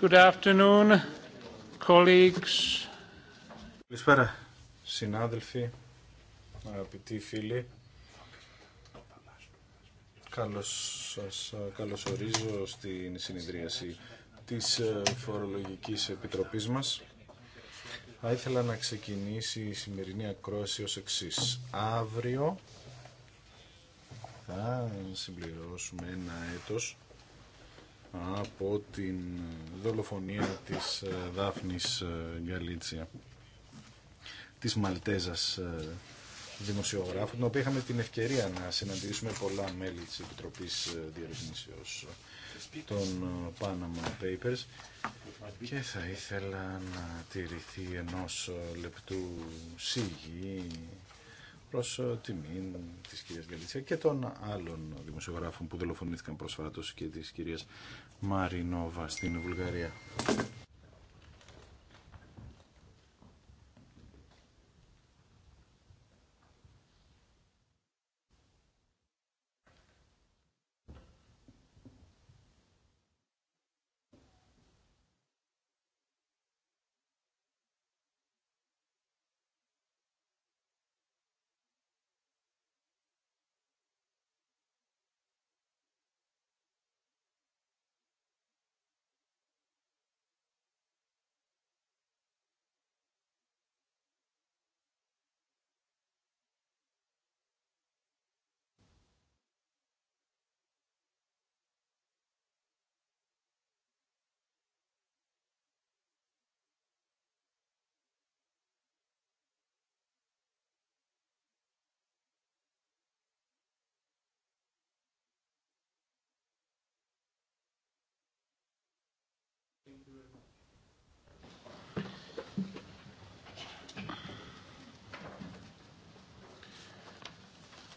Good afternoon, colleagues. Καλησπέρα, συνάδελφοι, αγαπητοί φίλοι. Καλώς σας καλωσορίζω στην συνεδρίαση της ε, Φορολογικής Επιτροπής μας. Θα ήθελα να ξεκινήσει η σημερινή ακρόαση ως εξής. Αύριο θα συμπληρώσουμε ένα έτος από την δολοφονία της ε, Δάφνης ε, Γκαλίτσια της Μαλτέζας ε, δημοσιογράφου, την οποία είχαμε την ευκαιρία να συναντήσουμε πολλά μέλη της Επιτροπής Διαρρυθμίσεως των Panama Papers και θα ήθελα να τηρηθεί ενός λεπτού σίγη προς τιμή ε, τη κυρία Γαλίτσια και των άλλων δημοσιογράφων που δολοφονήθηκαν πρόσφατα και τη κυρία Μαρινόβα στην Βουλγαρία.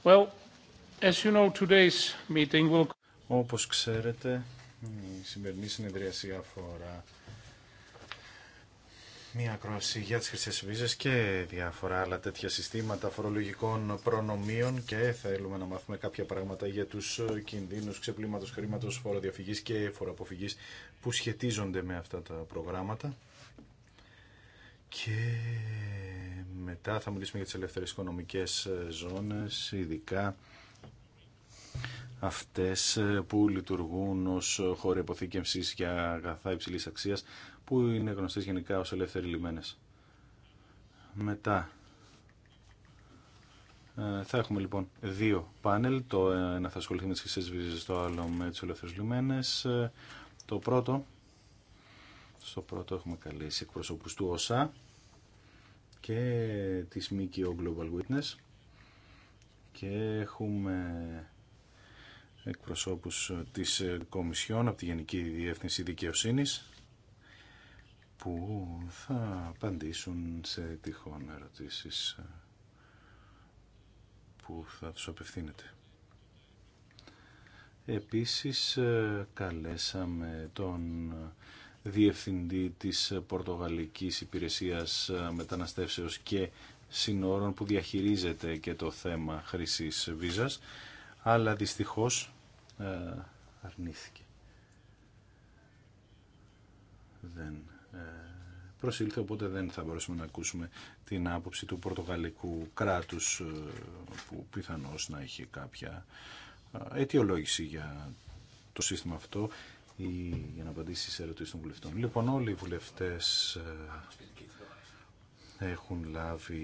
Well, Όπως ξέρετε, η σημερινή συνεδρίαση αφορά μία ακρόαση για τις χρυσές βίζες και διάφορα άλλα τέτοια συστήματα φορολογικών προνομίων και θέλουμε να μάθουμε κάποια πράγματα για τους κινδύνους ξεπλήματος χρήματος, φοροδιαφυγής και φοροαποφυγής που σχετίζονται με αυτά τα προγράμματα. Και μετά θα μιλήσουμε για τις ελεύθερες οικονομικές ε, ζώνες, ειδικά αυτές ε, που λειτουργούν ως χώροι υποθήκευσης για αγαθά υψηλή αξίας, που είναι γνωστές γενικά ως ελεύθεροι λιμένες. Μετά ε, θα έχουμε λοιπόν δύο πάνελ. Το ένα θα ασχοληθεί με τις χρυσές βίζες, το άλλο με τις ελεύθερες λιμένες. Το πρώτο, στο πρώτο έχουμε καλέσει εκπροσωπούς του ΩΣΑ και της ΜΚΟ Global Witness και έχουμε εκπροσώπους της Κομισιόν από τη Γενική Διεύθυνση Δικαιοσύνης που θα απαντήσουν σε τυχόν ερωτήσεις που θα τους απευθύνεται. Επίσης καλέσαμε τον διευθυντή της Πορτογαλικής Υπηρεσίας Μεταναστεύσεως και Συνόρων που διαχειρίζεται και το θέμα χρυσής βίζας, αλλά δυστυχώς ε, αρνήθηκε. Δεν ε, προσήλθε, οπότε δεν θα μπορέσουμε να ακούσουμε την άποψη του πορτογαλικού κράτους ε, που πιθανώς να έχει κάποια αιτιολόγηση για το σύστημα αυτό ή για να απαντήσει σε ερωτήσει των βουλευτών. Λοιπόν, όλοι οι βουλευτέ ε, έχουν λάβει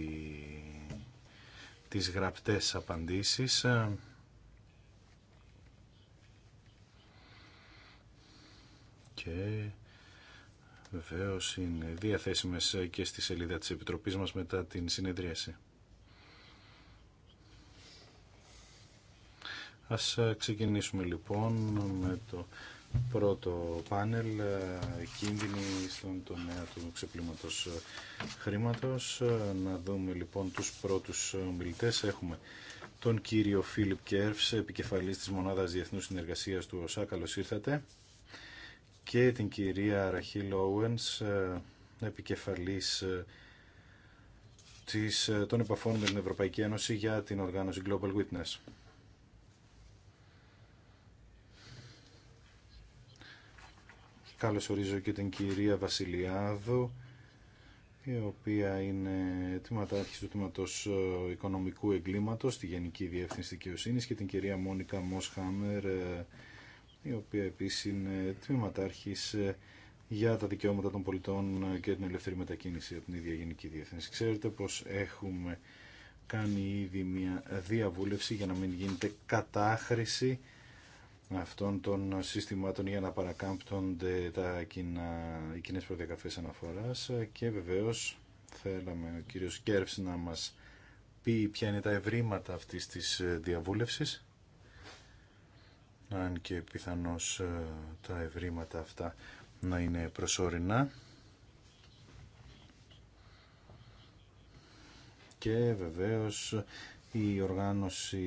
τις γραπτές απαντήσεις. Ε, και βεβαίω είναι διαθέσιμες και στη σελίδα της Επιτροπής μας μετά την συνεδρίαση. Ας ξεκινήσουμε λοιπόν με το πρώτο πάνελ ε, κίνδυνοι στον τομέα του ξεπλήματος ε, χρήματος. Ε, να δούμε λοιπόν τους πρώτους μιλητές. Έχουμε τον κύριο Φίλιπ Κέρφς, επικεφαλής της Μονάδας Διεθνούς Συνεργασίας του ΟΣΑ. Καλώς ήρθατε. Και την κυρία Ραχίλ Όουενς, επικεφαλής της, των επαφών με την Ευρωπαϊκή Ένωση για την οργάνωση Global Witness. Καλωσορίζω και την κυρία Βασιλιάδου, η οποία είναι τμήματάρχη του τμήματο ε, οικονομικού εγκλήματος στη Γενική Διεύθυνση Δικαιοσύνη και την κυρία Μόνικα Μόσχαμερ, ε, η οποία επίσης είναι τμήματάρχη ε, για τα δικαιώματα των πολιτών και την ελεύθερη μετακίνηση από την ίδια Γενική Διεύθυνση. Ξέρετε πως έχουμε κάνει ήδη μια διαβούλευση για να μην γίνεται κατάχρηση αυτών των συστημάτων για να παρακάμπτονται τα κοινά, οι κοινές αναφοράς και βεβαίως θέλαμε ο κύριος Κέρφς να μας πει ποια είναι τα ευρήματα αυτής της διαβούλευσης αν και πιθανώς ε, τα ευρήματα αυτά να είναι προσωρινά και βεβαίως η οργάνωση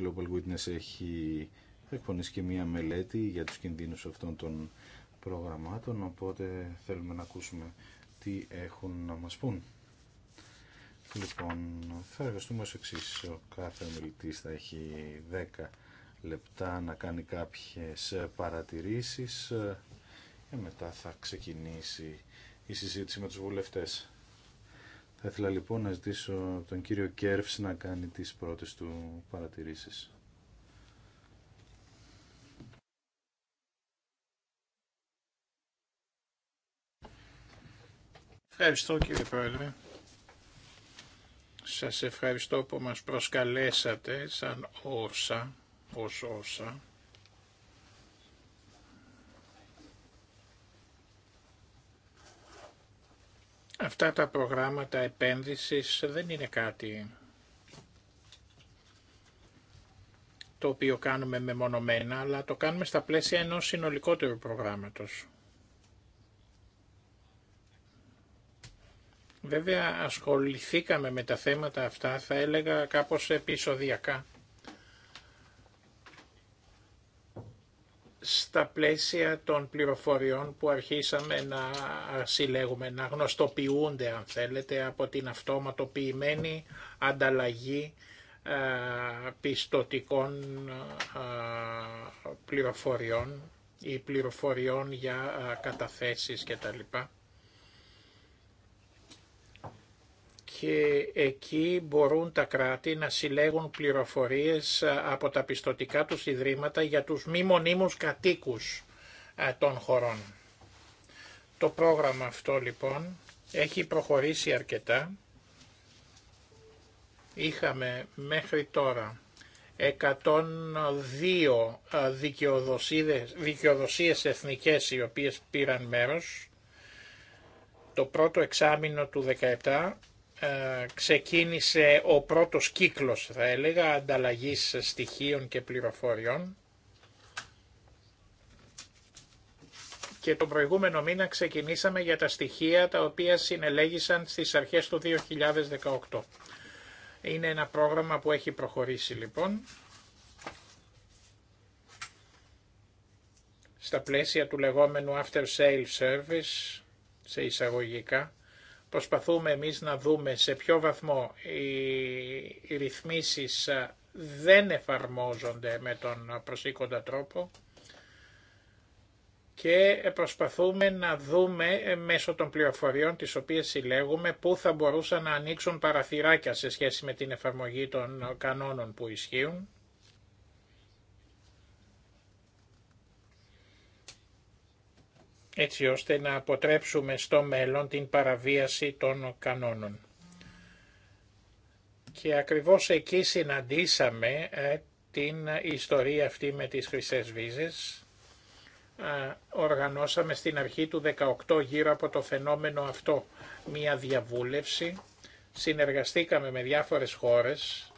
Global Witness έχει εκπονήσει και μία μελέτη για τους κινδύνους αυτών των προγραμμάτων, οπότε θέλουμε να ακούσουμε τι έχουν να μας πούν. Λοιπόν, θα εργαστούμε ως εξής. Ο κάθε μιλητής θα έχει 10 λεπτά να κάνει κάποιες παρατηρήσεις και μετά θα ξεκινήσει η συζήτηση με τους βουλευτές. Θα ήθελα λοιπόν να ζητήσω τον κύριο Κέρφς να κάνει τις πρώτες του παρατηρήσεις. Ευχαριστώ κύριε Πρόεδρε. Σας ευχαριστώ που μας προσκαλέσατε σαν όσα, ως όσα. Αυτά τα προγράμματα επένδυσης δεν είναι κάτι το οποίο κάνουμε μεμονωμένα, αλλά το κάνουμε στα πλαίσια ενός συνολικότερου προγράμματος. Βέβαια ασχοληθήκαμε με τα θέματα αυτά, θα έλεγα κάπως επεισοδιακά. Στα πλαίσια των πληροφοριών που αρχίσαμε να συλλέγουμε, να γνωστοποιούνται αν θέλετε από την αυτοματοποιημένη ανταλλαγή πιστοτικών πληροφοριών ή πληροφοριών για καταθέσεις κτλ. και εκεί μπορούν τα κράτη να συλλέγουν πληροφορίες ε, από τα πιστοτικά τους ιδρύματα για τους μη μονίμους κατοίκους ε, των χωρών. Το πρόγραμμα αυτό λοιπόν έχει προχωρήσει αρκετά. Είχαμε μέχρι τώρα 102 ε, δικαιοδοσίες, εθνικές οι οποίες πήραν μέρος. Το πρώτο εξάμεινο του 17 ε, ξεκίνησε ο πρώτος κύκλος θα έλεγα ανταλλαγής στοιχείων και πληροφοριών και τον προηγούμενο μήνα ξεκινήσαμε για τα στοιχεία τα οποία συνελέγησαν στις αρχές του 2018. Είναι ένα πρόγραμμα που έχει προχωρήσει λοιπόν στα πλαίσια του λεγόμενου After Sale Service σε εισαγωγικά Προσπαθούμε εμείς να δούμε σε ποιο βαθμό οι ρυθμίσεις ε, δεν εφαρμόζονται με τον προσήκοντα τρόπο και προσπαθούμε να δούμε ε, μέσω των πληροφοριών τις οποίες συλλέγουμε πού θα μπορούσαν να ανοίξουν παραθυράκια σε σχέση με την εφαρμογή των κανόνων που ισχύουν έτσι ώστε να αποτρέψουμε στο μέλλον την παραβίαση των κανόνων. Και ακριβώς εκεί συναντήσαμε ε, την ιστορία αυτή με τις χρυσές βίζες. Οργανώσαμε στην αρχή του 18 γύρω από το φαινόμενο αυτό μία διαβούλευση. Συνεργαστήκαμε με διάφορες χώρες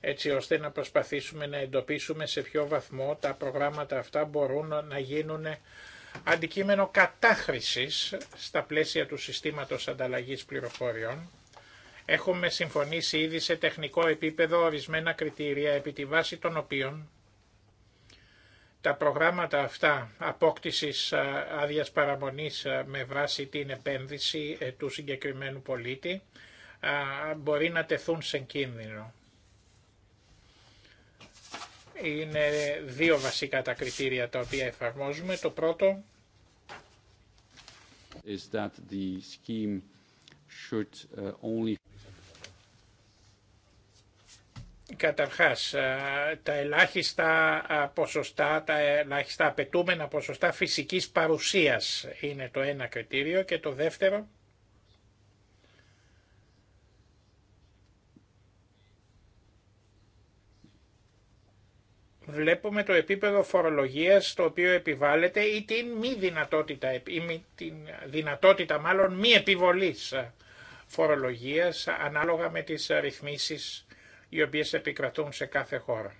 έτσι ώστε να προσπαθήσουμε να εντοπίσουμε σε ποιο βαθμό τα προγράμματα αυτά μπορούν να γίνουν αντικείμενο κατάχρησης στα πλαίσια του συστήματος ανταλλαγής πληροφοριών. Έχουμε συμφωνήσει ήδη σε τεχνικό επίπεδο ορισμένα κριτήρια επί τη βάση των οποίων τα προγράμματα αυτά απόκτησης ε, άδεια παραμονής ε, με βάση την επένδυση ε, του συγκεκριμένου πολίτη μπορεί να τεθούν σε κίνδυνο. Είναι δύο βασικά τα κριτήρια τα οποία εφαρμόζουμε. Το πρώτο is that the scheme should uh, only Καταρχάς, ε, τα ελάχιστα ε, ποσοστά, τα ελάχιστα απαιτούμενα ποσοστά φυσικής παρουσίας είναι το ένα κριτήριο και το δεύτερο βλέπουμε το επίπεδο φορολογίας το οποίο επιβάλλεται ή την μη δυνατότητα, ή την δυνατότητα μάλλον μη επιβολής φορολογίας ανάλογα με τις ρυθμίσεις οι οποίες επικρατούν σε κάθε χώρα.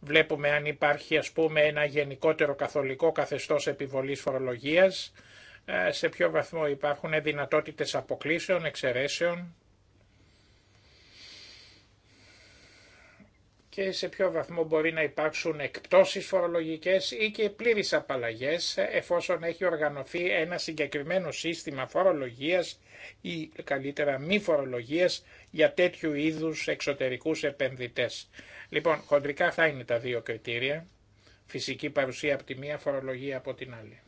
Βλέπουμε αν υπάρχει ας πούμε ένα γενικότερο καθολικό καθεστώς επιβολής φορολογίας, ε, σε ποιο βαθμό υπάρχουν δυνατότητες αποκλήσεων, εξαιρέσεων, και σε ποιο βαθμό μπορεί να υπάρξουν εκπτώσεις φορολογικές ή και πλήρεις απαλλαγές εφόσον έχει οργανωθεί ένα συγκεκριμένο σύστημα φορολογίας ή καλύτερα μη φορολογίας για τέτοιου είδους εξωτερικούς επενδυτές. Λοιπόν, χοντρικά θα είναι τα δύο κριτήρια, φυσική παρουσία από τη μία, φορολογία από την άλλη.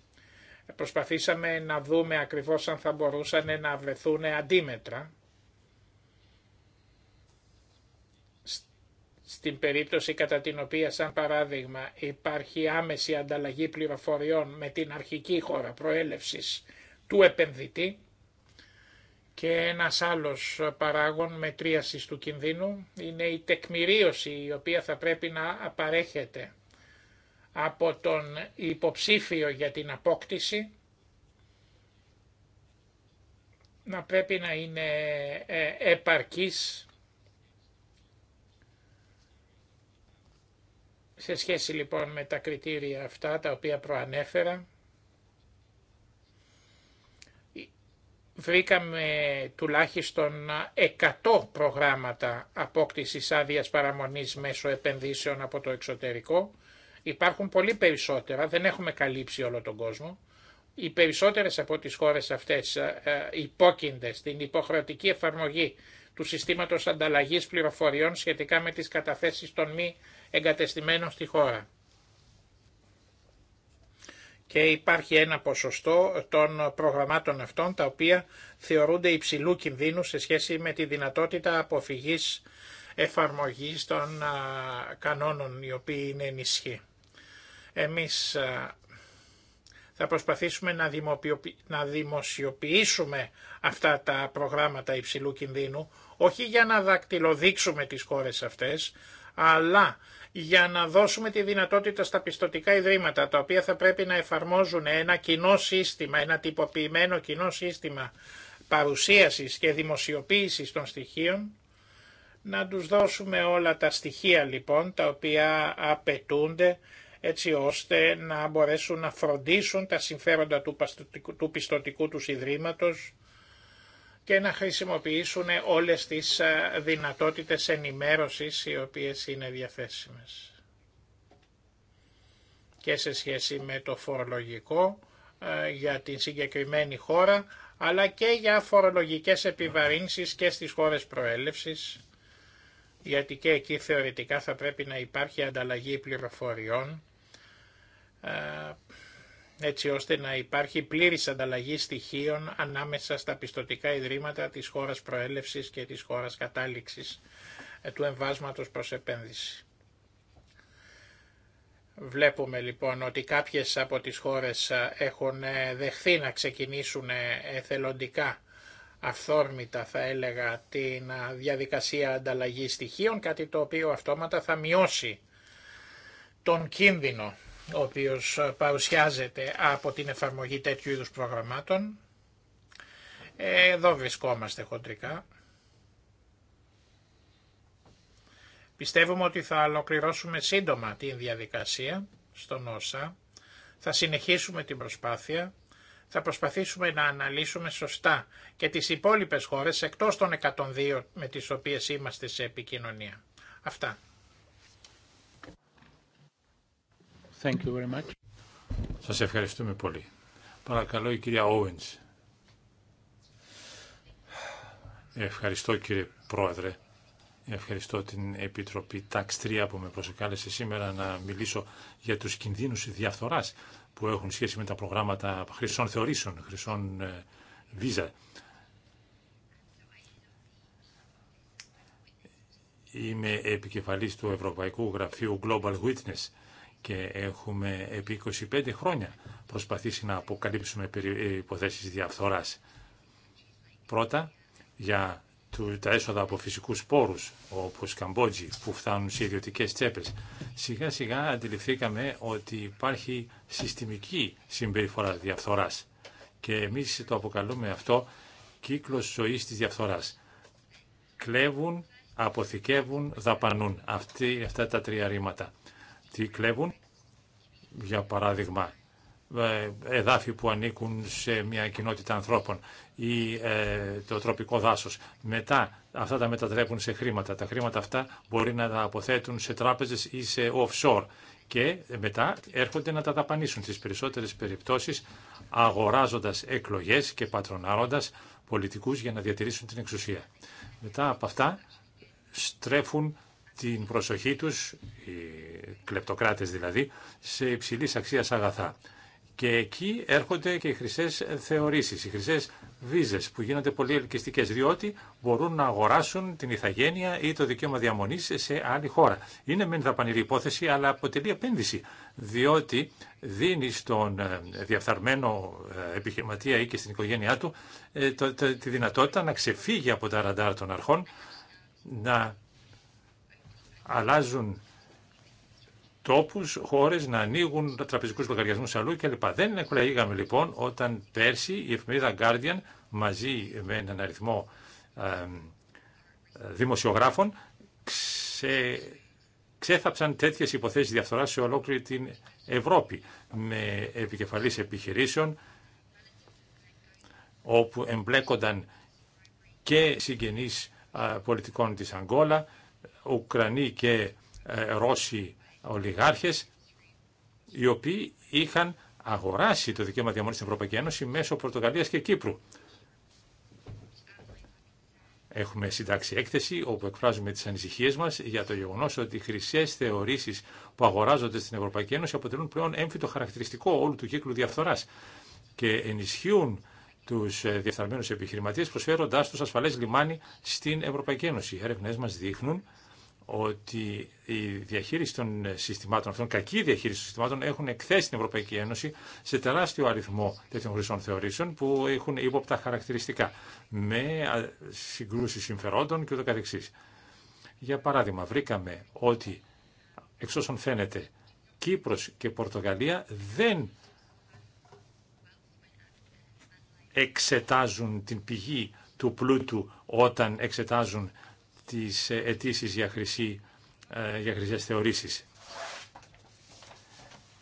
Προσπαθήσαμε να δούμε ακριβώς αν θα μπορούσαν να βρεθούν αντίμετρα στην περίπτωση κατά την οποία σαν παράδειγμα υπάρχει άμεση ανταλλαγή πληροφοριών με την αρχική χώρα προέλευσης του επενδυτή και ένας άλλος παράγων μετρίασης του κινδύνου είναι η τεκμηρίωση η οποία θα πρέπει να απαρέχεται από τον υποψήφιο για την απόκτηση να πρέπει να είναι ε, επαρκής Σε σχέση λοιπόν με τα κριτήρια αυτά τα οποία προανέφερα, βρήκαμε τουλάχιστον 100 προγράμματα απόκτησης άδειας παραμονής μέσω επενδύσεων από το εξωτερικό. Υπάρχουν πολύ περισσότερα, δεν έχουμε καλύψει όλο τον κόσμο. Οι περισσότερες από τις χώρες αυτές ε, υπόκεινται στην υποχρεωτική εφαρμογή του συστήματος ανταλλαγής πληροφοριών σχετικά με τις καταθέσεις των μη εγκατεστημένο στη χώρα. Και υπάρχει ένα ποσοστό των προγραμμάτων αυτών τα οποία θεωρούνται υψηλού κινδύνου σε σχέση με τη δυνατότητα αποφυγής εφαρμογής των κανόνων οι οποίοι είναι ενισχύ. Εμείς θα προσπαθήσουμε να δημοσιοποιήσουμε αυτά τα προγράμματα υψηλού κινδύνου, όχι για να δακτυλοδείξουμε τις χώρες αυτές, αλλά για να δώσουμε τη δυνατότητα στα πιστοτικά ιδρύματα, τα οποία θα πρέπει να εφαρμόζουν ένα κοινό σύστημα, ένα τυποποιημένο κοινό σύστημα παρουσίασης και δημοσιοποίησης των στοιχείων, να τους δώσουμε όλα τα στοιχεία λοιπόν τα οποία απαιτούνται έτσι ώστε να μπορέσουν να φροντίσουν τα συμφέροντα του πιστοτικού του ιδρύματος και να χρησιμοποιήσουν όλες τις ε, δυνατότητες ενημέρωσης οι οποίες είναι διαθέσιμες. Και σε σχέση με το φορολογικό ε, για την συγκεκριμένη χώρα, αλλά και για φορολογικές επιβαρύνσεις και στις χώρες προέλευσης, γιατί και εκεί θεωρητικά θα πρέπει να υπάρχει ανταλλαγή πληροφοριών ε, έτσι ώστε να υπάρχει πλήρης ανταλλαγή στοιχείων ανάμεσα στα πιστοτικά ιδρύματα της χώρας προέλευσης και της χώρας κατάληξης ε, του εμβάσματος προς επένδυση. Βλέπουμε λοιπόν ότι κάποιες από τις χώρες ε, έχουν ε, δεχθεί να ξεκινήσουν εθελοντικά αυθόρμητα θα έλεγα την διαδικασία ανταλλαγής στοιχείων, κάτι το οποίο αυτόματα θα μειώσει τον κίνδυνο ο οποίος ε, παρουσιάζεται από την εφαρμογή τέτοιου είδους προγραμμάτων. Ε, εδώ βρισκόμαστε χοντρικά. Πιστεύουμε ότι θα ολοκληρώσουμε σύντομα την διαδικασία στον όσα. Θα συνεχίσουμε την προσπάθεια. Θα προσπαθήσουμε να αναλύσουμε σωστά και τις υπόλοιπες χώρες εκτός των 102 με τις οποίες είμαστε σε επικοινωνία. Αυτά. Thank you very much. Σας ευχαριστούμε πολύ. Παρακαλώ η κυρία Owens. Ευχαριστώ κύριε Πρόεδρε. Ευχαριστώ την Επιτροπή Tax 3 που με προσεκάλεσε σήμερα να μιλήσω για τους κινδύνους διαφθοράς που έχουν σχέση με τα προγράμματα χρυσών θεωρήσεων, χρυσών βίζα. Ε, Είμαι επικεφαλής του Ευρωπαϊκού Γραφείου Global Witness και έχουμε επί 25 χρόνια προσπαθήσει να αποκαλύψουμε ε, υποθέσεις διαφθοράς. Πρώτα, για τα έσοδα από φυσικούς πόρους, όπως Καμπότζη, που φτάνουν σε ιδιωτικέ τσέπες. Σιγά σιγά αντιληφθήκαμε ότι υπάρχει συστημική συμπεριφορά διαφθοράς και εμείς το αποκαλούμε αυτό κύκλος ζωής της διαφθοράς. Κλέβουν, αποθηκεύουν, δαπανούν. Αυτή, αυτά τα τρία ρήματα τι κλέβουν. Για παράδειγμα, ε, εδάφη που ανήκουν σε μια κοινότητα ανθρώπων ή ε, το τροπικό δάσος. Μετά αυτά τα μετατρέπουν σε χρήματα. Τα χρήματα αυτά μπορεί να τα αποθέτουν σε τράπεζες ή σε offshore και ε, μετά έρχονται να τα ταπανίσουν. στις περισσότερες περιπτώσεις αγοράζοντας εκλογές και πατρονάροντας πολιτικούς για να διατηρήσουν την εξουσία. Μετά από αυτά στρέφουν την προσοχή τους, οι κλεπτοκράτες δηλαδή, σε υψηλή αξίας αγαθά. Και εκεί έρχονται και οι χρυσέ θεωρήσει, οι χρυσέ βίζε που γίνονται πολύ ελκυστικέ, διότι μπορούν να αγοράσουν την ηθαγένεια ή το δικαίωμα διαμονή σε άλλη χώρα. Είναι μεν δαπανηρή υπόθεση, αλλά αποτελεί επένδυση, διότι δίνει στον ε, διαφθαρμένο ε, επιχειρηματία ή και στην οικογένειά του ε, τη δυνατότητα να ξεφύγει από τα ραντάρ των αρχών, να αλλάζουν τόπους, χώρες να ανοίγουν τραπεζικούς λογαριασμού αλλού κλπ. Δεν εκπλαγήκαμε λοιπόν όταν πέρσι η εφημερίδα Guardian μαζί με έναν αριθμό δημοσιογράφων ξε, ξέθαψαν τέτοιες υποθέσεις διαφθοράς σε ολόκληρη την Ευρώπη με επικεφαλής επιχειρήσεων όπου εμπλέκονταν και συγγενείς πολιτικών της Αγγόλα Ουκρανοί και ε, Ρώσοι ολιγάρχες οι οποίοι είχαν αγοράσει το δικαίωμα διαμονής στην Ευρωπαϊκή Ένωση μέσω Πορτογαλίας και Κύπρου. Έχουμε συντάξει έκθεση όπου εκφράζουμε τις ανησυχίες μας για το γεγονός ότι οι χρυσές θεωρήσεις που αγοράζονται στην Ευρωπαϊκή Ένωση αποτελούν πλέον έμφυτο χαρακτηριστικό όλου του κύκλου διαφθοράς και ενισχύουν του ε, διεφθαρμένου επιχειρηματίε, προσφέροντά του ασφαλέ λιμάνι στην Ευρωπαϊκή Ένωση. Οι έρευνέ μα δείχνουν ότι η διαχείριση των συστημάτων αυτών, κακή διαχείριση των συστημάτων, έχουν εκθέσει την Ευρωπαϊκή Ένωση σε τεράστιο αριθμό τέτοιων χρυσών θεωρήσεων που έχουν ύποπτα χαρακτηριστικά με συγκρούσει συμφερόντων κ.ο.κ. Για παράδειγμα, βρήκαμε ότι εξ όσων φαίνεται Κύπρος και Πορτογαλία δεν εξετάζουν την πηγή του πλούτου όταν εξετάζουν τις ε, αιτήσει για, χρυσή, ε, για χρυσές θεωρήσεις.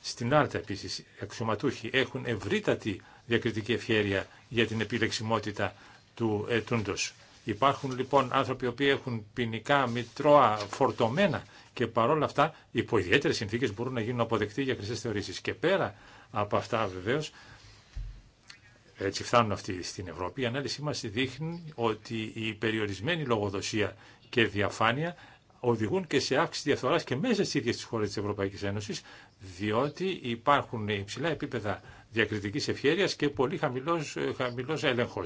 Στην Άρτα επίσης, οι αξιωματούχοι έχουν ευρύτατη διακριτική ευχέρεια για την επιλεξιμότητα του ετούντος. Υπάρχουν λοιπόν άνθρωποι οι οποίοι έχουν ποινικά μητρώα φορτωμένα και παρόλα αυτά υπό ιδιαίτερε συνθήκε μπορούν να γίνουν αποδεκτοί για χρυσέ θεωρήσει. Και πέρα από αυτά βεβαίω, έτσι φτάνουν αυτοί στην Ευρώπη, η ανάλυση μα δείχνει ότι η περιορισμένη λογοδοσία και διαφάνεια οδηγούν και σε αύξηση διαφθορά και μέσα στι ίδιε τι χώρε της Ευρωπαϊκής Ένωσης, διότι υπάρχουν υψηλά επίπεδα διακριτική ευχέρεια και πολύ χαμηλό ε, έλεγχο.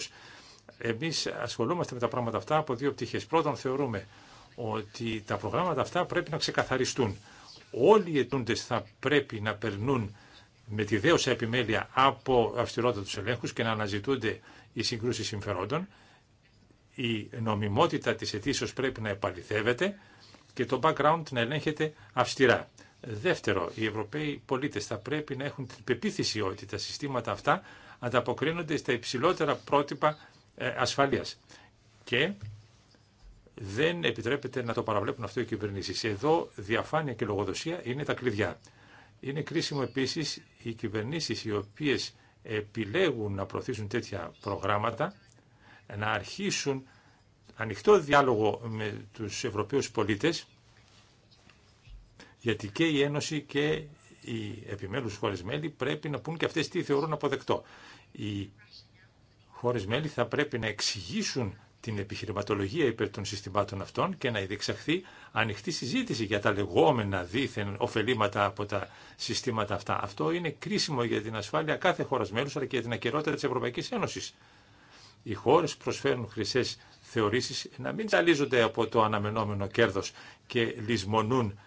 Εμεί ασχολούμαστε με τα πράγματα αυτά από δύο πτυχέ. Πρώτον, θεωρούμε ότι τα προγράμματα αυτά πρέπει να ξεκαθαριστούν. Όλοι οι ετούντε θα πρέπει να περνούν με τη δέωσα επιμέλεια από αυστηρότητα τους ελέγχους και να αναζητούνται οι συγκρούσει συμφερόντων η νομιμότητα της αιτήσεως πρέπει να επαληθεύεται και το background να ελέγχεται αυστηρά. Δεύτερο, οι Ευρωπαίοι πολίτες θα πρέπει να έχουν την πεποίθηση ότι τα συστήματα αυτά ανταποκρίνονται στα υψηλότερα πρότυπα ε, ασφαλείας και δεν επιτρέπεται να το παραβλέπουν αυτό οι κυβερνήσεις. Εδώ διαφάνεια και λογοδοσία είναι τα κλειδιά. Είναι κρίσιμο επίσης οι κυβερνήσεις οι οποίες επιλέγουν να προωθήσουν τέτοια προγράμματα να αρχίσουν ανοιχτό διάλογο με τους Ευρωπαίους πολίτες, γιατί και η Ένωση και οι επιμέλους χώρες μέλη πρέπει να πούν και αυτές τι θεωρούν αποδεκτό. Οι χώρες μέλη θα πρέπει να εξηγήσουν την επιχειρηματολογία υπέρ των συστημάτων αυτών και να διεξαχθεί ανοιχτή συζήτηση για τα λεγόμενα δίθεν ωφελήματα από τα συστήματα αυτά. Αυτό είναι κρίσιμο για την ασφάλεια κάθε χώρας μέλους αλλά και για την ακαιρότητα της Ευρωπαϊκής Ένωσης οι χώρε που προσφέρουν χρυσέ θεωρήσει να μην ταλίζονται από το αναμενόμενο κέρδο και λησμονούν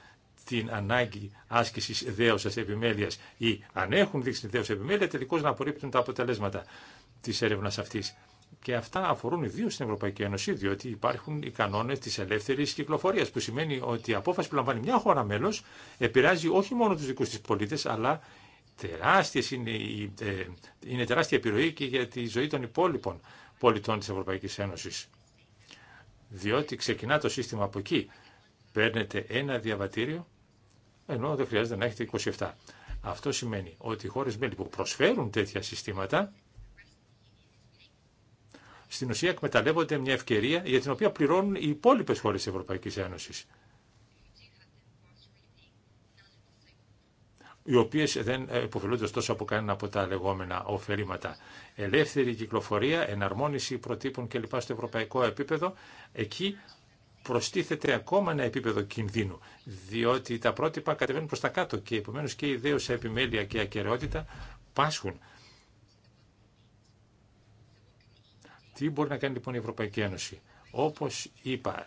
την ανάγκη άσκηση δέουσα επιμέλεια ή αν έχουν δείξει δέουσα επιμέλεια, τελικώ να απορρίπτουν τα αποτελέσματα τη έρευνα αυτή. Και αυτά αφορούν ιδίω στην Ευρωπαϊκή Ένωση, διότι υπάρχουν οι κανόνε τη ελεύθερη κυκλοφορία, που σημαίνει ότι η απόφαση που λαμβάνει μια χώρα μέλο επηρεάζει όχι μόνο του δικού τη πολίτε, αλλά τεράστιες είναι, ε, είναι τεράστια επιρροή και για τη ζωή των υπόλοιπων πολιτών της Ευρωπαϊκής Ένωσης. Διότι ξεκινά το σύστημα από εκεί. Παίρνετε ένα διαβατήριο, ενώ δεν χρειάζεται να έχετε 27. Αυτό σημαίνει ότι οι χώρες μέλη που προσφέρουν τέτοια συστήματα, στην ουσία εκμεταλλεύονται μια ευκαιρία για την οποία πληρώνουν οι υπόλοιπε χώρε τη Ευρωπαϊκή Ένωση. οι οποίες δεν ε, υποφελούνται ωστόσο από κανένα από τα λεγόμενα ωφελήματα. Ελεύθερη κυκλοφορία, εναρμόνιση προτύπων κλπ. στο ευρωπαϊκό επίπεδο, εκεί προστίθεται ακόμα ένα επίπεδο κινδύνου, διότι τα πρότυπα κατεβαίνουν προς τα κάτω και επομένως και η ιδέως επιμέλεια και ακαιρεότητα πάσχουν. Τι μπορεί να κάνει λοιπόν η Ευρωπαϊκή Ένωση. Όπως είπα,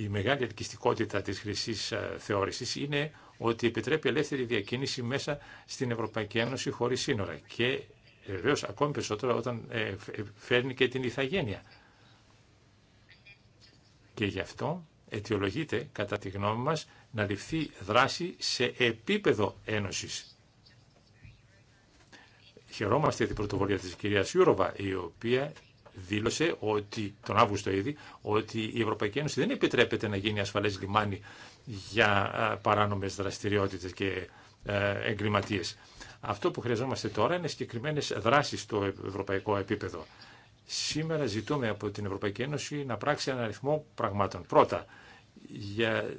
Η μεγάλη ελκυστικότητα της χρυσή ε, θεώρησης είναι ότι επιτρέπει ελεύθερη διακίνηση μέσα στην Ευρωπαϊκή Ένωση χωρίς σύνορα και ε, βεβαίω ακόμη περισσότερο όταν ε, φέρνει και την ηθαγένεια. Και γι' αυτό αιτιολογείται, κατά τη γνώμη μας, να ληφθεί δράση σε επίπεδο ένωσης. Χαιρόμαστε την πρωτοβουλία της κυρίας Ιούροβα, η οποία δήλωσε ότι, τον Αύγουστο ήδη, ότι η Ευρωπαϊκή Ένωση δεν επιτρέπεται να γίνει ασφαλές λιμάνι για παράνομες δραστηριότητες και εγκληματίες. Αυτό που χρειαζόμαστε τώρα είναι συγκεκριμένε δράσεις στο ευρωπαϊκό επίπεδο. Σήμερα ζητούμε από την Ευρωπαϊκή Ένωση να πράξει ένα αριθμό πραγμάτων. Πρώτα, για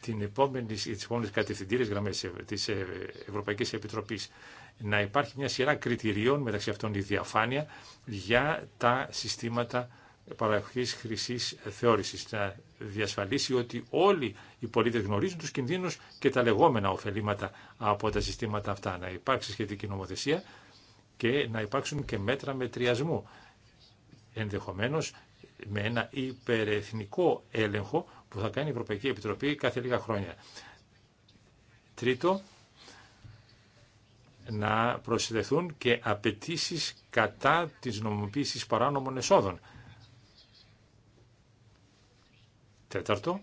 την τις επόμενες κατευθυντήρες γραμμές της Ευρωπαϊκής Επιτροπής να υπάρχει μια σειρά κριτηριών μεταξύ αυτών η διαφάνεια για τα συστήματα παραγωγή χρυσή θεώρηση. Να διασφαλίσει ότι όλοι οι πολίτε γνωρίζουν του κινδύνου και τα λεγόμενα ωφελήματα από τα συστήματα αυτά. Να υπάρξει σχετική νομοθεσία και να υπάρξουν και μέτρα μετριασμού. Ενδεχομένω με ένα υπερεθνικό έλεγχο που θα κάνει η Ευρωπαϊκή Επιτροπή κάθε λίγα χρόνια. Τρίτο, να προσθεθούν και απαιτήσει κατά της νομοποίησης παράνομων εσόδων. Τέταρτο,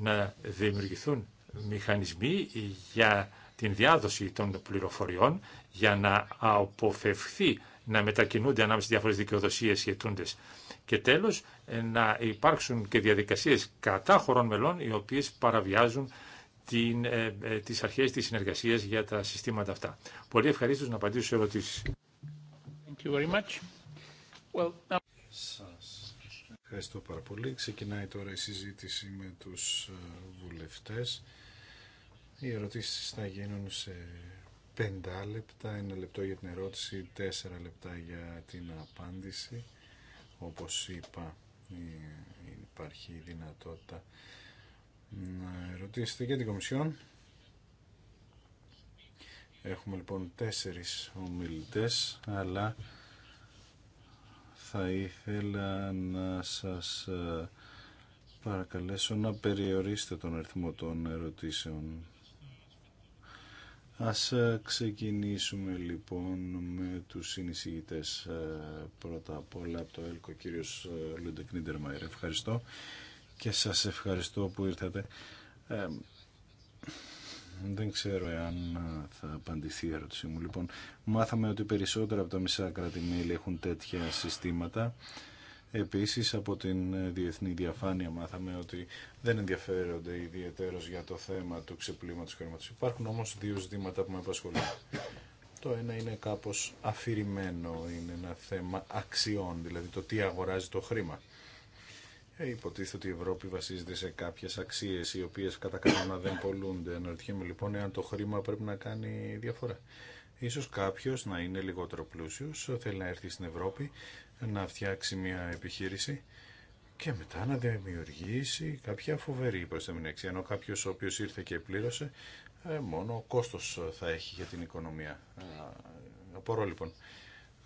να δημιουργηθούν μηχανισμοί για την διάδοση των πληροφοριών για να αποφευθεί να μετακινούνται ανάμεσα στις διάφορες δικαιοδοσίες και Και τέλος, να υπάρξουν και διαδικασίες κατά χωρών μελών οι οποίες παραβιάζουν την, ε, ε, τις αρχές της συνεργασίας για τα συστήματα αυτά. Πολύ ευχαρίστως να απαντήσω σε ερωτήσεις. Thank you very much. Well, now... ευχαριστώ πάρα πολύ. Ξεκινάει τώρα η συζήτηση με τους ε, βουλευτές. Οι ερωτήσεις θα γίνουν σε πέντα λεπτά, Ένα λεπτό για την ερώτηση, τέσσερα λεπτά για την απάντηση. Όπως είπα, ε, υπάρχει η δυνατότητα να ρωτήσετε και την Κομισιόν. Έχουμε λοιπόν τέσσερις ομιλητές, αλλά θα ήθελα να σας ε, παρακαλέσω να περιορίσετε τον αριθμό των ερωτήσεων. Ας ε, ξεκινήσουμε λοιπόν με τους συνεισηγητές ε, πρώτα απ' όλα από το ΕΛΚΟ, κύριος Λούντεκ Ευχαριστώ και σας ευχαριστώ που ήρθατε. Ε, δεν ξέρω εάν θα απαντηθεί η ερώτησή μου. Λοιπόν, μάθαμε ότι περισσότερα από τα μισά κράτη-μέλη έχουν τέτοια συστήματα. Επίσης, από την διεθνή διαφάνεια μάθαμε ότι δεν ενδιαφέρονται ιδιαίτερως για το θέμα του ξεπλήματος χρήματος. Υπάρχουν όμως δύο ζητήματα που με απασχολούν. Το ένα είναι κάπως αφηρημένο, είναι ένα θέμα αξιών, δηλαδή το τι αγοράζει το χρήμα. Ε, υποτίθεται ότι η Ευρώπη βασίζεται σε κάποιες αξίες οι οποίες κατά κανόνα δεν πολλούνται. Αναρωτιέμαι λοιπόν εάν το χρήμα πρέπει να κάνει διαφορά. Ίσως κάποιος να είναι λιγότερο πλούσιος, θέλει να έρθει στην Ευρώπη, να φτιάξει μια επιχείρηση και μετά να δημιουργήσει κάποια φοβερή προσθεμινέξη. αξία. Ενώ κάποιος ο οποίο ήρθε και πλήρωσε, ε, μόνο κόστος θα έχει για την οικονομία. Απορώ λοιπόν.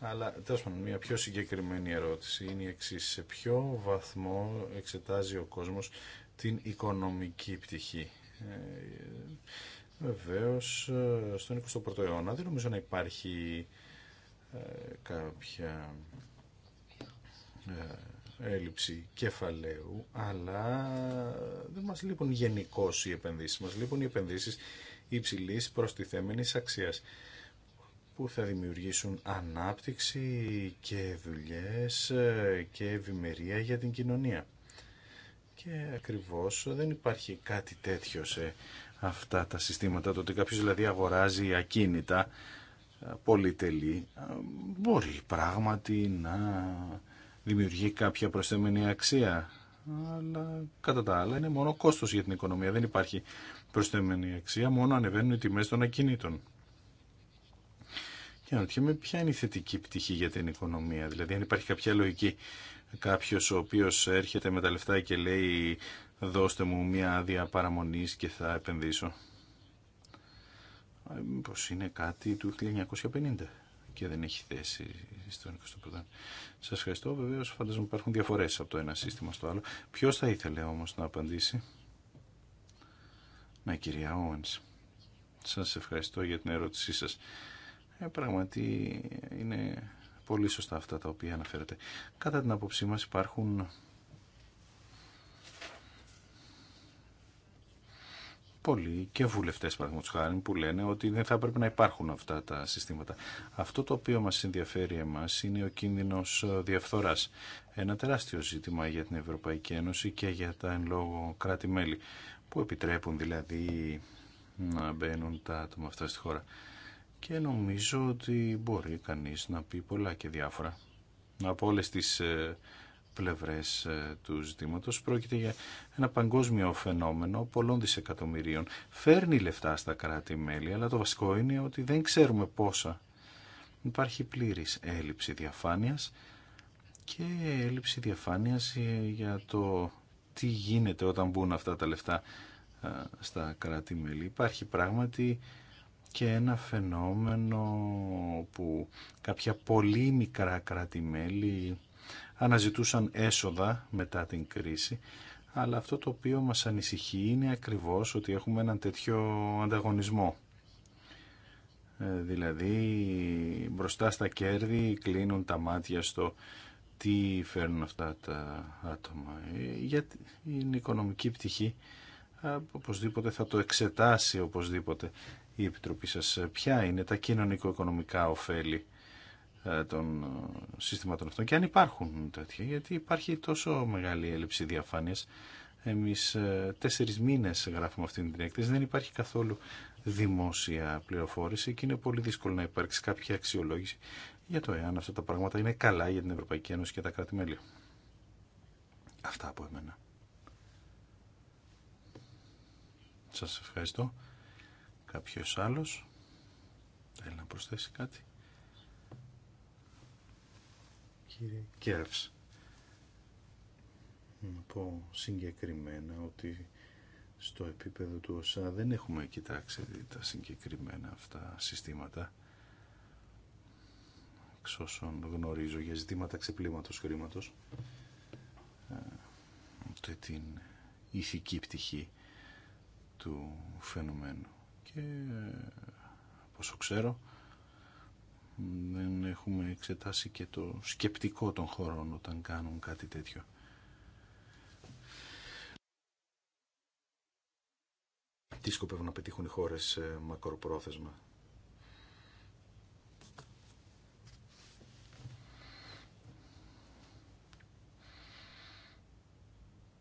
Αλλά τέλο πάντων, μια πιο συγκεκριμένη ερώτηση είναι η εξή. Σε ποιο βαθμό εξετάζει ο κόσμο την οικονομική πτυχή. Ε, Βεβαίω, ε, στον 21ο αιώνα δεν νομίζω να υπάρχει ε, κάποια ε, έλλειψη κεφαλαίου, αλλά δεν μας λείπουν γενικώ οι επενδύσεις. Μας λείπουν οι επενδύσεις υψηλής προστιθέμενης αξίας που θα δημιουργήσουν ανάπτυξη και δουλειές ε, και ευημερία για την κοινωνία. Και ακριβώς δεν υπάρχει κάτι τέτοιο σε αυτά τα συστήματα, το ότι κάποιος δηλαδή αγοράζει ακίνητα ε, πολυτελή, ε, μπορεί πράγματι να δημιουργεί κάποια προσθέμενη αξία, αλλά κατά τα άλλα είναι μόνο κόστος για την οικονομία, δεν υπάρχει προσθέμενη αξία, μόνο ανεβαίνουν οι τιμές των ακινήτων. Και αναρωτιέμαι ποια είναι η θετική πτυχή για την οικονομία. Δηλαδή, αν υπάρχει κάποια λογική, κάποιο ο οποίο έρχεται με τα λεφτά και λέει δώστε μου μια άδεια παραμονή και θα επενδύσω. Ε, Μήπω είναι κάτι του 1950 και δεν έχει θέση στον 21ο. Σα ευχαριστώ. Βεβαίω, φαντάζομαι υπάρχουν διαφορέ από το ένα σύστημα στο άλλο. Ποιο θα ήθελε όμω να απαντήσει. Ναι, κυρία Όμεν. Σα ευχαριστώ για την ερώτησή σα. Ε, πραγματι είναι πολύ σωστά αυτά τα οποία αναφέρετε. Κατά την άποψή μας υπάρχουν πολλοί και βουλευτές παραδείγματος χάρη που λένε ότι δεν θα πρέπει να υπάρχουν αυτά τα συστήματα. Αυτό το οποίο μας ενδιαφέρει εμάς είναι ο κίνδυνος διαφθοράς. Ένα τεράστιο ζήτημα για την Ευρωπαϊκή Ένωση και για τα εν λόγω κράτη-μέλη που επιτρέπουν δηλαδή να μπαίνουν τα άτομα αυτά στη χώρα και νομίζω ότι μπορεί κανείς να πει πολλά και διάφορα από όλες τις ε, πλευρές ε, του ζητήματος. Πρόκειται για ένα παγκόσμιο φαινόμενο πολλών δισεκατομμυρίων. Φέρνει λεφτά στα κράτη-μέλη, αλλά το βασικό είναι ότι δεν ξέρουμε πόσα. Υπάρχει πλήρης έλλειψη διαφάνειας και έλλειψη διαφάνειας ε, για το τι γίνεται όταν μπουν αυτά τα λεφτά στα κράτη-μέλη. Υπάρχει πράγματι και ένα φαινόμενο που κάποια πολύ μικρά κράτη-μέλη αναζητούσαν έσοδα μετά την κρίση, αλλά αυτό το οποίο μας ανησυχεί είναι ακριβώς ότι έχουμε έναν τέτοιο ανταγωνισμό. Ε, δηλαδή, μπροστά στα κέρδη κλείνουν τα μάτια στο τι φέρνουν αυτά τα άτομα. Ε, γιατί είναι οικονομική πτυχή οπωσδήποτε θα το εξετάσει οπωσδήποτε η Επιτροπή σας ποια είναι τα κοινωνικο-οικονομικά ωφέλη ε, των ε, συστημάτων αυτών και αν υπάρχουν τέτοια, γιατί υπάρχει τόσο μεγάλη έλλειψη διαφάνειας. Εμείς ε, τέσσερις μήνες γράφουμε αυτή την έκθεση, δεν υπάρχει καθόλου δημόσια πληροφόρηση και είναι πολύ δύσκολο να υπάρξει κάποια αξιολόγηση για το εάν αυτά τα πράγματα είναι καλά για την Ευρωπαϊκή Ένωση και τα κράτη-μέλη. Αυτά από εμένα. Σας ευχαριστώ. Κάποιος άλλος θέλει να προσθέσει κάτι. Κύριε Κέρβς, να πω συγκεκριμένα ότι στο επίπεδο του ΩΣΑ δεν έχουμε κοιτάξει τα συγκεκριμένα αυτά συστήματα εξ όσων γνωρίζω για ζητήματα ξεπλήματος χρήματος ε, ούτε την ηθική πτυχή του φαινομένου και ε, πόσο ξέρω δεν έχουμε εξετάσει και το σκεπτικό των χωρών όταν κάνουν κάτι τέτοιο. Τι σκοπεύουν να πετύχουν οι χώρες ε, μακροπρόθεσμα.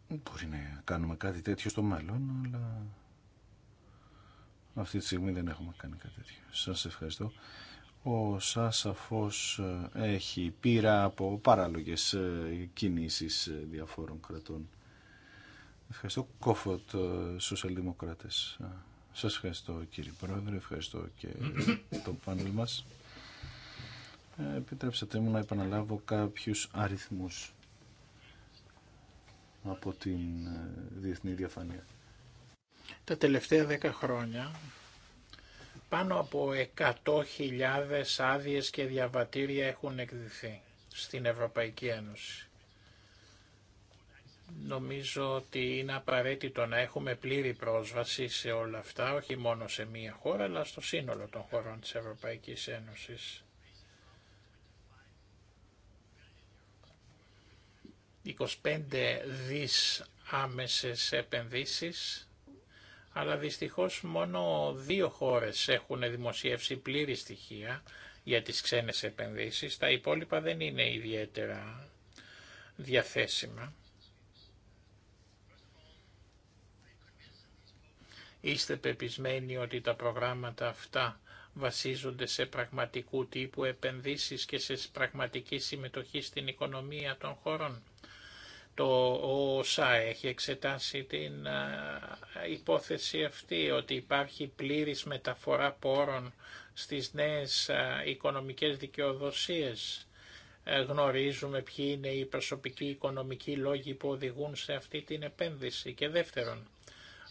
Μπορεί να κάνουμε κάτι τέτοιο στο μέλλον, αλλά αυτή τη στιγμή δεν έχουμε κάνει κάτι τέτοιο. Σας ευχαριστώ. Ο Σάσαφος ε, έχει πείρα από παράλογες ε, κινήσεις ε, διαφόρων κρατών. Ευχαριστώ Κόφωτ, σοσιαλδημοκράτες. Σας ευχαριστώ κύριε Πρόεδρε, ευχαριστώ και το πάνελ μας. Επιτρέψατε μου να επαναλάβω κάποιους αριθμούς από την διεθνή διαφάνεια. Τα τελευταία 10 χρόνια πάνω από 100.000 άδειες και διαβατήρια έχουν εκδηθεί στην Ευρωπαϊκή Ένωση. Νομίζω ότι είναι απαραίτητο να έχουμε πλήρη πρόσβαση σε όλα αυτά, όχι μόνο σε μία χώρα, αλλά στο σύνολο των χωρών της Ευρωπαϊκής Ένωσης. 25 δις άμεσες επενδύσεις αλλά δυστυχώς μόνο δύο χώρες έχουν δημοσιεύσει πλήρη στοιχεία για τις ξένες επενδύσεις, τα υπόλοιπα δεν είναι ιδιαίτερα διαθέσιμα. Είστε πεπισμένοι ότι τα προγράμματα αυτά βασίζονται σε πραγματικού τύπου επενδύσεις και σε πραγματική συμμετοχή στην οικονομία των χωρών. Το ΩΣΑ έχει εξετάσει την υπόθεση αυτή ότι υπάρχει πλήρης μεταφορά πόρων στις νέες οικονομικές δικαιοδοσίες. Ε, γνωρίζουμε ποιοι είναι οι προσωπικοί οικονομικοί λόγοι που οδηγούν σε αυτή την επένδυση. Και δεύτερον,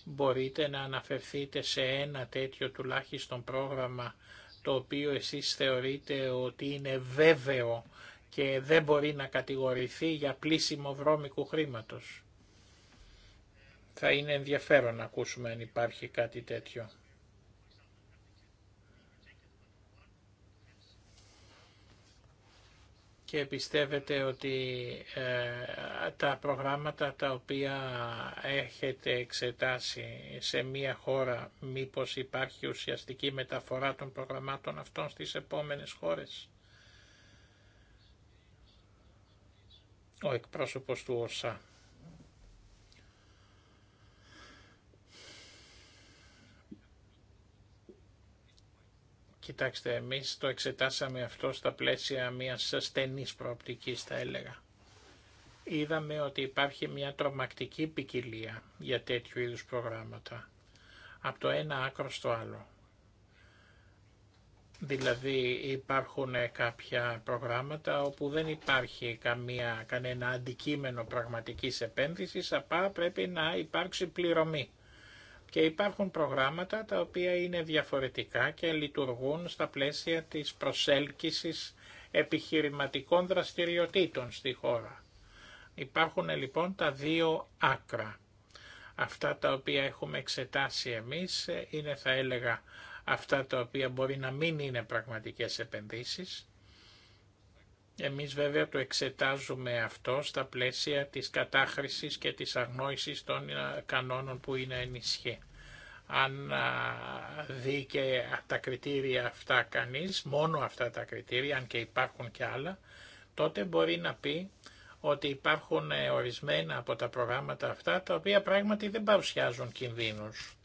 μπορείτε να αναφερθείτε σε ένα τέτοιο τουλάχιστον πρόγραμμα το οποίο εσείς θεωρείτε ότι είναι βέβαιο και δεν μπορεί να κατηγορηθεί για πλήσιμο βρώμικου χρήματος. Θα είναι ενδιαφέρον να ακούσουμε αν υπάρχει κάτι τέτοιο. και πιστεύετε ότι ε, τα προγράμματα τα οποία έχετε εξετάσει σε μία χώρα μήπως υπάρχει ουσιαστική μεταφορά των προγραμμάτων αυτών στις επόμενες χώρες. ο εκπρόσωπος του ΩΣΑ. Κοιτάξτε, εμείς το εξετάσαμε αυτό στα πλαίσια μιας στενής προοπτικής, θα έλεγα. Είδαμε ότι υπάρχει μια τρομακτική ποικιλία για τέτοιου είδους προγράμματα, από το ένα άκρο στο άλλο. Δηλαδή υπάρχουν κάποια προγράμματα όπου δεν υπάρχει καμία, κανένα αντικείμενο πραγματικής επένδυσης, απά πρέπει να υπάρξει πληρωμή. Και υπάρχουν προγράμματα τα οποία είναι διαφορετικά και λειτουργούν στα πλαίσια της προσέλκυσης επιχειρηματικών δραστηριοτήτων στη χώρα. Υπάρχουν λοιπόν τα δύο άκρα. Αυτά τα οποία έχουμε εξετάσει εμείς είναι θα έλεγα αυτά τα οποία μπορεί να μην είναι πραγματικές επενδύσεις. Εμείς βέβαια το εξετάζουμε αυτό στα πλαίσια της κατάχρησης και της αγνόησης των ε, κανόνων που είναι ενισχύ. Αν δει και τα κριτήρια αυτά κανείς, μόνο αυτά τα κριτήρια, αν και υπάρχουν και άλλα, τότε μπορεί να πει ότι υπάρχουν ε, ορισμένα από τα προγράμματα αυτά τα οποία πράγματι δεν παρουσιάζουν κινδύνους.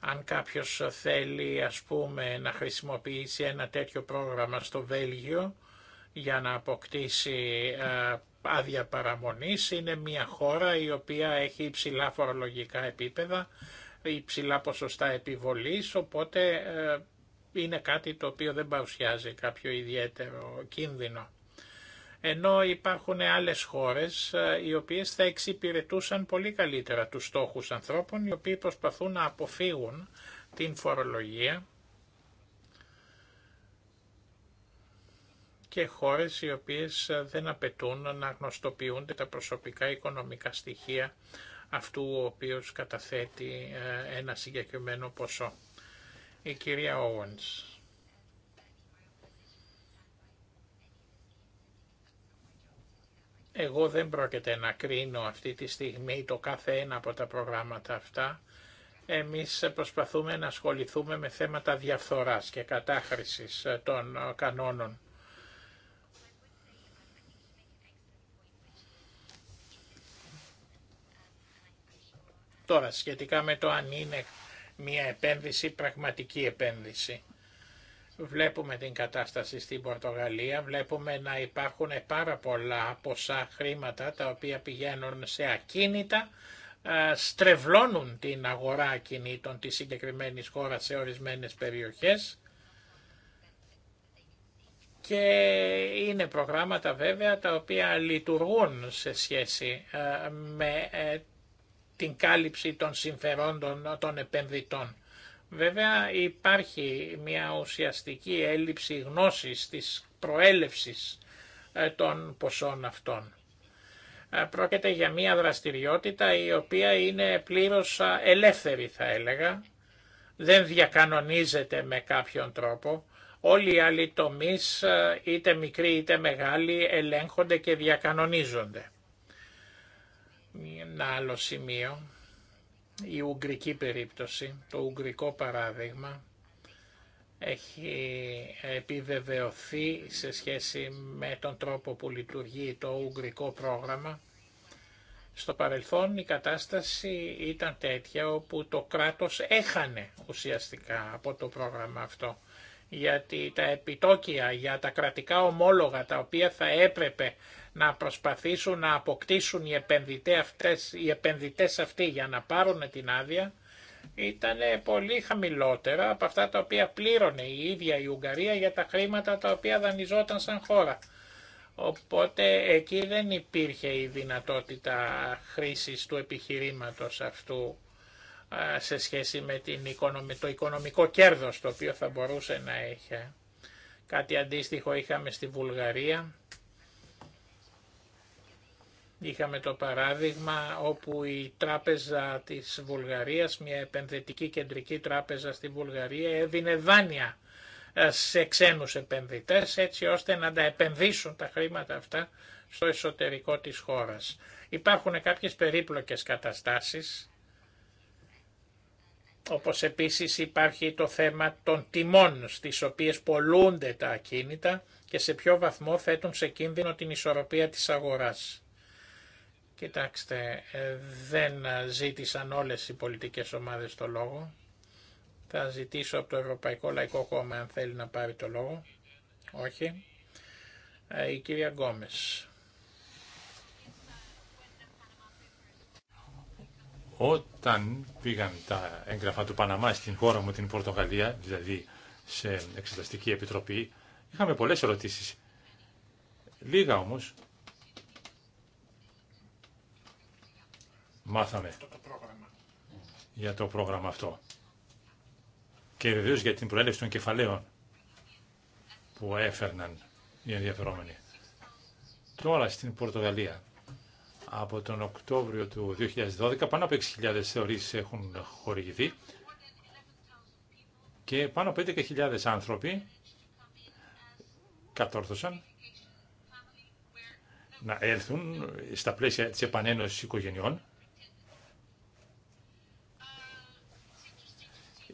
Αν κάποιος θέλει ας πούμε να χρησιμοποιήσει ένα τέτοιο πρόγραμμα στο Βέλγιο για να αποκτήσει ε, άδεια παραμονής, είναι μια χώρα η οποία έχει υψηλά φορολογικά επίπεδα, υψηλά ποσοστά επιβολής, οπότε ε, είναι κάτι το οποίο δεν παρουσιάζει κάποιο ιδιαίτερο κίνδυνο ενώ υπάρχουν άλλες χώρες ε, οι οποίες θα εξυπηρετούσαν πολύ καλύτερα τους στόχους ανθρώπων οι οποίοι προσπαθούν να αποφύγουν την φορολογία και χώρες οι οποίες ε, δεν απαιτούν να γνωστοποιούνται τα προσωπικά οικονομικά στοιχεία αυτού ο οποίος καταθέτει ε, ένα συγκεκριμένο ποσό. Η κυρία Owens. Εγώ δεν πρόκειται να κρίνω αυτή τη στιγμή το κάθε ένα από τα προγράμματα αυτά. Εμείς προσπαθούμε να ασχοληθούμε με θέματα διαφθοράς και κατάχρησης ε, των ε, κανόνων. Τώρα, σχετικά με το αν είναι μια επένδυση, πραγματική επένδυση. Βλέπουμε την κατάσταση στην Πορτογαλία, βλέπουμε να υπάρχουν πάρα πολλά ποσά χρήματα τα οποία πηγαίνουν σε ακίνητα, στρεβλώνουν την αγορά ακινήτων της συγκεκριμένης χώρας σε ορισμένες περιοχές και είναι προγράμματα βέβαια τα οποία λειτουργούν σε σχέση με ε, την κάλυψη των συμφερόντων των επενδυτών. Βέβαια υπάρχει μια ουσιαστική έλλειψη γνώσης της προέλευσης ε, των ποσών αυτών. Ε, πρόκειται για μια δραστηριότητα η οποία είναι πλήρως ελεύθερη θα έλεγα, δεν διακανονίζεται με κάποιον τρόπο. Όλοι οι άλλοι τομείς, ε, είτε μικροί είτε μεγάλοι, ελέγχονται και διακανονίζονται. Ένα άλλο σημείο η ουγγρική περίπτωση, το ουγγρικό παράδειγμα, έχει επιβεβαιωθεί σε σχέση με τον τρόπο που λειτουργεί το ουγγρικό πρόγραμμα. Στο παρελθόν η κατάσταση ήταν τέτοια όπου το κράτος έχανε ουσιαστικά από το πρόγραμμα αυτό γιατί τα επιτόκια για τα κρατικά ομόλογα τα οποία θα έπρεπε να προσπαθήσουν να αποκτήσουν οι επενδυτές, αυτές, οι επενδυτές αυτοί για να πάρουν την άδεια ήταν πολύ χαμηλότερα από αυτά τα οποία πλήρωνε η ίδια η Ουγγαρία για τα χρήματα τα οποία δανειζόταν σαν χώρα. Οπότε εκεί δεν υπήρχε η δυνατότητα χρήσης του επιχειρήματος αυτού σε σχέση με την το οικονομικό κέρδος το οποίο θα μπορούσε να έχει. Κάτι αντίστοιχο είχαμε στη Βουλγαρία Είχαμε το παράδειγμα όπου η τράπεζα της Βουλγαρίας, μια επενδυτική κεντρική τράπεζα στη Βουλγαρία, έδινε δάνεια ε, σε ξένους επενδυτές έτσι ώστε να τα επενδύσουν τα χρήματα αυτά στο εσωτερικό της χώρας. Υπάρχουν κάποιες περίπλοκες καταστάσεις, όπως επίσης υπάρχει το θέμα των τιμών στις οποίες πολλούνται τα ακίνητα και σε ποιο βαθμό θέτουν σε κίνδυνο την ισορροπία της αγοράς. Κοιτάξτε, ε, δεν ζήτησαν όλες οι πολιτικές ομάδες το λόγο. Θα ζητήσω από το Ευρωπαϊκό Λαϊκό Κόμμα αν θέλει να πάρει το λόγο. Όχι. Ε, η κυρία Γκόμες. Όταν πήγαν τα έγγραφα του Παναμά στην χώρα μου, την Πορτογαλία, δηλαδή σε εξεταστική επιτροπή, είχαμε πολλές ερωτήσεις. Λίγα όμως μάθαμε για το πρόγραμμα αυτό. Και βεβαίω για την προέλευση των κεφαλαίων που έφερναν οι ενδιαφερόμενοι. Τώρα στην Πορτογαλία, από τον Οκτώβριο του 2012, πάνω από 6.000 θεωρήσεις έχουν χορηγηθεί και πάνω από 11.000 άνθρωποι κατόρθωσαν να έρθουν στα πλαίσια της επανένωσης οικογενειών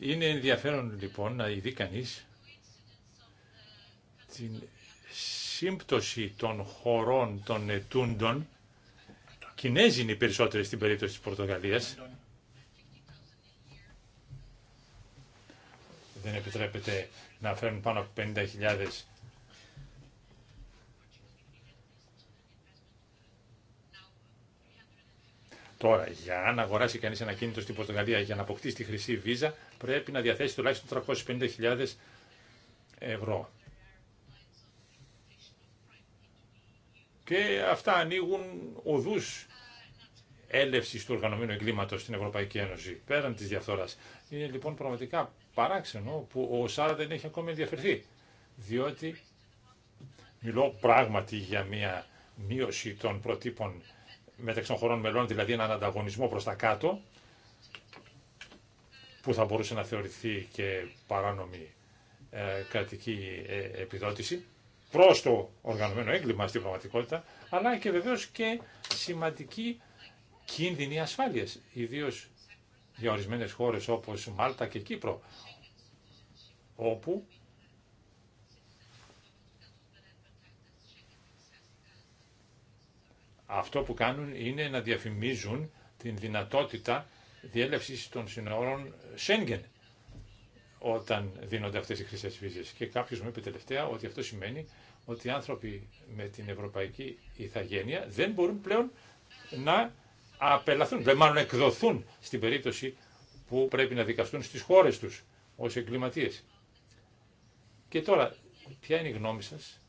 Είναι ενδιαφέρον λοιπόν να ειδεί κανεί την σύμπτωση των χωρών των ετούντων. Κινέζοι είναι οι περισσότεροι στην περίπτωση της Πορτογαλίας. Δεν επιτρέπεται να φέρουν πάνω από 50.000 Τώρα, για να αγοράσει κανεί ένα κινητό στην Πορτογαλία για να αποκτήσει τη χρυσή βίζα, πρέπει να διαθέσει τουλάχιστον 350.000 ευρώ. Και αυτά ανοίγουν οδού έλευση του οργανωμένου εγκλήματο στην Ευρωπαϊκή Ένωση, πέραν της διαφθοράς. Είναι λοιπόν πραγματικά παράξενο που ο ΣΑΡΑ δεν έχει ακόμη ενδιαφερθεί, διότι μιλώ πράγματι για μια μείωση των προτύπων μεταξύ των χωρών μελών, δηλαδή έναν ανταγωνισμό προς τα κάτω, που θα μπορούσε να θεωρηθεί και παράνομη ε, κρατική ε, επιδότηση, προς το οργανωμένο έγκλημα στην πραγματικότητα, αλλά και βεβαίως και σημαντική κίνδυνη ασφάλειας, ιδίως για ορισμένες χώρες όπως Μάλτα και Κύπρο, όπου Αυτό που κάνουν είναι να διαφημίζουν την δυνατότητα διέλευσης των συνόρων Σέγγεν όταν δίνονται αυτές οι χρυσές βίζες. Και κάποιος μου είπε τελευταία ότι αυτό σημαίνει ότι οι άνθρωποι με την ευρωπαϊκή ηθαγένεια δεν μπορούν πλέον να απελαθούν, δεν μάλλον εκδοθούν στην περίπτωση που πρέπει να δικαστούν στις χώρες τους ως εγκληματίες. Και τώρα, ποια είναι η γνώμη σας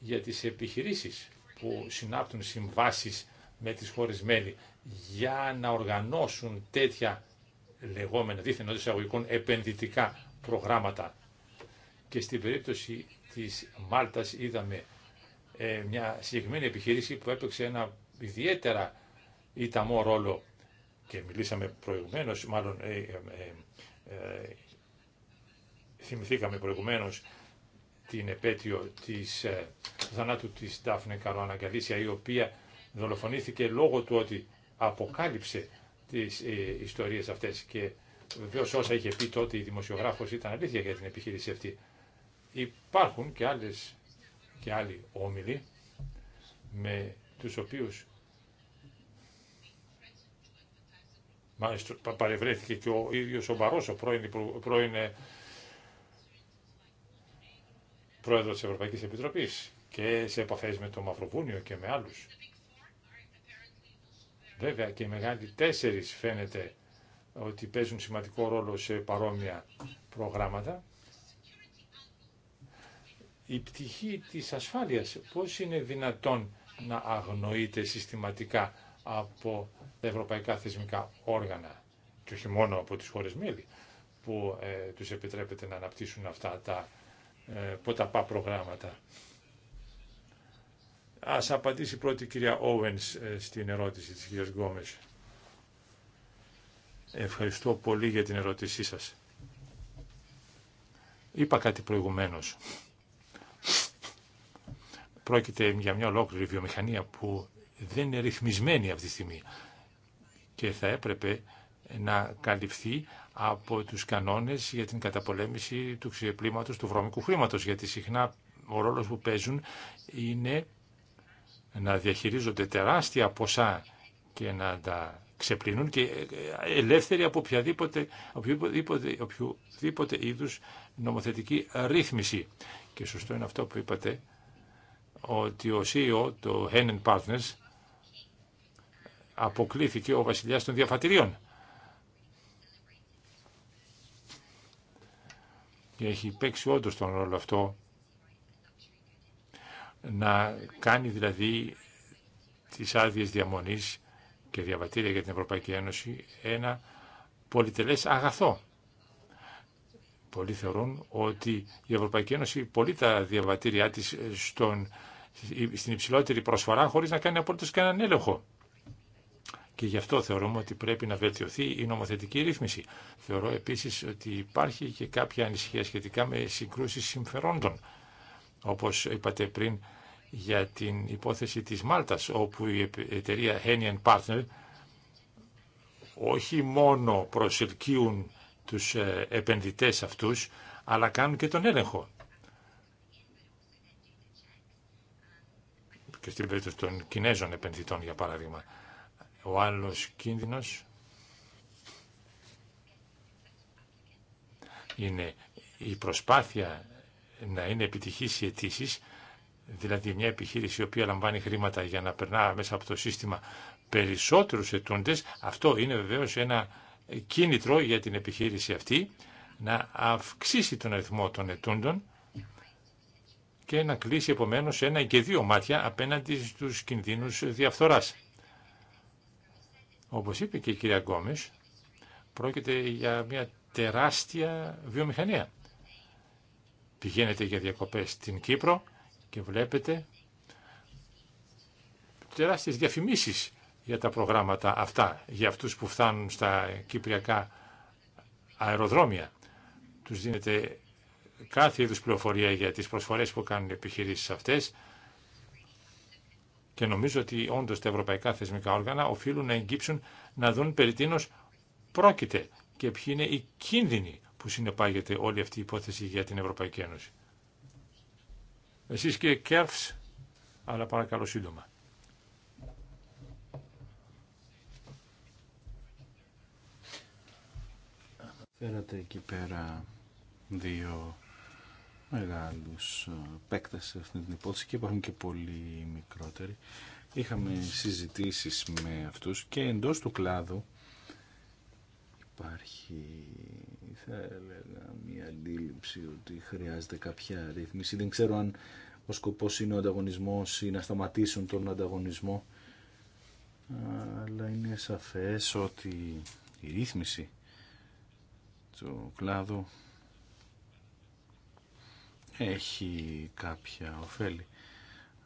για τις επιχειρήσεις που συνάπτουν συμβάσεις με τις χώρες μέλη για να οργανώσουν τέτοια λεγόμενα δίθεν εισαγωγικών επενδυτικά προγράμματα. Και στην περίπτωση της Μάλτας είδαμε ε, μια συγκεκριμένη επιχείρηση που έπαιξε ένα ιδιαίτερα ιταμό ρόλο και μιλήσαμε προηγουμένως, μάλλον ε, ε, ε, ε θυμηθήκαμε προηγουμένως την επέτειο της του θανάτου της Ντάφνε Καρουάνα Γκαλίσια, η οποία δολοφονήθηκε λόγω του ότι αποκάλυψε τις ε, ιστορίες αυτές και βεβαίω όσα είχε πει τότε η δημοσιογράφος ήταν αλήθεια για την επιχείρηση αυτή. Υπάρχουν και, άλλες, και άλλοι όμιλοι με τους οποίους μάλιστα παρευρέθηκε και ο ίδιος ο ο πρώην, πρώην ε, πρόεδρος της Ευρωπαϊκής Επιτροπής και σε επαφές με το Μαυροβούνιο και με άλλους. Βέβαια και οι μεγάλοι τέσσερις φαίνεται ότι παίζουν σημαντικό ρόλο σε παρόμοια προγράμματα. Η πτυχή της ασφάλειας πώς είναι δυνατόν να αγνοείται συστηματικά από τα ευρωπαϊκά θεσμικά όργανα και όχι μόνο από τις χώρες μέλη που ε, τους επιτρέπεται να αναπτύσσουν αυτά τα ε, ποταπά προγράμματα. Ας απαντήσει πρώτη η κυρία Όουενς στην ερώτηση της κυρίας Γκόμες. Ευχαριστώ πολύ για την ερώτησή σας. Είπα κάτι προηγουμένως. Πρόκειται για μια ολόκληρη βιομηχανία που δεν είναι ρυθμισμένη αυτή τη στιγμή και θα έπρεπε να καλυφθεί από τους κανόνες για την καταπολέμηση του ξεπλήματος του βρώμικου χρήματος, γιατί συχνά ο ρόλος που παίζουν είναι να διαχειρίζονται τεράστια ποσά και να τα ξεπλύνουν και ε, ε, ελεύθεροι από οποιαδήποτε, οποιοδήποτε, οποιοδήποτε είδους νομοθετική ρύθμιση. Και σωστό είναι αυτό που είπατε, ότι ο CEO, το Hennen Partners, αποκλήθηκε ο βασιλιάς των διαφατηρίων. Και έχει παίξει όντως τον ρόλο αυτό να κάνει δηλαδή τις άδειε διαμονής και διαβατήρια για την Ευρωπαϊκή Ένωση ένα πολυτελές αγαθό. Πολλοί θεωρούν ότι η Ευρωπαϊκή Ένωση πολύ τα διαβατήριά της στον, στην υψηλότερη προσφορά χωρίς να κάνει απολύτως κανέναν έλεγχο. Και γι' αυτό θεωρούμε ότι πρέπει να βελτιωθεί η νομοθετική ρύθμιση. Θεωρώ επίσης ότι υπάρχει και κάποια ανησυχία σχετικά με συγκρούσεις συμφερόντων όπως είπατε πριν, για την υπόθεση της Μάλτας, όπου η εταιρεία Henian Partner όχι μόνο προσελκύουν τους ε, επενδυτές αυτούς, αλλά κάνουν και τον έλεγχο. Και στην περίπτωση των Κινέζων επενδυτών, για παράδειγμα. Ο άλλος κίνδυνος είναι η προσπάθεια να είναι επιτυχής οι αιτήσει, δηλαδή μια επιχείρηση η οποία λαμβάνει χρήματα για να περνά μέσα από το σύστημα περισσότερου ετούντε, αυτό είναι βεβαίω ένα κίνητρο για την επιχείρηση αυτή να αυξήσει τον αριθμό των ετούντων και να κλείσει επομένως ένα και δύο μάτια απέναντι στους κινδύνους διαφθοράς. Όπως είπε και η κυρία Γκόμε, πρόκειται για μια τεράστια βιομηχανία πηγαίνετε για διακοπές στην Κύπρο και βλέπετε τεράστιες διαφημίσεις για τα προγράμματα αυτά, για αυτούς που φτάνουν στα κυπριακά αεροδρόμια. Τους δίνετε κάθε είδους πληροφορία για τις προσφορές που κάνουν οι επιχειρήσεις αυτές και νομίζω ότι όντως τα ευρωπαϊκά θεσμικά όργανα οφείλουν να εγκύψουν να δουν περί τίνος πρόκειται και ποιοι είναι οι κίνδυνοι που συνεπάγεται όλη αυτή η υπόθεση για την Ευρωπαϊκή Ένωση. Εσείς και Κέρφς, αλλά παρακαλώ σύντομα. Φέρατε εκεί πέρα δύο μεγάλους παίκτες σε αυτή την υπόθεση και υπάρχουν και πολύ μικρότεροι. Είχαμε συζητήσεις με αυτούς και εντός του κλάδου υπάρχει θα έλεγα μια αντίληψη ότι χρειάζεται κάποια ρύθμιση. Δεν ξέρω αν ο σκοπός είναι ο ανταγωνισμός ή να σταματήσουν τον ανταγωνισμό αλλά είναι σαφές ότι η ρύθμιση του κλάδου έχει κάποια ωφέλη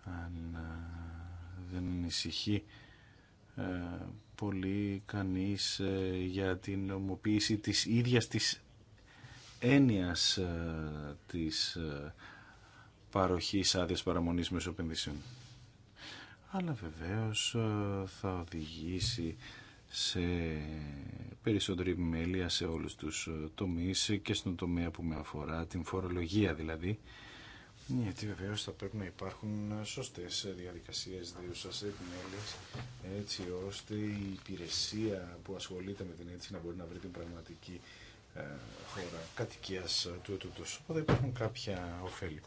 αν ε, δεν ανησυχεί ε, πολύ κανείς ε, για την νομοποίηση της ίδιας της έννοιας ε, της παροχής άδειας παραμονής μεσοπενδύσεων. Αλλά βεβαίως θα οδηγήσει σε περισσότερη επιμέλεια σε όλους τους τομείς και στον τομέα που με αφορά, την φορολογία δηλαδή, ναι, γιατί βεβαίω θα πρέπει να υπάρχουν ε, σωστές ε, διαδικασίες δίουσας επιμέλεια, έτσι ώστε η υπηρεσία που ασχολείται με την αίτηση να μπορεί να βρει την πραγματική ε, χώρα κατοικίας του ετούτος. Οπότε υπάρχουν κάποια ωφέλη.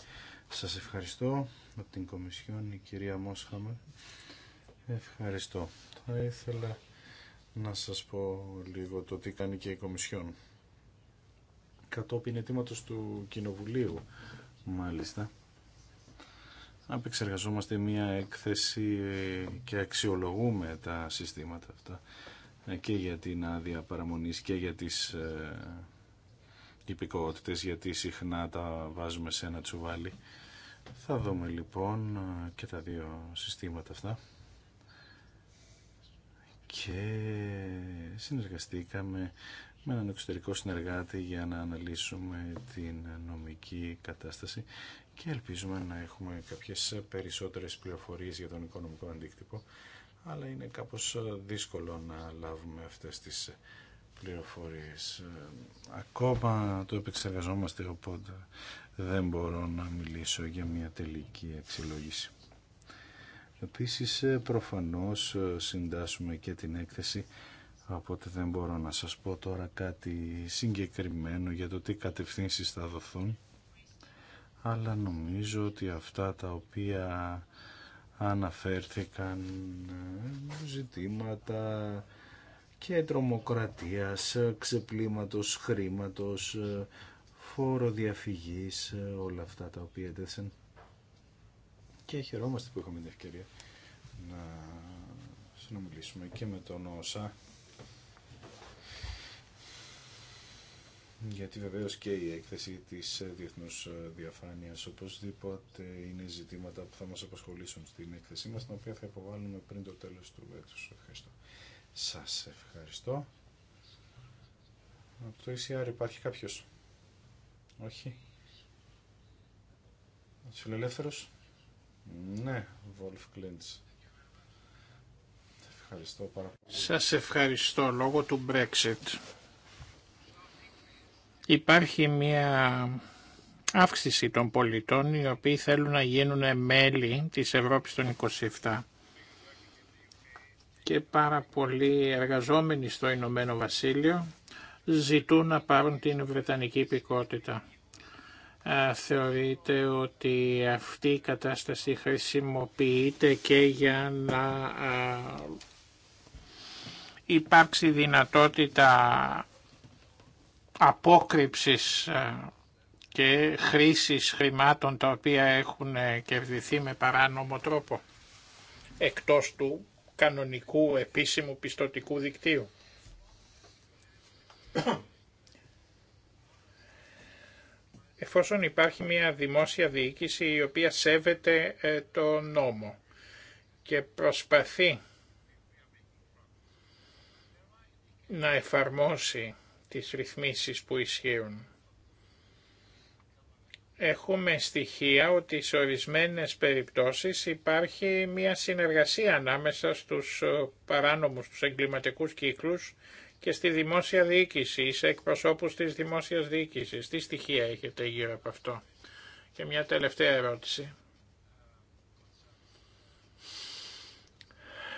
Σας ευχαριστώ από την Κομισιόν, η κυρία Μόσχαμα. Ευχαριστώ. Θα ήθελα να σας πω λίγο το τι κάνει και η Κομισιόν. Κατόπιν του Κοινοβουλίου Μάλιστα. Απεξεργαζόμαστε μία έκθεση και αξιολογούμε τα συστήματα αυτά ε, και για την άδεια παραμονής και για τις ε, υπηκότητες γιατί συχνά τα βάζουμε σε ένα τσουβάλι. Θα δούμε λοιπόν ε, και τα δύο συστήματα αυτά και συνεργαστήκαμε με έναν εξωτερικό συνεργάτη για να αναλύσουμε την νομική κατάσταση και ελπίζουμε να έχουμε κάποιες περισσότερες πληροφορίες για τον οικονομικό αντίκτυπο αλλά είναι κάπως δύσκολο να λάβουμε αυτές τις πληροφορίες. Ακόμα το επεξεργαζόμαστε οπότε δεν μπορώ να μιλήσω για μια τελική εξελόγηση. Επίσης προφανώς συντάσσουμε και την έκθεση Οπότε δεν μπορώ να σας πω τώρα κάτι συγκεκριμένο για το τι κατευθύνσεις θα δοθούν. Αλλά νομίζω ότι αυτά τα οποία αναφέρθηκαν ε, ζητήματα και τρομοκρατίας, ε, ξεπλήματος χρήματος, ε, φόρο διαφυγής, όλα αυτά τα οποία έδεσαν. Και χαιρόμαστε που είχαμε την ευκαιρία να συνομιλήσουμε και με τον ΩΣΑ γιατί βεβαίως και η έκθεση της ε, διεθνούς ε, διαφάνειας οπωσδήποτε είναι ζητήματα που θα μας απασχολήσουν στην έκθεσή μας, την οποία θα υποβάλουμε πριν το τέλος του έτους. Ευχαριστώ. Σας ευχαριστώ. Από το ECR υπάρχει κάποιος. Όχι. Συλλελεύθερος. Ναι, Βολφ Κλίντς. Ευχαριστώ πάρα πολύ. Σας ευχαριστώ λόγω του Brexit Υπάρχει μια αύξηση των πολιτών οι οποίοι θέλουν να γίνουν μέλη της Ευρώπης των 27 και πάρα πολλοί εργαζόμενοι στο Ηνωμένο Βασίλειο ζητούν να πάρουν την Βρετανική υπηκότητα. Θεωρείται ότι αυτή η κατάσταση χρησιμοποιείται και για να υπάρξει δυνατότητα απόκρυψης ε, και χρήσης χρημάτων τα οποία έχουν ε, κερδιθεί με παράνομο τρόπο εκτός του κανονικού επίσημου πιστοτικού δικτύου. Εφόσον υπάρχει μια δημόσια διοίκηση η οποία σέβεται ε, το νόμο και προσπαθεί να εφαρμόσει τις ρυθμίσεις που ισχύουν. Έχουμε στοιχεία ότι σε ορισμένες περιπτώσεις υπάρχει μια συνεργασία ανάμεσα στους ε, παράνομους, τους εγκληματικούς κύκλους και στη δημόσια διοίκηση ή σε εκπροσώπους της δημόσιας διοίκησης. Τι στοιχεία έχετε γύρω από αυτό. Και μια τελευταία ερώτηση.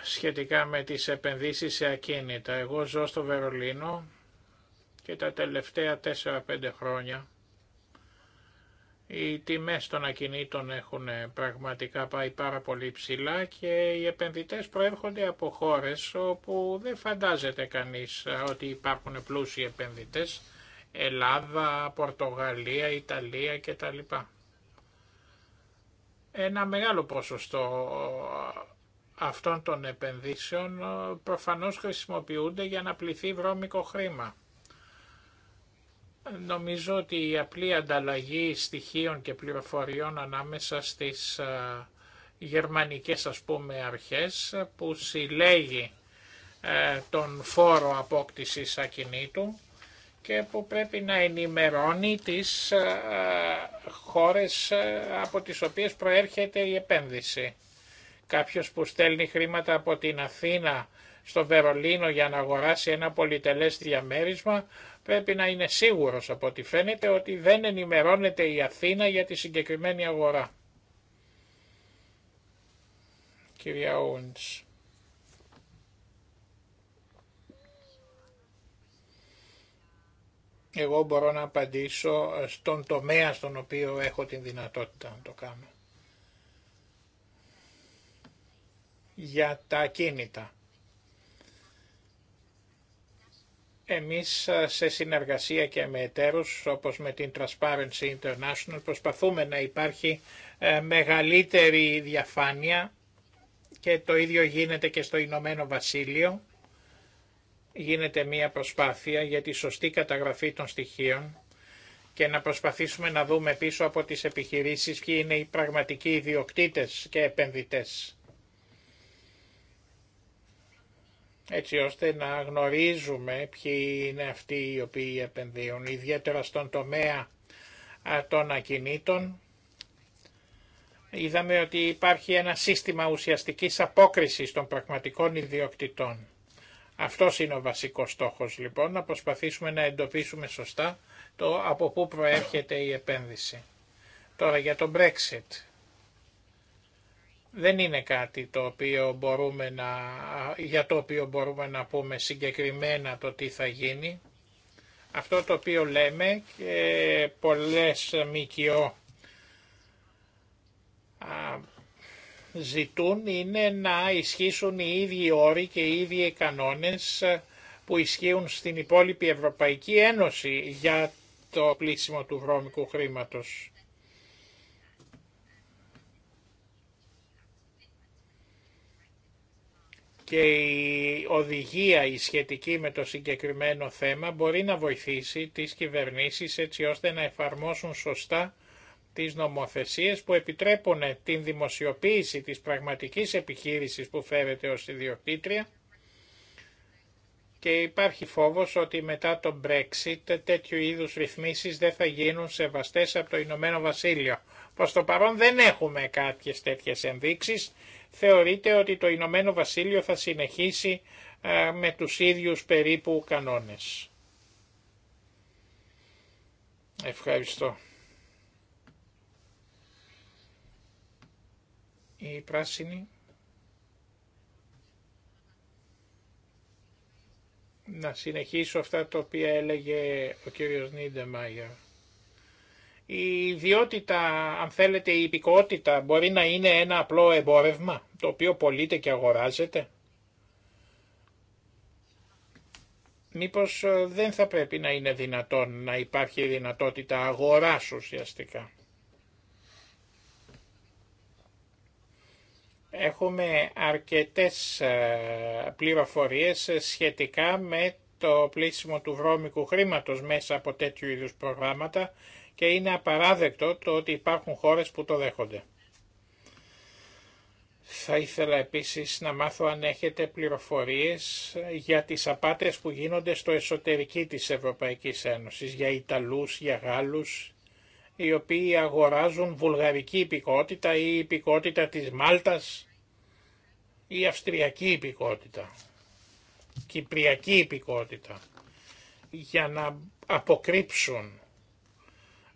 Σχετικά με τις επενδύσεις σε ακίνητα. Εγώ ζω στο Βερολίνο και τα τελευταία 4-5 χρόνια οι τιμές των ακινήτων έχουν πραγματικά πάει πάρα πολύ ψηλά και οι επενδυτές προέρχονται από χώρες όπου δεν φαντάζεται κανείς ότι υπάρχουν πλούσιοι επενδυτές, Ελλάδα, Πορτογαλία, Ιταλία κτλ. Ένα μεγάλο ποσοστό αυτών των επενδύσεων προφανώς χρησιμοποιούνται για να πληθεί βρώμικο χρήμα. Νομίζω ότι η απλή ανταλλαγή στοιχείων και πληροφοριών ανάμεσα στις ε, γερμανικές ας πούμε αρχές που συλλέγει ε, τον φόρο απόκτησης ακινήτου και που πρέπει να ενημερώνει τις ε, χώρες από τις οποίες προέρχεται η επένδυση. Κάποιος που στέλνει χρήματα από την Αθήνα στο Βερολίνο για να αγοράσει ένα πολυτελές διαμέρισμα πρέπει να είναι σίγουρος από ό,τι φαίνεται ότι δεν ενημερώνεται η Αθήνα για τη συγκεκριμένη αγορά. Κυρία Ούντς. Εγώ μπορώ να απαντήσω στον τομέα στον οποίο έχω την δυνατότητα να το κάνω. Για τα ακίνητα. Εμείς ε, σε συνεργασία και με εταίρους όπως με την Transparency International προσπαθούμε να υπάρχει ε, μεγαλύτερη διαφάνεια και το ίδιο γίνεται και στο Ηνωμένο Βασίλειο. Γίνεται μία προσπάθεια για τη σωστή καταγραφή των στοιχείων και να προσπαθήσουμε να δούμε πίσω από τις επιχειρήσεις ποιοι είναι οι πραγματικοί ιδιοκτήτες και επενδυτές. έτσι ώστε να γνωρίζουμε ποιοι είναι αυτοί οι οποίοι επενδύουν, ιδιαίτερα στον τομέα των ακινήτων. Είδαμε ότι υπάρχει ένα σύστημα ουσιαστικής απόκρισης των πραγματικών ιδιοκτητών. Αυτό είναι ο βασικός στόχος λοιπόν, να προσπαθήσουμε να εντοπίσουμε σωστά το από πού προέρχεται η επένδυση. Τώρα για το Brexit δεν είναι κάτι το οποίο μπορούμε να, για το οποίο μπορούμε να πούμε συγκεκριμένα το τι θα γίνει. Αυτό το οποίο λέμε και πολλές ΜΚΟ ζητούν είναι να ισχύσουν οι ίδιοι όροι και οι ίδιοι κανόνες που ισχύουν στην υπόλοιπη Ευρωπαϊκή Ένωση για το πλήσιμο του βρώμικου χρήματος. και η οδηγία η σχετική με το συγκεκριμένο θέμα μπορεί να βοηθήσει τις κυβερνήσεις έτσι ώστε να εφαρμόσουν σωστά τις νομοθεσίες που επιτρέπουν την δημοσιοποίηση της πραγματικής επιχείρησης που φέρεται ως ιδιοκτήτρια και υπάρχει φόβος ότι μετά το Brexit τέτοιου είδους ρυθμίσεις δεν θα γίνουν σεβαστές από το Ηνωμένο Βασίλειο. Προς το παρόν δεν έχουμε κάποιες τέτοιες ενδείξεις θεωρείται ότι το Ηνωμένο Βασίλειο θα συνεχίσει ε, με τους ίδιους περίπου κανόνες. Ευχαριστώ. Η πράσινη. Να συνεχίσω αυτά τα οποία έλεγε ο κύριος Νίντεμάγερ. Η ιδιότητα, αν θέλετε, η υπηκότητα μπορεί να είναι ένα απλό εμπόρευμα το οποίο πωλείται και αγοράζεται. Μήπως ε, δεν θα πρέπει να είναι δυνατόν να υπάρχει δυνατότητα αγοράς ουσιαστικά. Έχουμε αρκετές ε, πληροφορίες ε, σχετικά με το πλήσιμο του βρώμικου χρήματος μέσα από τέτοιου είδους προγράμματα και είναι απαράδεκτο το ότι υπάρχουν χώρες που το δέχονται. Θα ήθελα επίσης να μάθω αν έχετε πληροφορίες για τις απάτες που γίνονται στο εσωτερική της Ευρωπαϊκής Ένωσης, για Ιταλούς, για Γάλλους, οι οποίοι αγοράζουν βουλγαρική υπηκότητα ή υπηκότητα της Μάλτας ή αυστριακή υπηκότητα, κυπριακή υπηκότητα, για να αποκρύψουν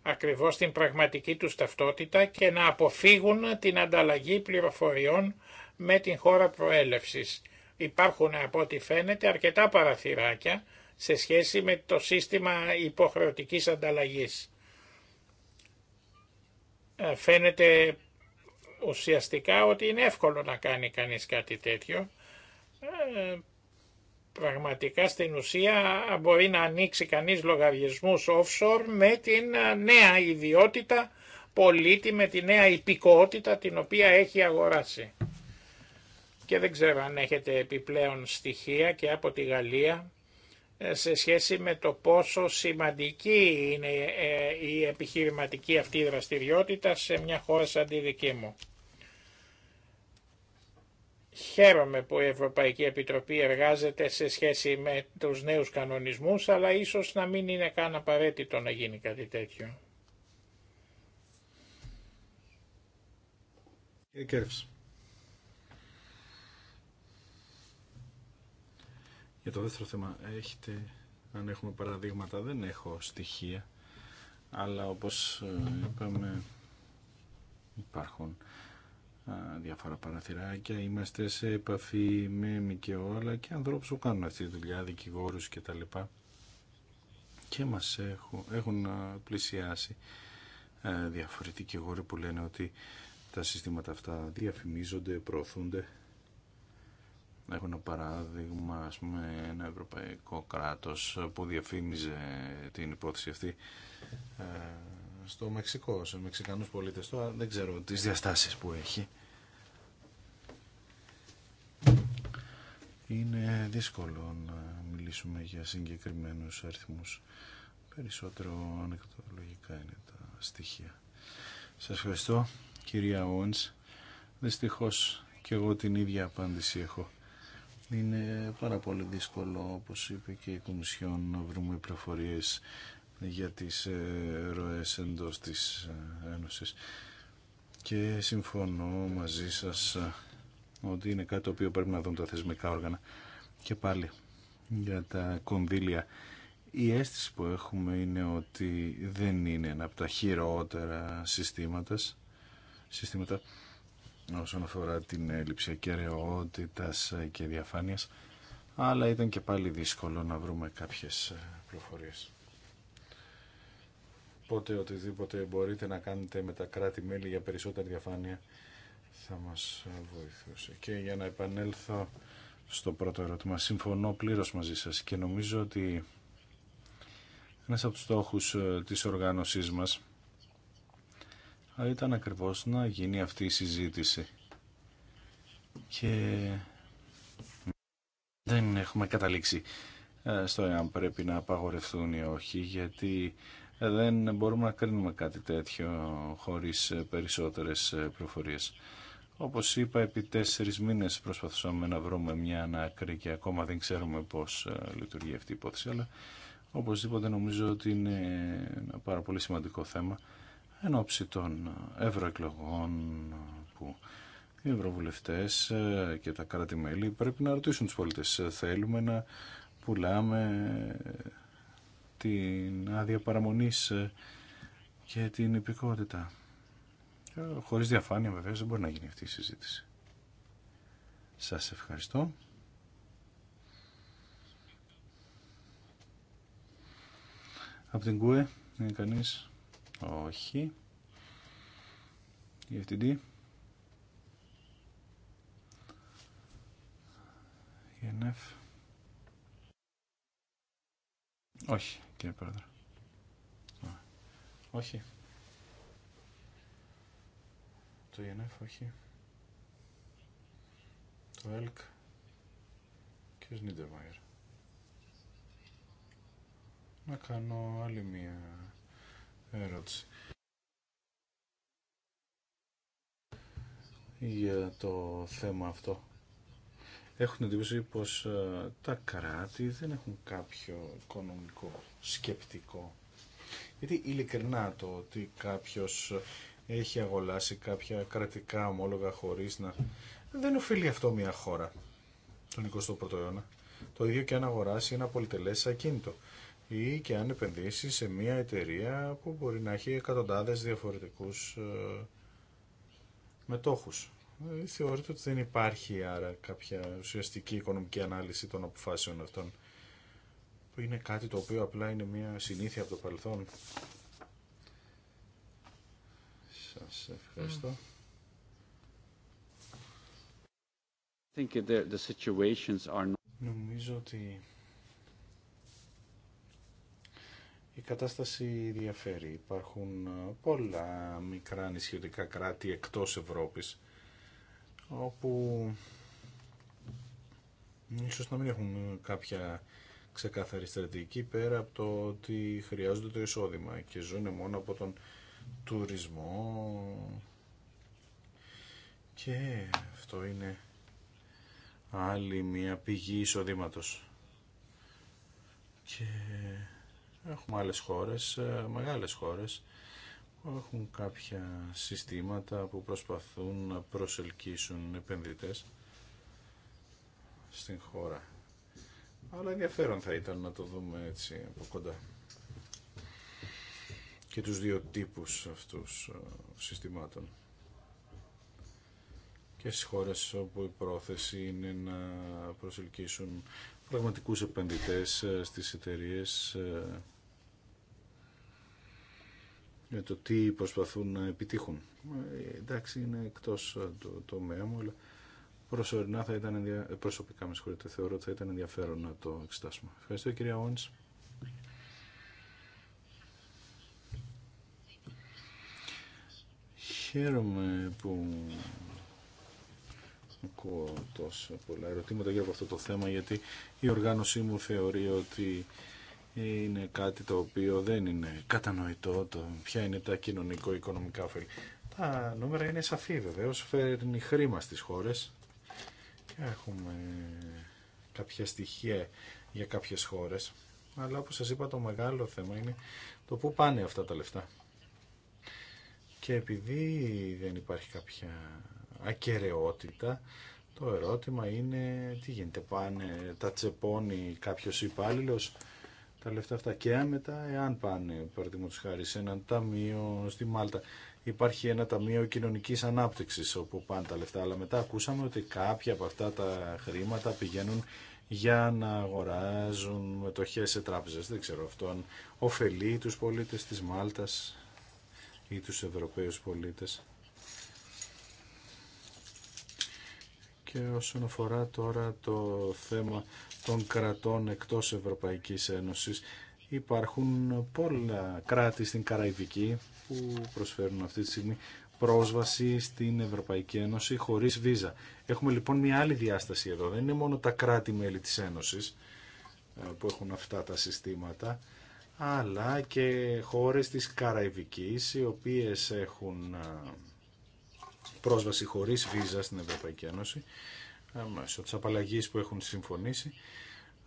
ακριβώς την πραγματική του ταυτότητα και να αποφύγουν την ανταλλαγή πληροφοριών με την χώρα προέλευσης. Υπάρχουν από ό,τι φαίνεται αρκετά παραθυράκια σε σχέση με το σύστημα υποχρεωτικής ανταλλαγής. Ε, φαίνεται ουσιαστικά ότι είναι εύκολο να κάνει κανείς κάτι τέτοιο ε, Πραγματικά στην ουσία μπορεί να ανοίξει κανείς λογαριασμούς offshore με την ε, νέα ιδιότητα πολίτη, με τη νέα υπηκότητα την οποία έχει αγοράσει. Και δεν ξέρω αν έχετε επιπλέον στοιχεία και από τη Γαλλία ε, σε σχέση με το πόσο σημαντική είναι ε, η επιχειρηματική αυτή δραστηριότητα σε μια χώρα σαν τη δική μου. Χαίρομαι που η Ευρωπαϊκή Επιτροπή εργάζεται σε σχέση με τους νέους κανονισμούς, αλλά ίσως να μην είναι καν απαραίτητο να γίνει κάτι τέτοιο. Για το δεύτερο θέμα, έχετε, αν έχουμε παραδείγματα, δεν έχω στοιχεία, αλλά όπως ε, είπαμε υπάρχουν διάφορα παραθυράκια. Είμαστε σε επαφή με και όλα και ανθρώπους που κάνουν αυτή τη δουλειά, δικηγόρους και τα λοιπά. Και μας έχουν, έχουν πλησιάσει διαφορετικοί γόροι που λένε ότι τα συστήματα αυτά διαφημίζονται, προωθούνται. Έχω ένα παράδειγμα, ας πούμε, ένα ευρωπαϊκό κράτος που διαφήμιζε την υπόθεση αυτή στο Μεξικό, σε Μεξικανούς πολίτες. δεν ξέρω τις διαστάσεις που έχει. Είναι δύσκολο να μιλήσουμε για συγκεκριμένους αριθμούς. Περισσότερο ανεκτολογικά είναι τα στοιχεία. Σας ευχαριστώ, κυρία Όνς. Δυστυχώς και εγώ την ίδια απάντηση έχω. Είναι πάρα πολύ δύσκολο, όπως είπε και η Κομισιόν, να βρούμε πληροφορίε για τις ε, ροές εντός της ε, Ένωσης και συμφωνώ μαζί σας ε, ότι είναι κάτι το οποίο πρέπει να δουν τα θεσμικά όργανα και πάλι για τα κονδύλια η αίσθηση που έχουμε είναι ότι δεν είναι ένα από τα χειρότερα συστήματα συστήματα όσον αφορά την έλλειψη ακεραιότητας και διαφάνειας αλλά ήταν και πάλι δύσκολο να βρούμε κάποιες προφορίες. Οπότε οτιδήποτε μπορείτε να κάνετε με τα κράτη-μέλη για περισσότερη διαφάνεια θα μας βοηθούσε. Και για να επανέλθω στο πρώτο ερώτημα, συμφωνώ πλήρως μαζί σας και νομίζω ότι ένας από τους στόχους ε, της οργάνωσής μας ήταν ακριβώς να γίνει αυτή η συζήτηση. Και δεν έχουμε καταλήξει ε, στο εάν πρέπει να απαγορευτούν ή όχι, γιατί δεν μπορούμε να κρίνουμε κάτι τέτοιο χωρίς περισσότερες προφορίες. Όπως είπα, επί τέσσερις μήνες προσπαθούσαμε να βρούμε μια ανάκρη και ακόμα δεν ξέρουμε πώς ε, λειτουργεί αυτή η υπόθεση, αλλά οπωσδήποτε νομίζω ότι είναι ένα πάρα πολύ σημαντικό θέμα εν ώψη των ευρωεκλογών που οι ευρωβουλευτές ε, και τα κράτη-μέλη πρέπει να ρωτήσουν τους πολίτες. Θέλουμε να πουλάμε την άδεια παραμονής ε, και την υπηκότητα. Ε, χωρίς διαφάνεια βεβαίως δεν μπορεί να γίνει αυτή η συζήτηση. Σας ευχαριστώ. Από την ΚΟΕ είναι κανείς. Όχι. Η FTD. Η NF. Όχι κύριε Όχι. Το ΙΕΝΕΦ, όχι. Το ΕΛΚ. Και ο Σνίτερμαγερ. Να κάνω άλλη μία ερώτηση. Για το θέμα αυτό έχουν εντύπωση πως ε, τα κράτη δεν έχουν κάποιο οικονομικό σκεπτικό. Γιατί ειλικρινά το ότι κάποιος ε, έχει αγοράσει κάποια κρατικά ομόλογα χωρίς να... Δεν οφείλει αυτό μια χώρα τον 21ο αιώνα. Το ίδιο και αν αγοράσει ένα πολυτελές ακίνητο ή και αν επενδύσει σε μια εταιρεία που μπορεί να έχει εκατοντάδες διαφορετικούς ε, μετόχους. Ε, θεωρείται ότι δεν υπάρχει άρα κάποια ουσιαστική οικονομική ανάλυση των αποφάσεων αυτών που είναι κάτι το οποίο απλά είναι μια συνήθεια από το παρελθόν. Σας ευχαριστώ. Mm. Νομίζω ότι η κατάσταση διαφέρει. Υπάρχουν ε, πολλά μικρά νησιωτικά κράτη εκτός Ευρώπης όπου ίσως να μην έχουν κάποια ξεκάθαρη στρατηγική πέρα από το ότι χρειάζονται το εισόδημα και ζουν μόνο από τον τουρισμό και αυτό είναι άλλη μια πηγή εισοδήματος και έχουμε άλλες χώρες, ε, μεγάλες χώρες έχουν κάποια συστήματα που προσπαθούν να προσελκύσουν επενδυτές στην χώρα. Αλλά ενδιαφέρον θα ήταν να το δούμε έτσι από κοντά. Και τους δύο τύπους αυτούς ε, συστημάτων. Και στις χώρες όπου η πρόθεση είναι να προσελκύσουν πραγματικούς επενδυτές ε, στις εταιρείες ε, με το τι προσπαθούν να επιτύχουν. Ε, εντάξει, είναι εκτός ε, το τομέα μου, αλλά προσωρινά θα ήταν προσωπικά με συγχωρείτε, θεωρώ ότι θα ήταν ενδιαφέρον να το εξετάσουμε. Ευχαριστώ κυρία Όνης. Χαίρομαι που ακούω τόσα πολλά ερωτήματα για αυτό το θέμα γιατί η οργάνωσή μου θεωρεί ότι είναι κάτι το οποίο δεν είναι κατανοητό το ποια είναι τα κοινωνικο-οικονομικά ωφέλη. Τα νούμερα είναι σαφή βεβαίω. φέρνει χρήμα στις χώρες και έχουμε κάποια στοιχεία για κάποιες χώρες. Αλλά όπως σας είπα το μεγάλο θέμα είναι το πού πάνε αυτά τα λεφτά. Και επειδή δεν υπάρχει κάποια ακαιρεότητα, το ερώτημα είναι τι γίνεται, πάνε, τα τσεπώνει κάποιος υπάλληλος τα λεφτά αυτά και μετά εάν πάνε παραδείγματο χάρη σε ένα ταμείο στη Μάλτα υπάρχει ένα ταμείο κοινωνική ανάπτυξη όπου πάνε τα λεφτά αλλά μετά ακούσαμε ότι κάποια από αυτά τα χρήματα πηγαίνουν για να αγοράζουν μετοχέ σε τράπεζες δεν ξέρω αυτό αν ωφελεί του πολίτε τη Μάλτα ή του Ευρωπαίου πολίτε. και όσον αφορά τώρα το θέμα των κρατών εκτός Ευρωπαϊκής Ένωσης. Υπάρχουν πολλά κράτη στην Καραϊβική που προσφέρουν αυτή τη στιγμή πρόσβαση στην Ευρωπαϊκή Ένωση χωρίς βίζα. Έχουμε λοιπόν μια άλλη διάσταση εδώ. Δεν είναι μόνο τα κράτη-μέλη της Ένωσης ε, που έχουν αυτά τα συστήματα, αλλά και χώρες της Καραϊβικής, οι οποίες έχουν ε, πρόσβαση χωρίς βίζα στην Ευρωπαϊκή Ένωση ε, μέσω της απαλλαγής που έχουν συμφωνήσει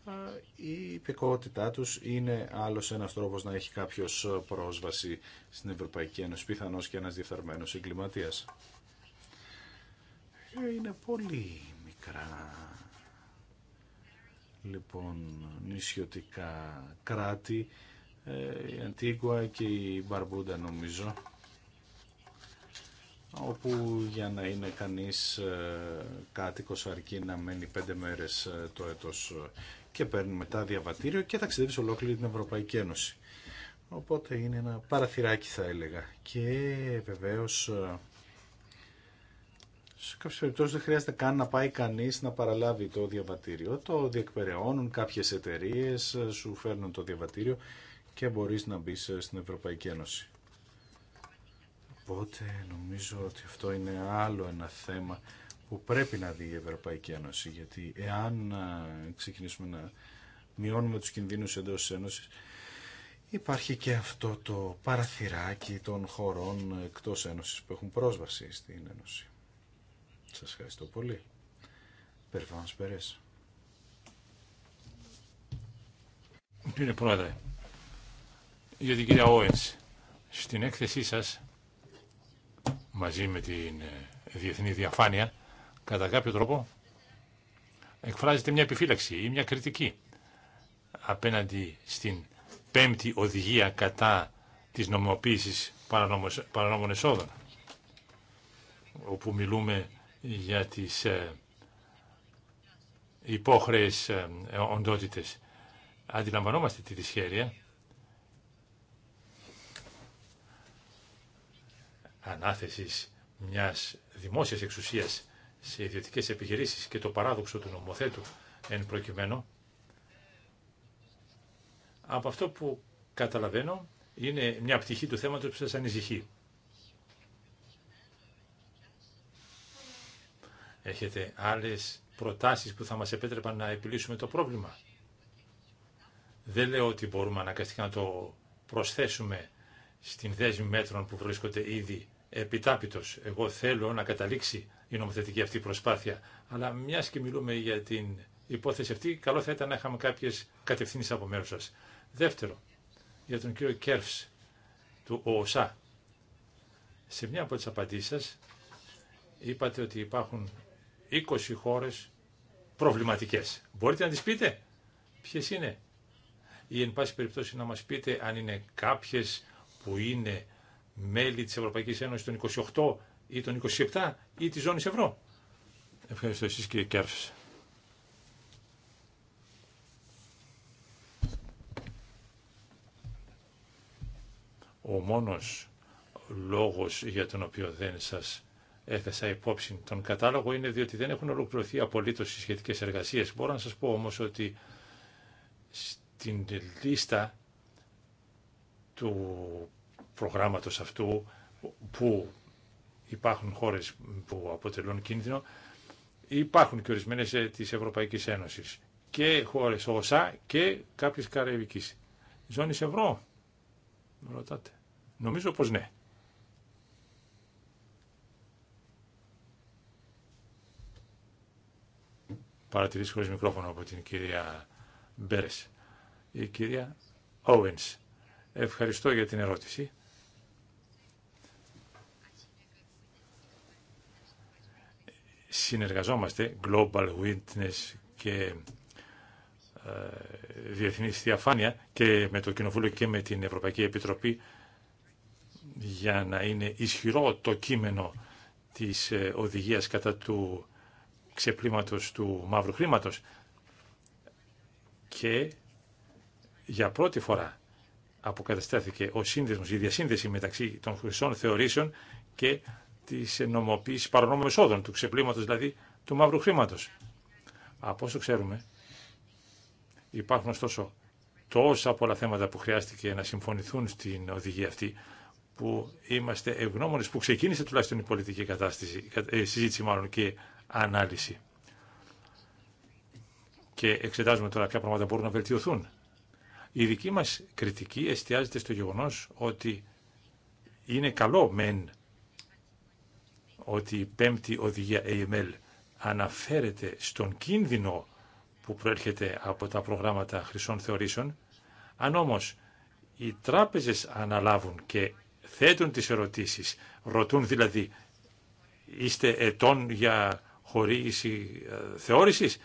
ε, η υπηκότητά τους είναι άλλος ένας τρόπος να έχει κάποιος ε, πρόσβαση στην Ευρωπαϊκή Ένωση, πιθανώς και ένας διεφθαρμένος εγκληματίας. Είναι πολύ μικρά λοιπόν νησιωτικά κράτη, η Αντίγουα και η Μπαρμπούντα νομίζω όπου για να είναι κανείς ε, κάτοικος αρκεί να μένει πέντε μέρες ε, το έτος ε, και παίρνει μετά διαβατήριο και ταξιδεύει σε ολόκληρη την Ευρωπαϊκή Ένωση. Οπότε είναι ένα παραθυράκι θα έλεγα και βεβαίως σε κάποιες περιπτώσεις δεν χρειάζεται καν να πάει κανείς να παραλάβει το διαβατήριο. Το διεκπεραιώνουν κάποιες εταιρείε σου φέρνουν το διαβατήριο και μπορείς να μπει στην Ευρωπαϊκή Ένωση. Οπότε νομίζω ότι αυτό είναι άλλο ένα θέμα που πρέπει να δει η Ευρωπαϊκή Ένωση, γιατί εάν ξεκινήσουμε να μειώνουμε τους κινδύνους εντός της Ένωσης, υπάρχει και αυτό το παραθυράκι των χωρών εκτός Ένωσης που έχουν πρόσβαση στην Ένωση. Σας ευχαριστώ πολύ. Περιφάνος Περές. Κύριε Πρόεδρε, για την κυρία Όενς, στην έκθεσή σας μαζί με την ε, διεθνή διαφάνεια, κατά κάποιο τρόπο εκφράζεται μια επιφύλαξη ή μια κριτική απέναντι στην πέμπτη οδηγία κατά της νομοποίησης παρανόμων εσόδων, όπου μιλούμε για τις ε, υπόχρεες ε, οντότητες. Αντιλαμβανόμαστε τη δυσχέρεια ανάθεσης μιας δημόσιας εξουσίας σε ιδιωτικές επιχειρήσεις και το παράδοξο του νομοθέτου εν προκειμένου, από αυτό που καταλαβαίνω είναι μια πτυχή του θέματος που σας ανησυχεί. Έχετε άλλες προτάσεις που θα μας επέτρεπαν να επιλύσουμε το πρόβλημα. Δεν λέω ότι μπορούμε να να το προσθέσουμε στην δέσμη μέτρων που βρίσκονται ήδη επιτάπητος. Εγώ θέλω να καταλήξει η νομοθετική αυτή προσπάθεια. Αλλά μια και μιλούμε για την υπόθεση αυτή, καλό θα ήταν να είχαμε κάποιε κατευθύνσει από μέρου σα. Δεύτερο, για τον κύριο Κέρφ του ΟΟΣΑ. Σε μια από τι απαντήσει σα, είπατε ότι υπάρχουν 20 χώρε προβληματικέ. Μπορείτε να τι πείτε, ποιε είναι, ή εν πάση περιπτώσει να μα πείτε αν είναι κάποιε που είναι μέλη της Ευρωπαϊκής Ένωσης των 28 ή των 27 ή της ζώνης ευρώ. Ευχαριστώ εσείς κύριε Κέρφης. Ο μόνος λόγος για τον οποίο δεν σας έθεσα υπόψη τον κατάλογο είναι διότι δεν έχουν ολοκληρωθεί απολύτως οι σχετικές εργασίες. Μπορώ να σας πω όμως ότι στην λίστα του προγράμματος αυτού που υπάρχουν χώρες που αποτελούν κίνδυνο, υπάρχουν και ορισμένες ε, της Ευρωπαϊκής Ένωσης και χώρες ΩΣΑ και κάποιες καραϊβικής. Ζώνη ευρώ, ρωτάτε. Νομίζω πως ναι. Παρατηρήσει χωρίς μικρόφωνο από την κυρία Μπέρες. Η κυρία Owens. Ευχαριστώ για την ερώτηση. Συνεργαζόμαστε, Global Witness και ε, διεθνή διαφάνεια και με το Κοινοβούλιο και με την Ευρωπαϊκή Επιτροπή για να είναι ισχυρό το κείμενο της ε, οδηγίας κατά του ξεπλήματος του μαύρου χρήματος και για πρώτη φορά αποκαταστάθηκε ο σύνδεσμος, η διασύνδεση μεταξύ των χρυσών θεωρήσεων και της νομοποίησης παρανόμων εσόδων, του ξεπλήματος δηλαδή του μαύρου χρήματος. Από όσο ξέρουμε, υπάρχουν ωστόσο τόσα πολλά θέματα που χρειάστηκε να συμφωνηθούν στην οδηγία αυτή, που είμαστε ευγνώμονε που ξεκίνησε τουλάχιστον η πολιτική κατάσταση, ε, συζήτηση μάλλον και ανάλυση. Και εξετάζουμε τώρα ποια πράγματα μπορούν να βελτιωθούν. Η δική μας κριτική εστιάζεται στο γεγονός ότι είναι καλό μεν ότι η πέμπτη οδηγία AML αναφέρεται στον κίνδυνο που προέρχεται από τα προγράμματα χρυσών θεωρήσεων, αν όμως οι τράπεζες αναλάβουν και θέτουν τις ερωτήσεις, ρωτούν δηλαδή είστε ετών για χορήγηση ε, θεώρησης,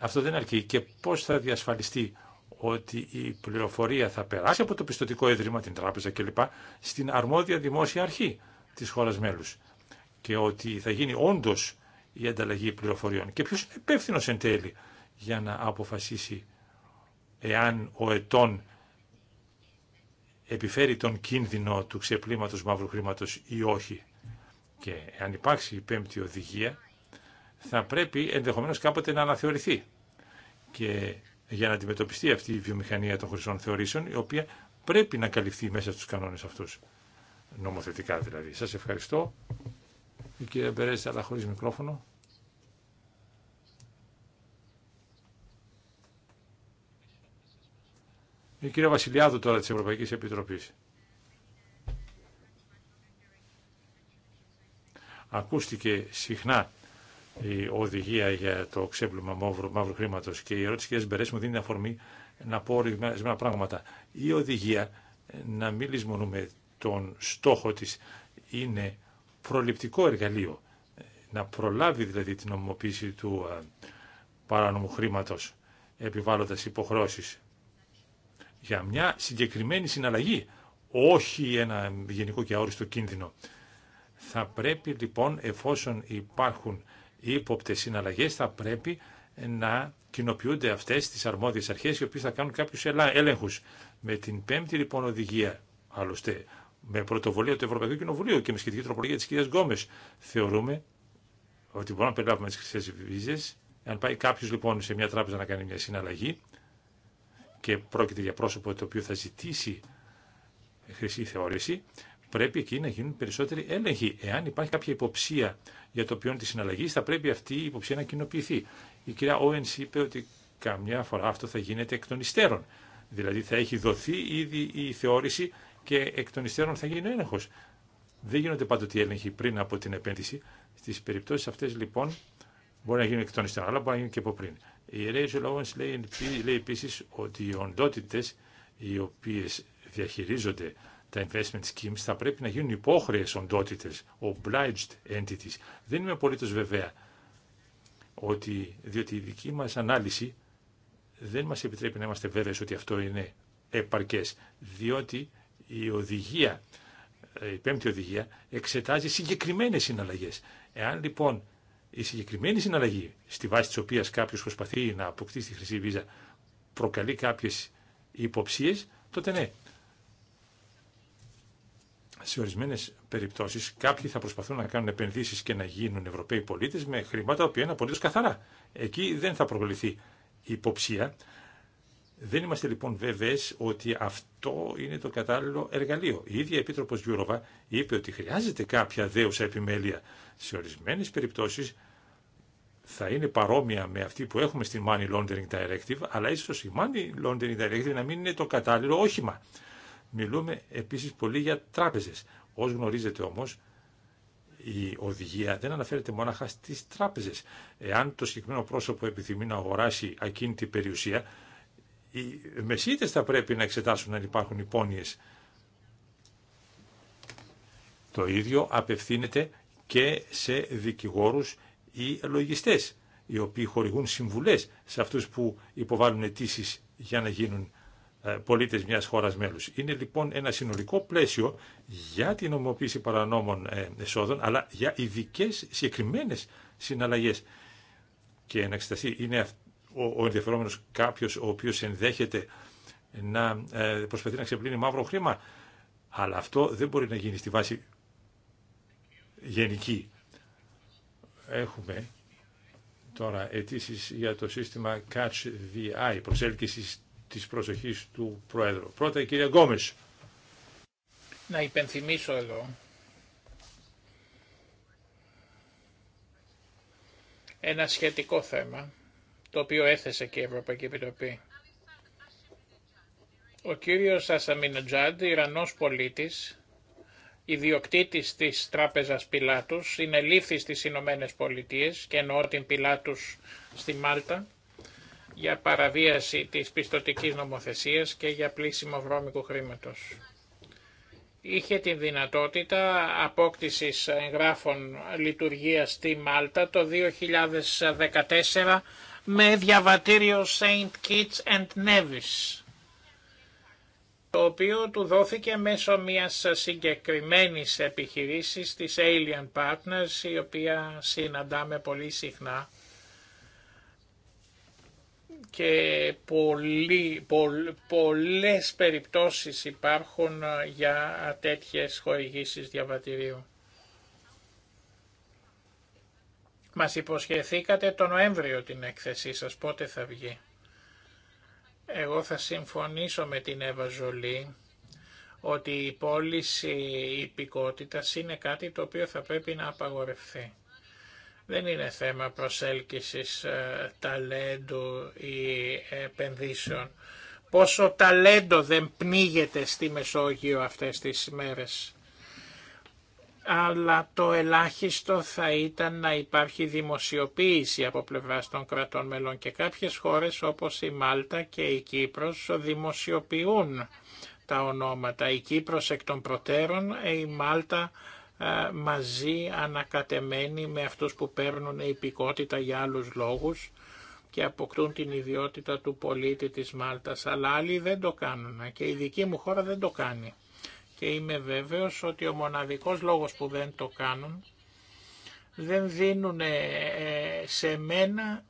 Αυτό δεν αρκεί. Και πώ θα διασφαλιστεί ότι η πληροφορία θα περάσει από το πιστοτικό ίδρυμα, την τράπεζα κλπ. στην αρμόδια δημόσια αρχή τη χώρα μέλου Και ότι θα γίνει όντω η ανταλλαγή πληροφοριών. Και ποιο είναι υπεύθυνο εν τέλει για να αποφασίσει εάν ο ετών επιφέρει τον κίνδυνο του ξεπλήματος μαύρου χρήματος ή όχι. Και αν υπάρξει η πέμπτη οδηγία, θα πρέπει ενδεχομένως κάποτε να αναθεωρηθεί και για να αντιμετωπιστεί αυτή η βιομηχανία των χρυσών θεωρήσεων, η οποία πρέπει να καλυφθεί μέσα στους κανόνες αυτούς. Νομοθετικά δηλαδή. Σας ευχαριστώ. Η κυρία Μπερέζη, αλλά χωρίς μικρόφωνο. Η κυρία Βασιλιάδου τώρα της Ευρωπαϊκής Επιτροπής. Ακούστηκε συχνά η οδηγία για το ξέπλυμα μαύρου, μαύρου χρήματο. Και η ερώτηση τη κυρία μου δίνει αφορμή να πω ορισμένα πράγματα. Η οδηγία, να μην λησμονούμε τον στόχο τη, είναι προληπτικό εργαλείο. Να προλάβει δηλαδή την νομιμοποίηση του παράνομου χρήματο επιβάλλοντα υποχρεώσει για μια συγκεκριμένη συναλλαγή, όχι ένα γενικό και αόριστο κίνδυνο. Θα πρέπει λοιπόν εφόσον υπάρχουν ύποπτε συναλλαγέ θα πρέπει να κοινοποιούνται αυτέ τι αρμόδιε αρχέ, οι οποίε θα κάνουν κάποιου έλεγχου. Με την πέμπτη λοιπόν οδηγία, άλλωστε με πρωτοβολία του Ευρωπαϊκού Κοινοβουλίου και με σχετική τροπολογία τη κυρία Γκόμε, θεωρούμε ότι μπορούμε να περιλάβουμε τι χρυσέ βίζε. Αν πάει κάποιο λοιπόν σε μια τράπεζα να κάνει μια συναλλαγή και πρόκειται για πρόσωπο το οποίο θα ζητήσει χρυσή θεώρηση, πρέπει εκεί να γίνουν περισσότεροι έλεγχοι. Εάν υπάρχει κάποια υποψία για το ποιόν τη συναλλαγή, θα πρέπει αυτή η υποψία να κοινοποιηθεί. Η κυρία Όεν είπε ότι καμιά φορά αυτό θα γίνεται εκ των υστέρων. Δηλαδή θα έχει δοθεί ήδη η θεώρηση και εκ των υστέρων θα γίνει ο έλεγχο. Δεν γίνονται πάντοτε οι έλεγχοι πριν από την επένδυση. Στι περιπτώσει αυτέ λοιπόν μπορεί να γίνουν εκ των υστέρων, αλλά μπορεί να γίνουν και από πριν. Η Rachel Owens λέει, λέει επίση ότι οι οντότητε οι οποίε διαχειρίζονται τα investment schemes θα πρέπει να γίνουν υπόχρεες οντότητε, obliged entities. Δεν είμαι απολύτω βεβαία, ότι, διότι η δική μας ανάλυση δεν μας επιτρέπει να είμαστε βέβαιε ότι αυτό είναι επαρκές, διότι η οδηγία, η πέμπτη οδηγία, εξετάζει συγκεκριμένες συναλλαγέ. Εάν λοιπόν η συγκεκριμένη συναλλαγή, στη βάση τη οποία κάποιο προσπαθεί να αποκτήσει τη χρυσή βίζα, προκαλεί κάποιε υποψίε, τότε ναι, σε ορισμένε περιπτώσει κάποιοι θα προσπαθούν να κάνουν επενδύσει και να γίνουν Ευρωπαίοι πολίτε με χρήματα που είναι απολύτω καθαρά. Εκεί δεν θα προβληθεί υποψία. Δεν είμαστε λοιπόν βέβαιε ότι αυτό είναι το κατάλληλο εργαλείο. Η ίδια η Επίτροπος Γιούροβα είπε ότι χρειάζεται κάποια δέουσα επιμέλεια. Σε ορισμένε περιπτώσει θα είναι παρόμοια με αυτή που έχουμε στη Money Laundering Directive, αλλά ίσω η Money Laundering Directive να μην είναι το κατάλληλο όχημα. Μιλούμε επίσης πολύ για τράπεζες. Ως γνωρίζετε όμως, η οδηγία δεν αναφέρεται μόναχα στις τράπεζες. Εάν το συγκεκριμένο πρόσωπο επιθυμεί να αγοράσει ακίνητη περιουσία, οι μεσίτες θα πρέπει να εξετάσουν αν υπάρχουν υπόνοιες. Το ίδιο απευθύνεται και σε δικηγόρους ή λογιστές, οι οποίοι χορηγούν συμβουλές σε αυτούς που υποβάλλουν αιτήσει για να γίνουν ε, πολίτες μιας χώρας μέλους. Είναι λοιπόν ένα συνολικό πλαίσιο για την ομοποίηση παρανόμων ε, εσόδων, αλλά για ειδικέ συγκεκριμένε συναλλαγές. Και να εξεταστεί, είναι ο ενδιαφερόμενος κάποιος ο οποίος ενδέχεται να ε, προσπαθεί να ξεπλύνει μαύρο χρήμα, αλλά αυτό δεν μπορεί να γίνει στη βάση γενική. Έχουμε τώρα αιτήσει για το σύστημα Catch VI, προσέλκυση της προσοχής του Πρόεδρου. Πρώτα η κυρία Γκόμες. Να υπενθυμίσω εδώ ένα σχετικό θέμα, το οποίο έθεσε και η Ευρωπαϊκή Επιτροπή. Ο κύριος Ασαμινοτζάντ, Ιρανός πολίτης, ιδιοκτήτης της τράπεζας Πιλάτους, είναι λήφθης στις Ηνωμένε Πολιτείες και εννοώ την Πιλάτους στη Μάλτα, για παραβίαση της πιστοτικής νομοθεσίας και για πλήσιμο βρώμικου χρήματος. Είχε την δυνατότητα απόκτησης εγγράφων λειτουργίας στη Μάλτα το 2014 με διαβατήριο Saint Kitts and Nevis το οποίο του δόθηκε μέσω μιας συγκεκριμένης επιχειρήσης της Alien Partners, η οποία συναντάμε πολύ συχνά και πολλοί, πολλές περιπτώσεις υπάρχουν ε, για ε, τέτοιες χορηγήσεις διαβατηρίου. Μας υποσχεθήκατε το Νοέμβριο την έκθεσή σας, πότε θα βγει. Εγώ θα συμφωνήσω με την Εύα Ζολή ότι η πώληση υπηκότητας είναι κάτι το οποίο θα πρέπει να απαγορευθεί. Δεν είναι θέμα προσέλκυσης ε, ταλέντου ή επενδύσεων. Πόσο ταλέντο δεν πνίγεται στη Μεσόγειο αυτές τις μέρες. Αλλά το ελάχιστο θα ήταν να υπάρχει δημοσιοποίηση από πλευράς των κρατών μελών και κάποιες χώρες όπως η Μάλτα και η Κύπρος δημοσιοποιούν τα ονόματα. Η Κύπρος εκ των προτέρων, η Μάλτα ε, μαζί ανακατεμένοι με αυτούς που παίρνουν υπηκότητα για άλλους λόγους και αποκτούν την ιδιότητα του πολίτη της Μάλτας, αλλά άλλοι δεν το κάνουν και η δική μου χώρα δεν το κάνει. Και είμαι βέβαιος ότι ο μοναδικός λόγος που δεν το κάνουν δεν δίνουν ε, σε μένα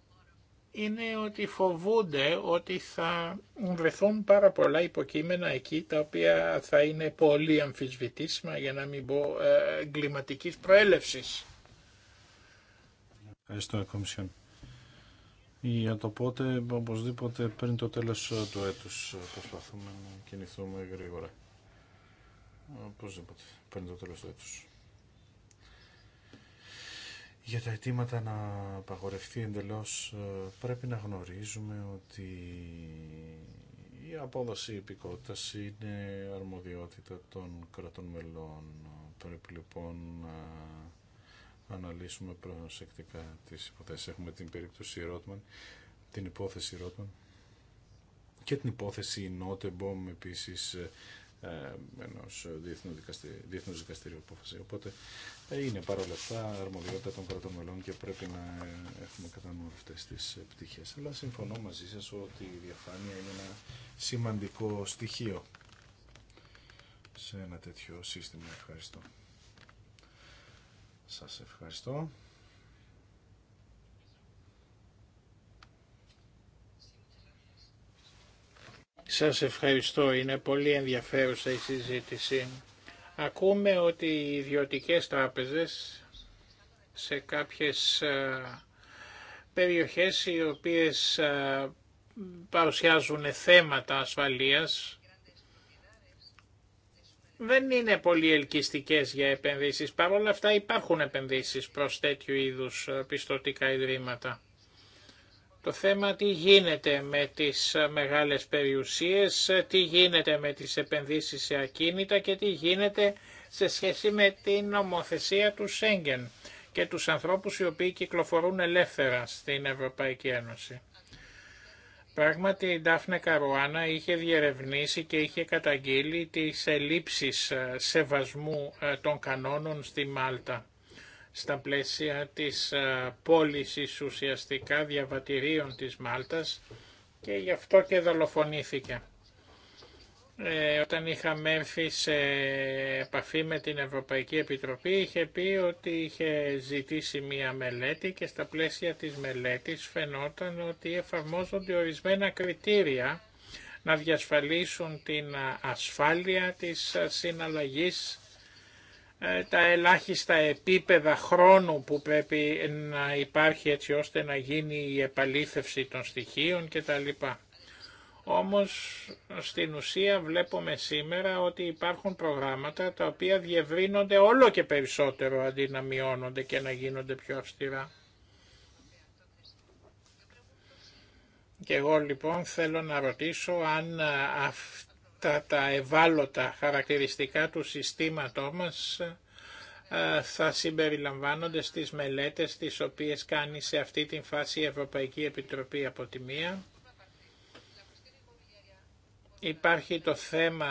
είναι ότι φοβούνται ότι θα βρεθούν πάρα πολλά υποκείμενα εκεί τα οποία θα είναι πολύ αμφισβητήσιμα για να μην πω ε, εγκληματικής προέλευσης. Ευχαριστώ, Κομισιόν. Για το πότε, οπωσδήποτε πριν το τέλος του έτους ε, προσπαθούμε να κινηθούμε γρήγορα. Οπωσδήποτε πριν το τέλος του έτους για τα αιτήματα να απαγορευτεί εντελώς ε, πρέπει να γνωρίζουμε ότι η απόδοση υπηκότητας είναι αρμοδιότητα των κρατών μελών. Πρέπει λοιπόν να αναλύσουμε προσεκτικά τις υποθέσεις. Έχουμε την περίπτωση Ρότμαν, την υπόθεση Ρότμαν και την υπόθεση Νότεμπομ επίσης ε, ε, Ενό διεθνού δικαστηρίου, διεθνούς δικαστηρίου απόφαση. Οπότε ε, είναι παρόλα αυτά αρμοδιότητα των κρατών και πρέπει να ε, έχουμε κατά νου αυτές τις πτυχές. Αλλά συμφωνώ μαζί σα ότι η διαφάνεια είναι ένα σημαντικό στοιχείο σε ένα τέτοιο σύστημα. Ευχαριστώ. Σας ευχαριστώ. Σας ευχαριστώ. Είναι πολύ ενδιαφέρουσα η συζήτηση. Ακούμε ότι οι ιδιωτικές τράπεζες σε κάποιες περιοχές οι οποίες παρουσιάζουν θέματα ασφαλείας δεν είναι πολύ ελκυστικές για επενδύσεις. Παρ' όλα αυτά υπάρχουν επενδύσεις προς τέτοιου είδους πιστοτικά ιδρύματα. Το θέμα τι γίνεται με τις μεγάλες περιουσίες, τι γίνεται με τις επενδύσεις σε ακίνητα και τι γίνεται σε σχέση με την νομοθεσία του Σέγγεν και τους ανθρώπους οι οποίοι κυκλοφορούν ελεύθερα στην Ευρωπαϊκή Ένωση. Πράγματι η Ντάφνε Καρουάνα είχε διερευνήσει και είχε καταγγείλει τις ελλείψεις σεβασμού ε, των κανόνων στη Μάλτα στα πλαίσια της ε, πώληση ουσιαστικά διαβατηρίων της Μάλτας και γι' αυτό και δολοφονήθηκε. Ε, όταν είχαμε έρθει σε επαφή με την Ευρωπαϊκή Επιτροπή είχε πει ότι είχε ζητήσει μία μελέτη και στα πλαίσια της μελέτης φαινόταν ότι εφαρμόζονται ορισμένα κριτήρια να διασφαλίσουν την ασφάλεια της συναλλαγής ε, τα ελάχιστα επίπεδα χρόνου που πρέπει να υπάρχει έτσι ώστε να γίνει η επαλήθευση των στοιχείων κτλ. Όμως στην ουσία βλέπουμε σήμερα ότι υπάρχουν προγράμματα τα οποία διευρύνονται όλο και περισσότερο αντί να μειώνονται και να γίνονται πιο αυστηρά. Και εγώ λοιπόν θέλω να ρωτήσω αν ε, αυτή τα, τα ευάλωτα χαρακτηριστικά του συστήματό μας ε, θα συμπεριλαμβάνονται στις μελέτες τις οποίες κάνει σε αυτή την φάση η Ευρωπαϊκή Επιτροπή από τη μία. Υπάρχει το θέμα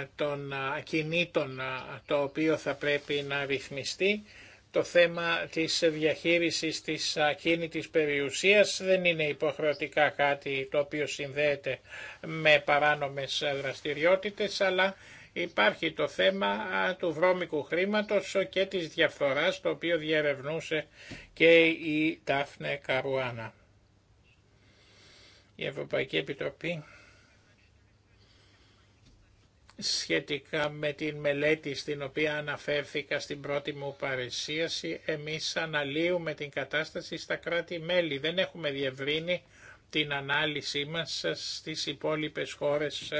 ε, των ε, ακινήτων το οποίο θα πρέπει να ρυθμιστεί το θέμα της διαχείρισης της ακίνητης περιουσίας δεν είναι υποχρεωτικά κάτι το οποίο συνδέεται με παράνομες δραστηριότητες, αλλά υπάρχει το θέμα του βρώμικου χρήματος και της διαφθοράς, το οποίο διερευνούσε και η Τάφνε Καρουάνα. Η Ευρωπαϊκή Επιτροπή σχετικά με την μελέτη στην οποία αναφέρθηκα στην πρώτη μου παρουσίαση, εμείς αναλύουμε την κατάσταση στα κράτη-μέλη. Δεν έχουμε διευρύνει την ανάλυση μας στις υπόλοιπες χώρες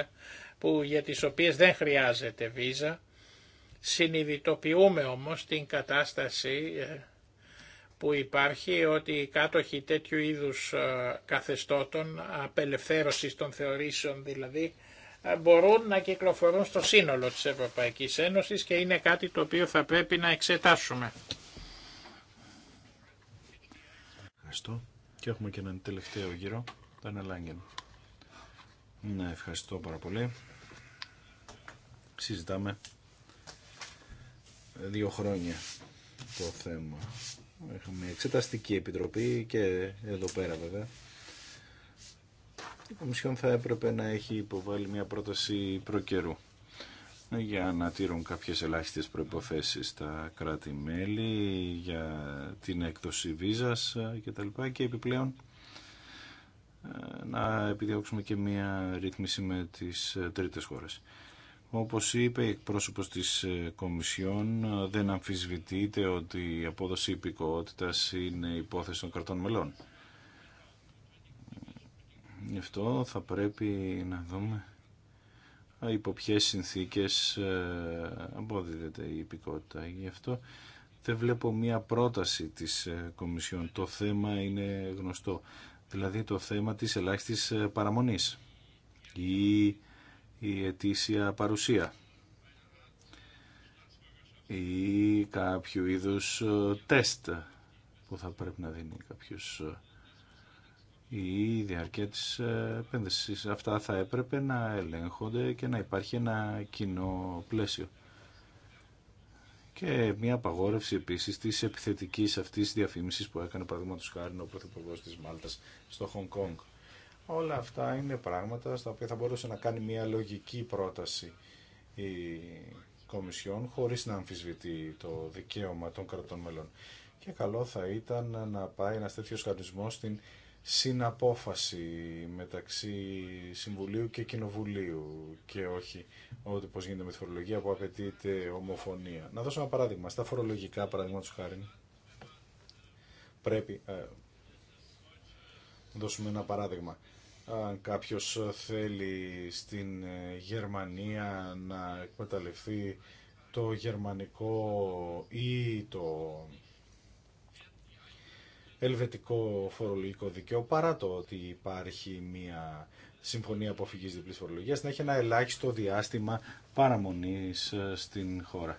που, για τις οποίες δεν χρειάζεται βίζα. Συνειδητοποιούμε όμως την κατάσταση ε, που υπάρχει ότι οι κάτοχοι τέτοιου είδους ε, καθεστώτων, απελευθέρωσης των θεωρήσεων δηλαδή, ε, μπορούν να κυκλοφορούν στο σύνολο της Ευρωπαϊκής Ένωσης και είναι κάτι το οποίο θα πρέπει να εξετάσουμε. Ευχαριστώ. Και έχουμε και έναν τελευταίο γύρο, τον Ναι, ευχαριστώ πάρα πολύ. Συζητάμε δύο χρόνια το θέμα. Έχουμε εξεταστική επιτροπή και εδώ πέρα βέβαια η Κομισιόν θα έπρεπε να έχει υποβάλει μια πρόταση προκαιρού ε, για να τήρουν κάποιες ελάχιστες προϋποθέσεις στα κράτη-μέλη για την έκδοση βίζας ε, και τα λοιπά και επιπλέον ε, να επιδιώξουμε και μια ρύθμιση με τις τρίτες χώρες. Όπως είπε η εκπρόσωπος της Κομισιόν, δεν αμφισβητείται ότι η απόδοση υπηκότητας είναι υπόθεση των κρατών μελών. Γι' αυτό θα πρέπει να δούμε υπό ποιες συνθήκες ε, αποδίδεται η υπηκότητα. Γι' αυτό δεν βλέπω μία πρόταση της ε, Κομισιόν. Το θέμα είναι γνωστό. Δηλαδή το θέμα της ελάχιστης ε, παραμονής ή η ετήσια παρουσία ή κάποιο είδους τεστ που θα πρέπει να δίνει κάποιος η διάρκεια τη ε, επένδυση. Αυτά θα έπρεπε να ελέγχονται και να υπάρχει ένα κοινό πλαίσιο. Και μια απαγόρευση επίσης της επιθετικής αυτή διαφήμιση που έκανε παραδείγματο χάρη ο Πρωθυπουργό τη Μάλτας στο Χονγκ Κόνγκ. Όλα αυτά είναι πράγματα στα οποία θα μπορούσε να κάνει μια λογική πρόταση η Κομισιόν χωρίς να αμφισβητεί το δικαίωμα των κρατών μελών. Και καλό θα ήταν να πάει ένας τέτοιο στην συναπόφαση μεταξύ Συμβουλίου και Κοινοβουλίου και όχι ότι πως γίνεται με τη φορολογία που απαιτείται ομοφωνία. Να δώσω ένα παράδειγμα. Στα φορολογικά, του χάρη, πρέπει... Ε, να δώσουμε ένα παράδειγμα. Αν κάποιος θέλει στην ε, Γερμανία να εκμεταλλευτεί το γερμανικό ή το ελβετικό φορολογικό δικαίωμα παρά το ότι υπάρχει μια συμφωνία αποφυγής διπλής φορολογίας, να έχει ένα ελάχιστο διάστημα παραμονής ε, στην χώρα.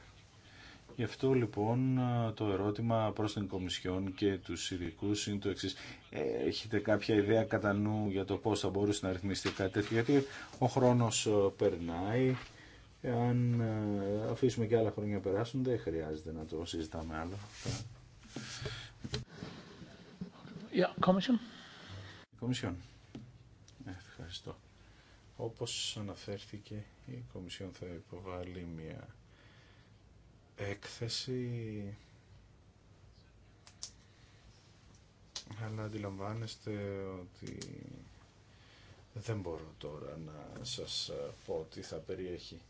Γι' αυτό λοιπόν ε, το ερώτημα προς την Κομισιόν και τους ειδικού είναι το εξή ε, Έχετε κάποια ιδέα κατά νου για το πώς θα μπορούσε να ρυθμιστεί κάτι τέτοιο, γιατί ο χρόνος περνάει. Αν αφήσουμε και άλλα χρόνια να περάσουν δεν χρειάζεται να το συζητάμε άλλο. Yeah, commission. Ε, ευχαριστώ. Όπως αναφέρθηκε, η Κομισιόν θα υποβάλει μια έκθεση αλλά αντιλαμβάνεστε ότι δεν μπορώ τώρα να σας πω τι θα περιέχει.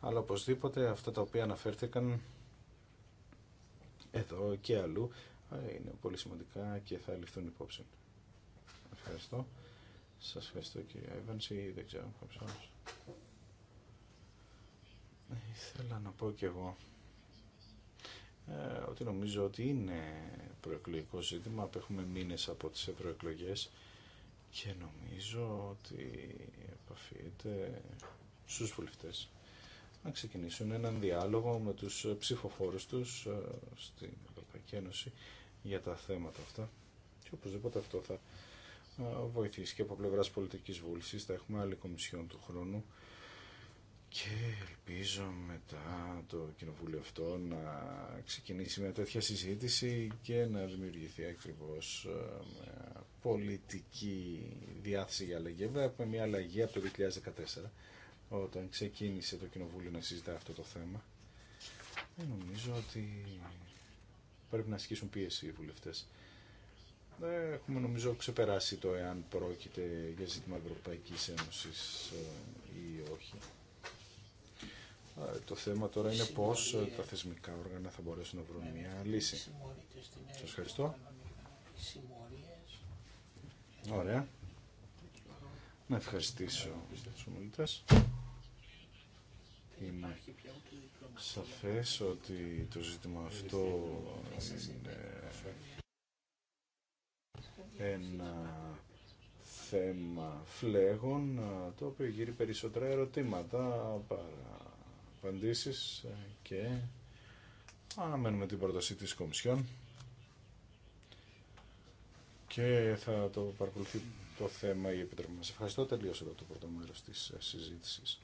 Αλλά οπωσδήποτε αυτά τα οποία αναφέρθηκαν εδώ και αλλού είναι πολύ σημαντικά και θα ληφθούν υπόψη. Ευχαριστώ. Σας ευχαριστώ και Εύανση δεν ξέρω κάποιος άλλος. Ε, ήθελα να πω κι εγώ ε, ότι νομίζω ότι είναι προεκλογικό ζήτημα. έχουμε μήνες από τις ευρωεκλογέ και νομίζω ότι επαφείται στους βουλευτές να ξεκινήσουν έναν διάλογο με τους ψηφοφόρους τους ε, στην Ευρωπαϊκή Ένωση για τα θέματα αυτά και οπωσδήποτε αυτό θα βοηθήσει και από πλευράς πολιτικής βούλησης θα έχουμε άλλη κομισιόν του χρόνου και ελπίζω μετά το κοινοβούλιο αυτό να ξεκινήσει μια τέτοια συζήτηση και να δημιουργηθεί ακριβώς πολιτική διάθεση για αλλαγή. έχουμε μια αλλαγή από το 2014 όταν ξεκίνησε το κοινοβούλιο να συζητά αυτό το θέμα. Ε, νομίζω ότι Πρέπει να ασκήσουν πίεση οι βουλευτέ. Ε, έχουμε νομίζω ξεπεράσει το εάν πρόκειται για ζήτημα Ευρωπαϊκή Ένωση ε, ή όχι. Ε, το θέμα τώρα είναι πώς τα θεσμικά όργανα θα μπορέσουν να βρουν μια λύση. Σα ΕΕ ευχαριστώ. Ωραία. Να ευχαριστήσω τους ομιλητές σαφές ότι το ζήτημα αυτό είναι ένα θέμα φλέγων το οποίο γύρει περισσότερα ερωτήματα παρά απαντήσεις και αναμένουμε την πρόταση της Κομισιόν και θα το παρακολουθεί το θέμα η Επιτροπή μας. Ευχαριστώ τελείως εδώ το πρώτο μέρος της ε, συζήτησης.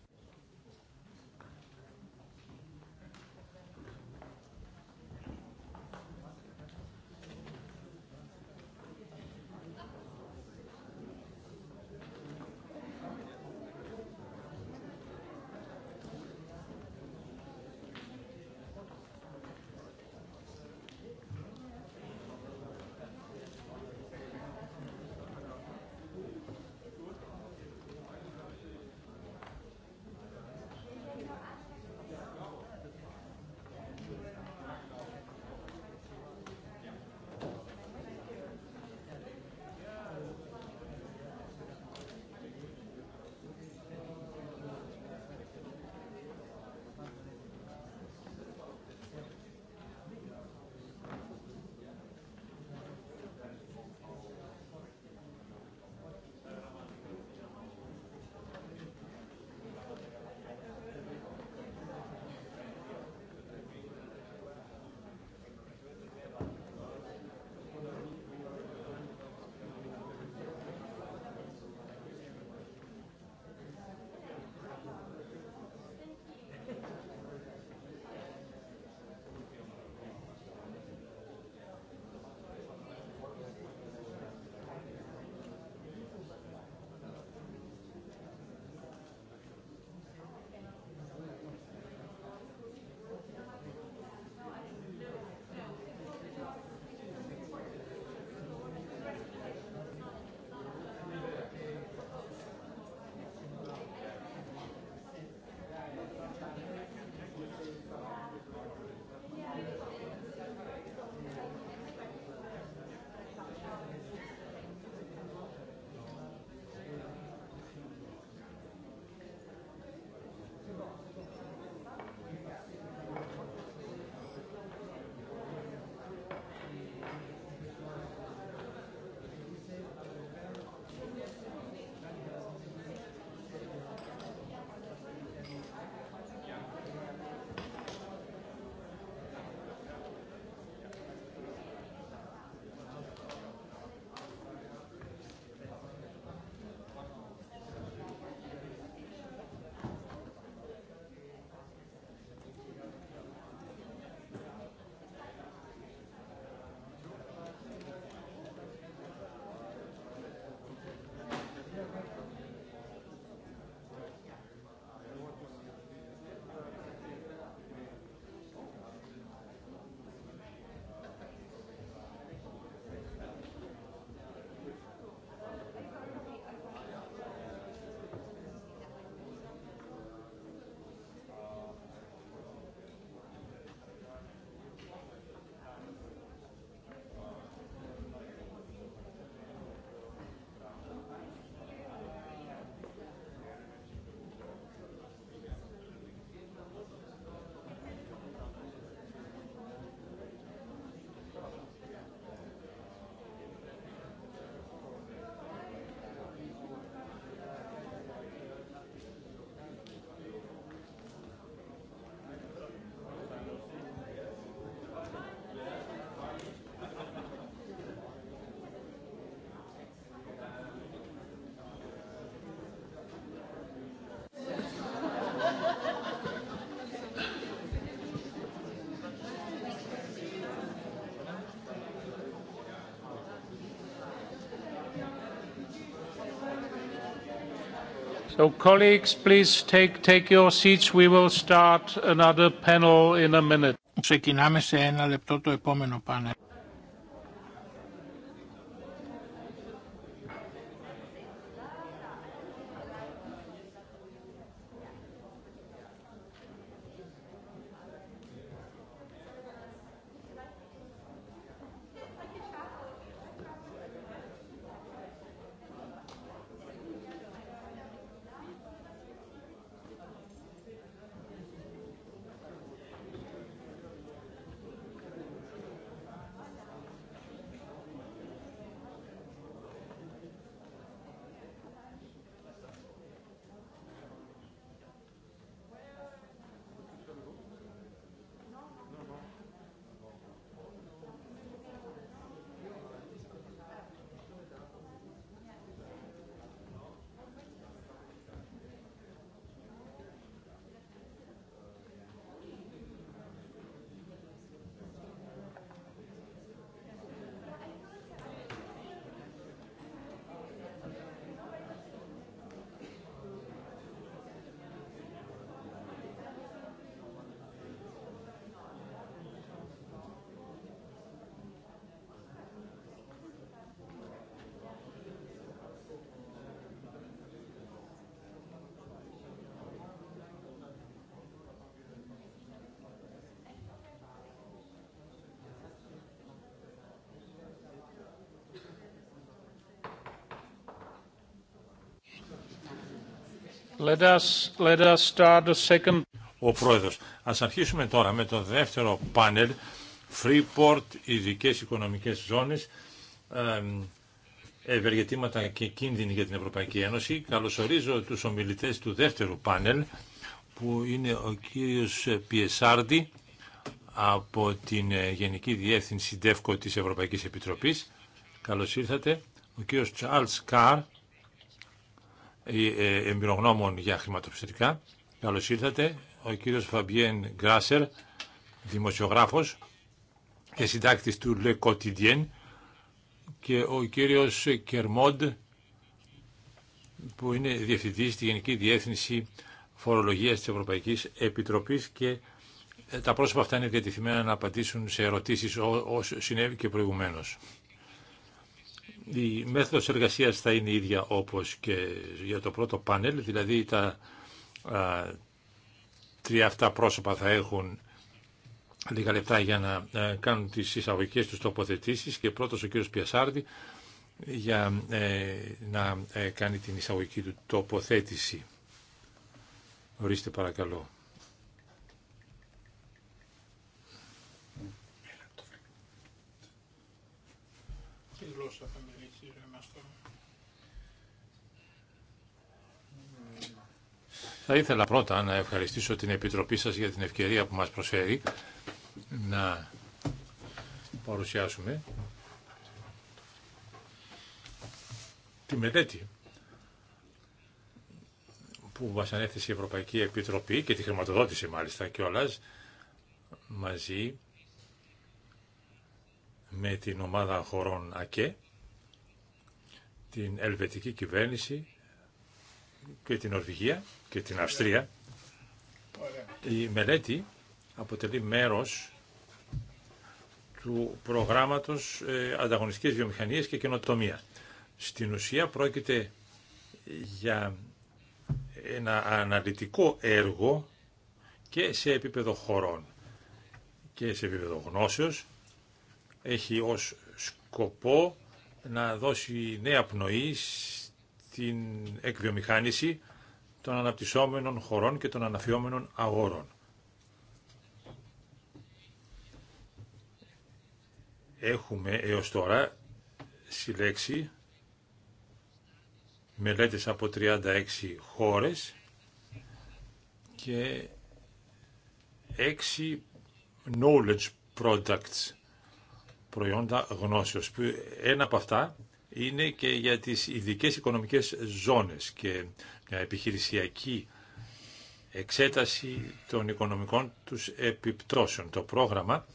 So colleagues, please take, take your seats. We will start another panel in a minute. Ξεκινάμε σε ένα λεπτό το επόμενο πάνελ. Ο πρόεδρος. Ας αρχίσουμε τώρα με το δεύτερο πάνελ Freeport, ειδικέ οικονομικές ζώνες, ευεργετήματα και κίνδυνοι για την Ευρωπαϊκή Ένωση. Καλωσορίζω τους ομιλητές του δεύτερου πάνελ που είναι ο κύριος Πιεσάρντι από την Γενική Διεύθυνση ΔΕΦΚΟ της Ευρωπαϊκής Επιτροπής. Καλώς ήρθατε. Ο κύριος Τσάρλ Καρ ε, ε, εμπειρογνώμων για χρηματοπιστωτικά. Καλώ ήρθατε. Ο κύριο Φαμπιέν Γκράσερ, δημοσιογράφος και συντάκτης του Le Quotidien και ο κύριο Κερμόντ που είναι διευθυντή στη Γενική Διεύθυνση φορολογία της Ευρωπαϊκής Επιτροπής και ε, τα πρόσωπα αυτά είναι διατηθειμένα να απαντήσουν σε ερωτήσεις όσο συνέβη και προηγουμένω η μέθοδος εργασίας θα είναι ίδια όπως και για το πρώτο πάνελ, δηλαδή τα α, τρία αυτά πρόσωπα θα έχουν λίγα λεπτά για να ε, κάνουν τις εισαγωγικές τους τοποθετήσεις και πρώτος ο κύριος Πιασάρδη για ε, να ε, κάνει την εισαγωγική του τοποθέτηση. Ορίστε παρακαλώ. Θα ήθελα πρώτα να ευχαριστήσω την Επιτροπή σας για την ευκαιρία που μας προσφέρει να παρουσιάσουμε τη μελέτη που μας ανέθεσε η Ευρωπαϊκή Επιτροπή και τη χρηματοδότηση μάλιστα κιόλας μαζί με την ομάδα χωρών ΑΚΕ, την Ελβετική Κυβέρνηση, και την Ορβηγία και την Αυστρία. Η μελέτη αποτελεί μέρος του προγράμματος ε, ανταγωνιστικής βιομηχανίας και καινοτομία. Στην ουσία πρόκειται για ένα αναλυτικό έργο και σε επίπεδο χωρών και σε επίπεδο γνώσεως. Έχει ως σκοπό να δώσει νέα πνοή την εκβιομηχάνηση των αναπτυσσόμενων χωρών και των αναφιόμενων αγόρων. Έχουμε έως τώρα συλλέξει μελέτες από 36 χώρες και 6 knowledge products, προϊόντα γνώσεως. Ένα από αυτά είναι και για τις ειδικές οικονομικές ζώνες και μια επιχειρησιακή εξέταση των οικονομικών τους επιπτώσεων. Το πρόγραμμα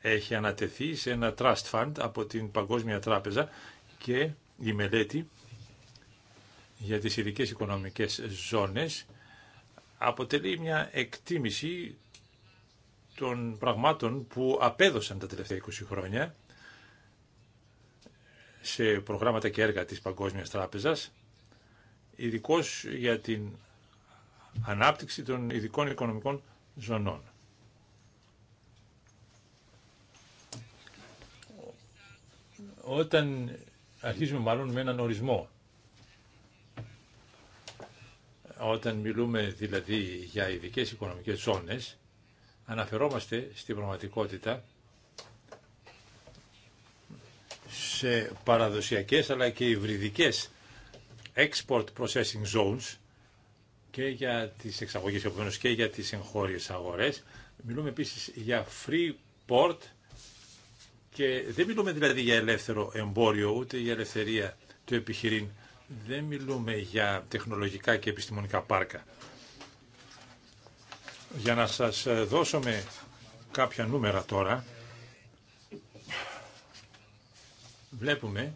έχει ανατεθεί σε ένα trust fund από την Παγκόσμια Τράπεζα και η μελέτη για τις ειδικές οικονομικές ζώνες αποτελεί μια εκτίμηση των πραγμάτων που απέδωσαν τα τελευταία 20 χρόνια σε προγράμματα και έργα της Παγκόσμιας Τράπεζας, ειδικώ για την ανάπτυξη των ειδικών οικονομικών ζωνών. Όταν αρχίζουμε μάλλον με έναν ορισμό, όταν μιλούμε δηλαδή για ειδικές οικονομικές ζώνες, αναφερόμαστε στην πραγματικότητα σε παραδοσιακές αλλά και υβριδικές export processing zones και για τις εξαγωγές επομένως και για τις εγχώριες αγορές. Μιλούμε επίσης για free port και δεν μιλούμε δηλαδή για ελεύθερο εμπόριο ούτε για ελευθερία του επιχειρήν. Δεν μιλούμε για τεχνολογικά και επιστημονικά πάρκα. Για να σας ε, δώσω κάποια νούμερα τώρα, βλέπουμε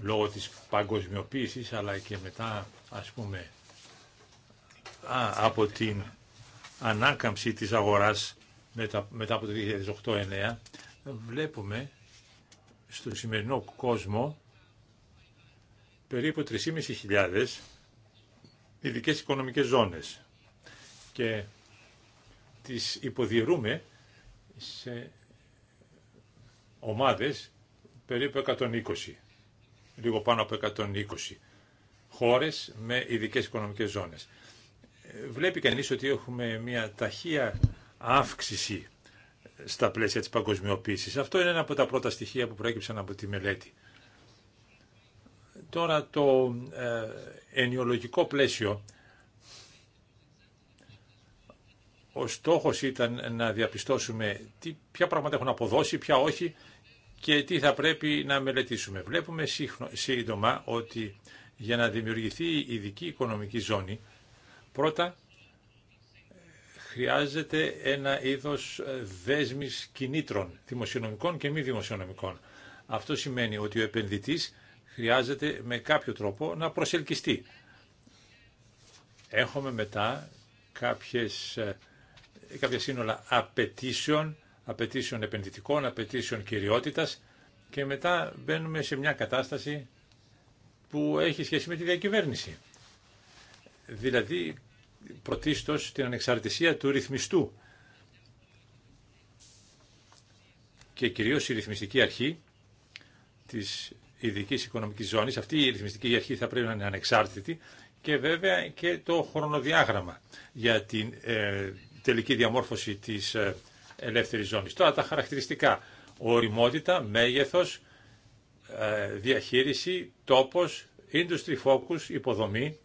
λόγω της παγκοσμιοποίησης αλλά και μετά ας πούμε από την ανάκαμψη της αγοράς μετά, μετά από το 2008-2009 βλέπουμε στο σημερινό κόσμο περίπου 3.500 ειδικέ οικονομικές ζώνες και τις υποδιαιρούμε σε ομάδες περίπου 120, λίγο πάνω από 120 χώρες με ειδικέ οικονομικές ζώνες. Βλέπει κανείς ότι έχουμε μια ταχεία αύξηση στα πλαίσια της παγκοσμιοποίησης. Αυτό είναι ένα από τα πρώτα στοιχεία που προέκυψαν από τη μελέτη. Τώρα το ε, ενιολογικό πλαίσιο, ο στόχος ήταν να διαπιστώσουμε τι, ποια πράγματα έχουν αποδώσει, ποια όχι, και τι θα πρέπει να μελετήσουμε. Βλέπουμε σύντομα ότι για να δημιουργηθεί η ειδική οικονομική ζώνη, πρώτα χρειάζεται ένα είδος δέσμης κινήτρων, δημοσιονομικών και μη δημοσιονομικών. Αυτό σημαίνει ότι ο επενδυτής χρειάζεται με κάποιο τρόπο να προσελκυστεί. Έχουμε μετά κάποιες, ε, κάποια σύνολα απαιτήσεων απαιτήσεων επενδυτικών, απαιτήσεων κυριότητας και μετά μπαίνουμε σε μια κατάσταση που έχει σχέση με τη διακυβέρνηση. Δηλαδή, πρωτίστως την ανεξαρτησία του ρυθμιστού και κυρίως η ρυθμιστική αρχή της ειδική οικονομικής ζώνης. Αυτή η ρυθμιστική αρχή θα πρέπει να είναι ανεξάρτητη και βέβαια και το χρονοδιάγραμμα για την ε, τελική διαμόρφωση της ε, ελεύθερης ζώνη. Τώρα τα χαρακτηριστικά. Οριμότητα, μέγεθος, ε, διαχείριση, τόπος, industry focus, υποδομή,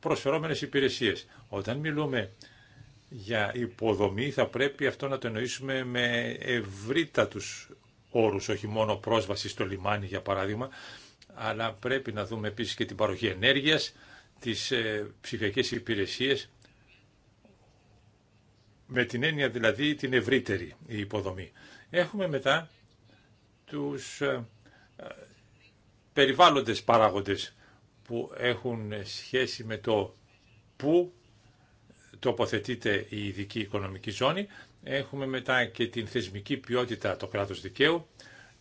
προσφερόμενες υπηρεσίες. Όταν μιλούμε για υποδομή θα πρέπει αυτό να το εννοήσουμε με ευρύτατους όρους, όχι μόνο πρόσβαση στο λιμάνι για παράδειγμα, αλλά πρέπει να δούμε επίσης και την παροχή ενέργειας, τις ε, ψηφιακέ υπηρεσίες, με την έννοια δηλαδή την ευρύτερη υποδομή. Έχουμε μετά τους ε, ε, περιβάλλοντες παράγοντες που έχουν σχέση με το πού τοποθετείται η ειδική οικονομική ζώνη. Έχουμε μετά και την θεσμική ποιότητα το κράτος δικαίου,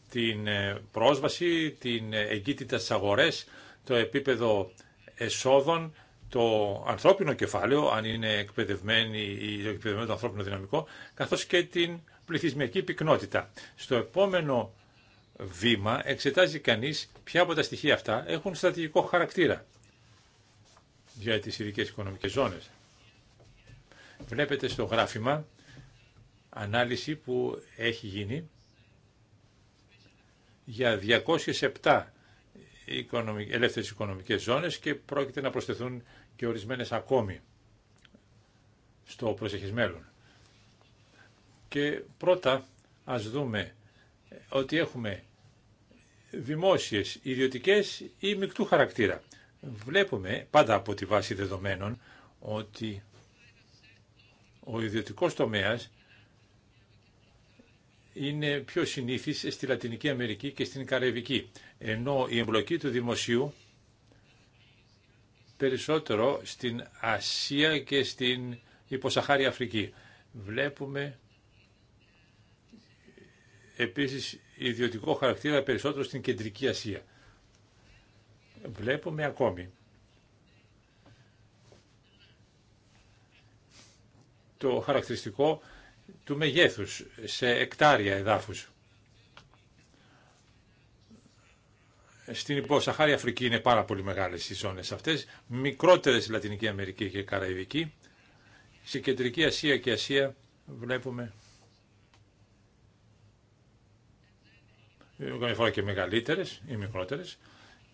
την ε, πρόσβαση, την εγκύτητα στις αγορές, το επίπεδο εσόδων, το ανθρώπινο κεφάλαιο, αν είναι εκπαιδευμένο ή εκπαιδευμένο το ανθρώπινο δυναμικό, καθώς και την πληθυσμιακή πυκνότητα. Στο επόμενο βήμα εξετάζει κανείς ποια από τα στοιχεία αυτά έχουν στρατηγικό χαρακτήρα για τις ειδικέ οικονομικές ζώνες. Βλέπετε στο γράφημα ανάλυση που έχει γίνει για 207 ελεύθερες οικονομικές ζώνες και πρόκειται να προσθεθούν και ορισμένες ακόμη στο προσεχής μέλλον. Και πρώτα ας δούμε ότι έχουμε δημόσιες, ιδιωτικές ή μεικτού χαρακτήρα. Βλέπουμε πάντα από τη βάση δεδομένων ότι ο ιδιωτικός τομέας είναι πιο συνήθις στη Λατινική Αμερική και στην Καραϊβική, ενώ η εμπλοκή του δημοσίου περισσότερο στην Ασία και στην Υποσαχάρη Αφρική. Βλέπουμε επίσης ιδιωτικό χαρακτήρα περισσότερο στην Κεντρική Ασία. Βλέπουμε ακόμη το χαρακτηριστικό του μεγέθους σε εκτάρια εδάφους. Στην υποσαχάρη Αφρική είναι πάρα πολύ μεγάλες οι ζώνες αυτές, μικρότερες Λατινική Αμερική και Καραϊβική. στη Κεντρική Ασία και Ασία βλέπουμε καμιά φορά και μεγαλύτερες ή μικρότερες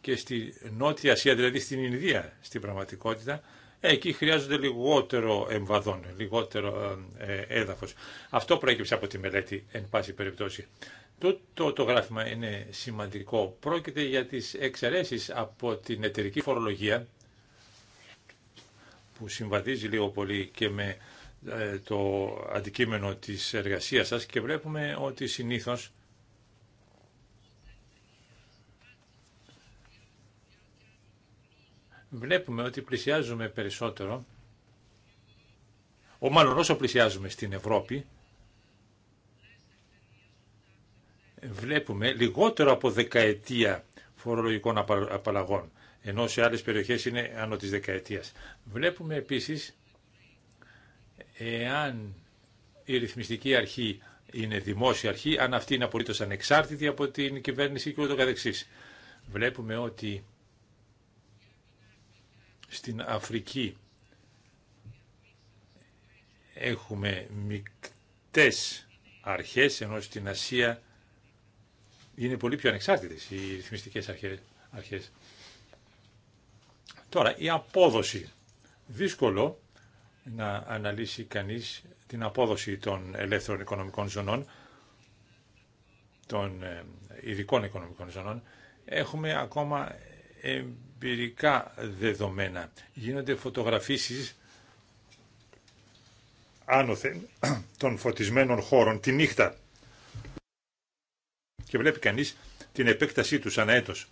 και στη Νότια Ασία, δηλαδή στην Ινδία στην πραγματικότητα, εκεί χρειάζονται λιγότερο εμβαδόν, λιγότερο ε, ε, έδαφος. Αυτό προέκυψε από τη μελέτη, εν πάση περιπτώσει. Το, το, γράφημα είναι σημαντικό. Πρόκειται για τις εξαιρέσεις από την εταιρική φορολογία, που συμβαδίζει λίγο πολύ και με ε, το αντικείμενο της εργασίας σας και βλέπουμε ότι συνήθως βλέπουμε ότι πλησιάζουμε περισσότερο, ο μάλλον όσο πλησιάζουμε στην Ευρώπη, βλέπουμε λιγότερο από δεκαετία φορολογικών απαλλαγών, ενώ σε άλλες περιοχές είναι άνω της δεκαετίας. Βλέπουμε επίσης, εάν η ρυθμιστική αρχή είναι δημόσια αρχή, αν αυτή είναι απολύτως ανεξάρτητη από την κυβέρνηση και ούτω καθεξής. Βλέπουμε ότι στην Αφρική έχουμε μικτές αρχές, ενώ στην Ασία είναι πολύ πιο ανεξάρτητες οι ρυθμιστικές αρχές. Τώρα, η απόδοση. Δύσκολο να αναλύσει κανείς την απόδοση των ελεύθερων οικονομικών ζωνών, των ε, ειδικών οικονομικών ζωνών. Έχουμε ακόμα ε, εμπειρικά δεδομένα. Γίνονται φωτογραφίσεις άνωθεν των φωτισμένων χώρων τη νύχτα και βλέπει κανείς την επέκτασή τους ανά έτος.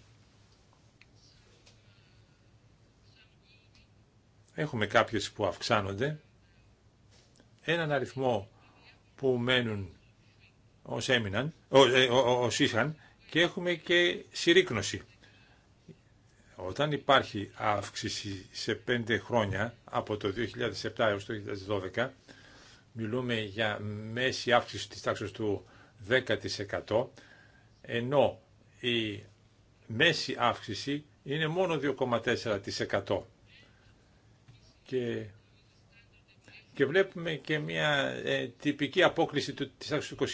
Έχουμε κάποιες που αυξάνονται, έναν αριθμό που μένουν ως, έμειναν, ε, ως, είχαν και έχουμε και συρρήκνωση. Όταν υπάρχει αύξηση σε πέντε χρόνια, από το 2007 έως το 2012, μιλούμε για μέση αύξηση της τάξης του 10%, ενώ η μέση αύξηση είναι μόνο 2,4%. Και, και βλέπουμε και μια ε, τυπική απόκληση του, της τάξης του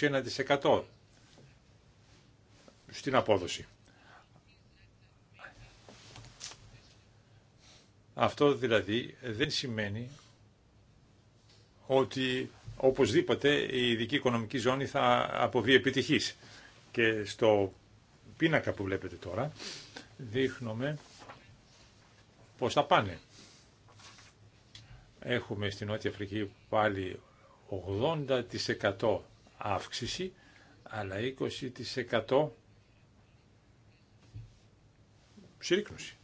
21% στην απόδοση. Αυτό δηλαδή δεν σημαίνει ότι οπωσδήποτε η ειδική οικονομική ζώνη θα αποβεί επιτυχής. Και στο πίνακα που βλέπετε τώρα δείχνουμε πώς θα πάνε. Έχουμε στην Νότια Αφρική πάλι 80% αύξηση, αλλά 20% συρρήκνωση.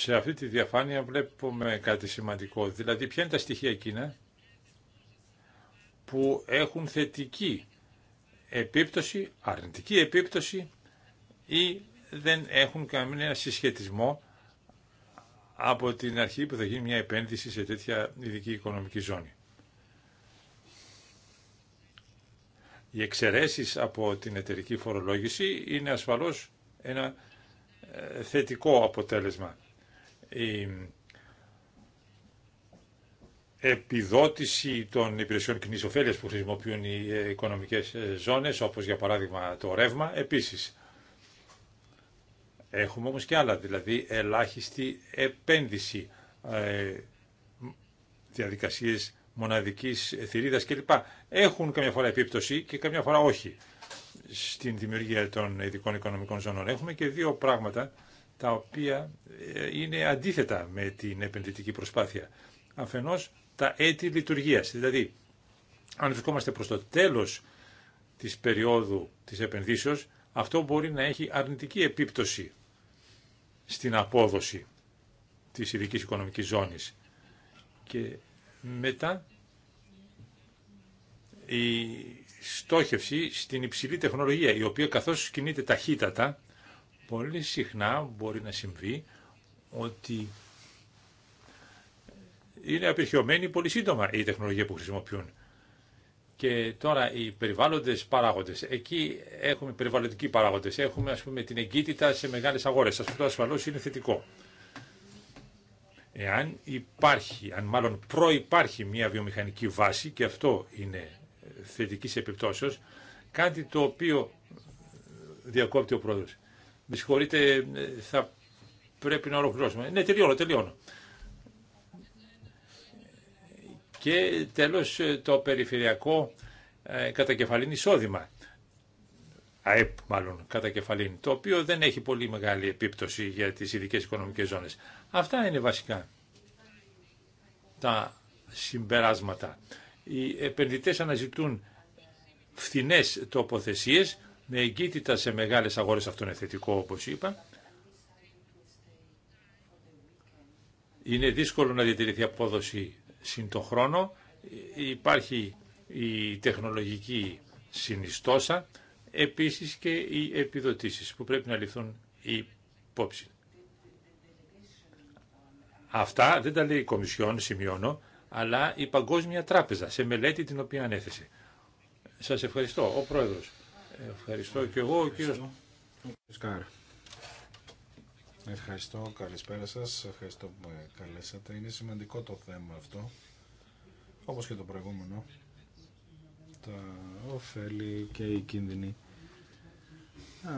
Σε αυτή τη διαφάνεια βλέπουμε κάτι σημαντικό. Δηλαδή, ποια είναι τα στοιχεία εκείνα που έχουν θετική επίπτωση, αρνητική επίπτωση ή δεν έχουν καμία συσχετισμό από την αρχή που θα γίνει μια επένδυση σε τέτοια ειδική οικονομική ζώνη. Οι εξαιρέσεις από την εταιρική φορολόγηση είναι ασφαλώς ένα ε, θετικό αποτέλεσμα η επιδότηση των υπηρεσιών κοινή ωφέλεια που χρησιμοποιούν οι ε, οικονομικές ε, ζώνες, όπως για παράδειγμα το ρεύμα, επίσης. Έχουμε όμως και άλλα, δηλαδή ελάχιστη επένδυση, ε, διαδικασίες μοναδικής θηρίδας κλπ. Έχουν καμιά φορά επίπτωση και καμιά φορά όχι στην δημιουργία των ειδικών οικονομικών ζώνων. Έχουμε και δύο πράγματα τα οποία ε, είναι αντίθετα με την επενδυτική προσπάθεια. Αφενός τα έτη λειτουργίας, δηλαδή αν βρισκόμαστε προς το τέλος της περίοδου της επενδύσεως, αυτό μπορεί να έχει αρνητική επίπτωση στην απόδοση της ειδική οικονομικής ζώνης. Και μετά η στόχευση στην υψηλή τεχνολογία, η οποία καθώς κινείται ταχύτατα, Πολύ συχνά μπορεί να συμβεί ότι είναι απερχαιωμένη πολύ σύντομα η τεχνολογία που χρησιμοποιούν. Και τώρα οι περιβάλλοντε παράγοντε, Εκεί έχουμε περιβαλλοντικοί παράγοντε, Έχουμε ας πούμε την εγκύτητα σε μεγάλες αγορές. Αυτό ασφαλώς είναι θετικό. Εάν υπάρχει, αν μάλλον προϋπάρχει μια βιομηχανική βάση και αυτό είναι θετική επιπτώσεως, κάτι το οποίο διακόπτει ο πρόεδρος. Με συγχωρείτε, θα πρέπει να ολοκληρώσουμε. Ναι, τελειώνω, τελειώνω. Και τέλος το περιφερειακό ε, κατακεφαλήν εισόδημα. ΑΕΠ μάλλον κατακεφαλήν, το οποίο δεν έχει πολύ μεγάλη επίπτωση για τις ειδικέ οικονομικές ζώνες. Αυτά είναι βασικά τα συμπεράσματα. Οι επενδυτές αναζητούν φθηνές τοποθεσίες με εγκύτητα σε μεγάλες αγορές αυτό είναι θετικό όπως είπα. Είναι δύσκολο να διατηρηθεί απόδοση συν τον χρόνο. Υπάρχει η τεχνολογική συνιστόσα, επίσης και οι επιδοτήσεις που πρέπει να ληφθούν υπόψη. Αυτά δεν τα λέει η Κομισιόν, σημειώνω, αλλά η Παγκόσμια Τράπεζα σε μελέτη την οποία ανέθεσε. Σας ευχαριστώ, ο Πρόεδρος. Ευχαριστώ και εγώ, κύριος Σκάρα. Ευχαριστώ, καλησπέρα σα, ευχαριστώ που με καλέσατε. Είναι σημαντικό το θέμα αυτό, όπως και το προηγούμενο. Τα ωφέλη και οι κίνδυνοι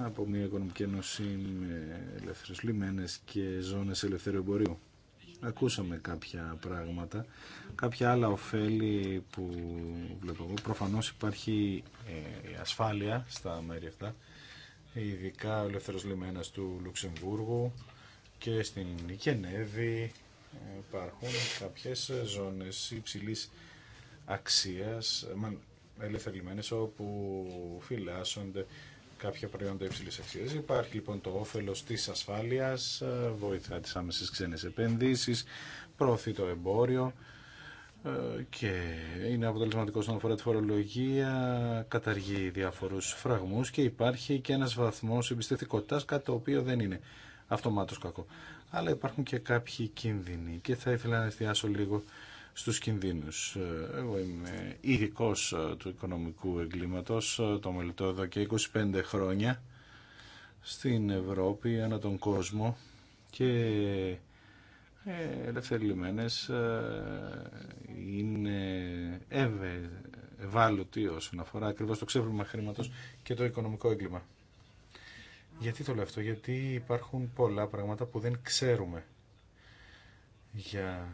από μια οικονομική ένωση με και ζώνες ελευθερίου εμπορίου. Ακούσαμε κάποια πράγματα, κάποια άλλα ωφέλη που βλέπω εγώ. Προφανώς υπάρχει ε, ασφάλεια στα μέρη αυτά, ειδικά ο ελεύθερος λιμένας του Λουξεμβούργου και στην Γενέβη ε, υπάρχουν κάποιες ζώνες υψηλής αξίας, ελεύθεροι λιμένες, όπου φυλάσσονται κάποια προϊόντα υψηλή αξία. Υπάρχει λοιπόν το όφελο τη ασφάλεια, ε, βοηθά τι άμεσε ξένε επενδύσει, προωθεί το εμπόριο ε, και είναι αποτελεσματικό στον αφορά τη φορολογία, καταργεί διάφορου φραγμού και υπάρχει και ένα βαθμό εμπιστευτικότητα, κάτι το οποίο δεν είναι αυτομάτω κακό. Αλλά υπάρχουν και κάποιοι κίνδυνοι και θα ήθελα να εστιάσω λίγο στους κινδύνους. Εγώ είμαι ειδικό ε, του οικονομικού εγκλήματος, ε, το μελετώ εδώ και 25 χρόνια στην Ευρώπη, ανά τον κόσμο και ε, ελευθερλημένες είναι ευε, ευάλωτοι όσον αφορά ακριβώς το ξέβλημα χρήματος και το οικονομικό έγκλημα. Γιατί το λέω αυτό, γιατί υπάρχουν πολλά πράγματα που δεν ξέρουμε για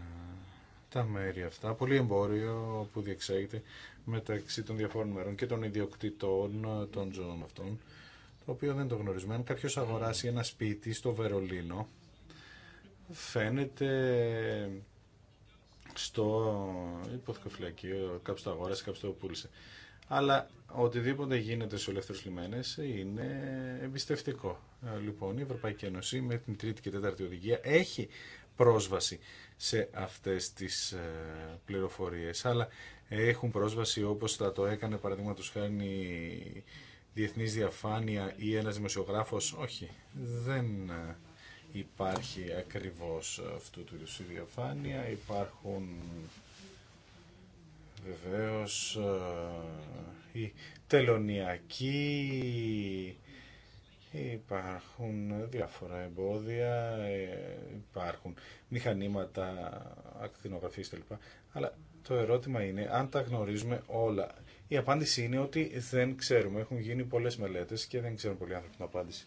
τα μέρη αυτά. Πολύ εμπόριο που διεξάγεται μεταξύ των διαφόρων μερών και των ιδιοκτητών των ζώων αυτών, το οποίο δεν το γνωρίζουμε. Αν κάποιος αγοράσει ένα σπίτι στο Βερολίνο, φαίνεται στο υποθυκοφυλακείο, κάποιος το αγόρασε, κάποιος το πούλησε. Αλλά οτιδήποτε γίνεται στους ελεύθερους λιμένες είναι εμπιστευτικό. Ε, λοιπόν, η Ευρωπαϊκή Ένωση με την τρίτη και τέταρτη οδηγία έχει πρόσβαση σε αυτές τις ε, πληροφορίες, αλλά έχουν πρόσβαση όπως θα το έκανε παραδείγματος χάρη διεθνής διαφάνεια ή ένας δημοσιογράφος. Όχι, δεν ε, υπάρχει ακριβώς αυτού του είδους η διαφάνεια. Υπάρχουν διαφανεια υπαρχουν βεβαιως οι ε, τελωνιακοί Υπάρχουν διάφορα εμπόδια, ε, υπάρχουν μηχανήματα, ακτινογραφίες κλπ. Αλλά το ερώτημα είναι αν τα γνωρίζουμε όλα. Η απάντηση είναι ότι δεν ξέρουμε. Έχουν γίνει πολλές μελέτες και δεν ξέρουν πολλοί άνθρωποι την απάντηση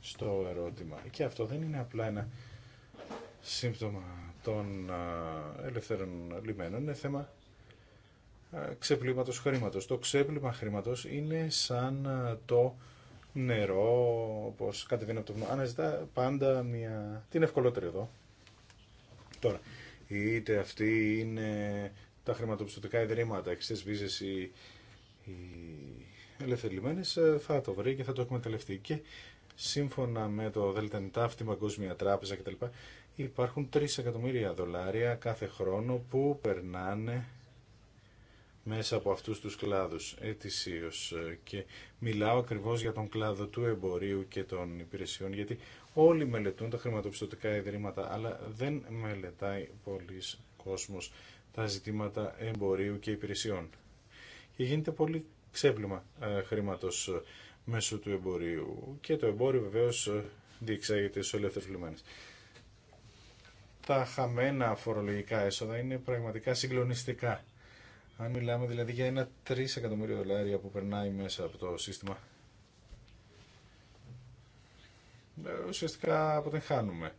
στο ερώτημα. Και αυτό δεν είναι απλά ένα σύμπτωμα των ελευθερών λιμένων. Είναι θέμα ξεπλήματος χρήματος. Το ξέπλυμα χρήματος είναι σαν το νερό, όπως κατεβαίνει από το βουνό. Αναζητά πάντα μια... την ευκολότερη εδώ. Τώρα, είτε αυτή είναι τα χρηματοπιστωτικά ιδρύματα, εξής βίζε ή οι ελευθερημένες, ε, θα το βρει και θα το εκμεταλλευτεί. Και σύμφωνα με το ΔΝΤ, αυτή η Παγκόσμια Τράπεζα κτλ. Υπάρχουν 3 εκατομμύρια δολάρια κάθε χρόνο που περνάνε μέσα από αυτούς τους κλάδους ετησίως ε, και μιλάω ακριβώς για τον κλάδο του εμπορίου και των υπηρεσιών γιατί όλοι μελετούν τα χρηματοπιστωτικά ιδρύματα αλλά δεν μελετάει πολλοί κόσμος τα ζητήματα εμπορίου και υπηρεσιών και γίνεται πολύ ξέπλυμα ε, χρήματος ε, μέσω του εμπορίου και το εμπόριο βεβαίως διεξάγεται στους ελεύθερους λιμένες. Τα χαμένα φορολογικά έσοδα είναι πραγματικά συγκλονιστικά αν μιλάμε δηλαδή για ένα 3 εκατομμύριο δολάρια που περνάει μέσα από το σύστημα, ε, ουσιαστικά αποτεχάνουμε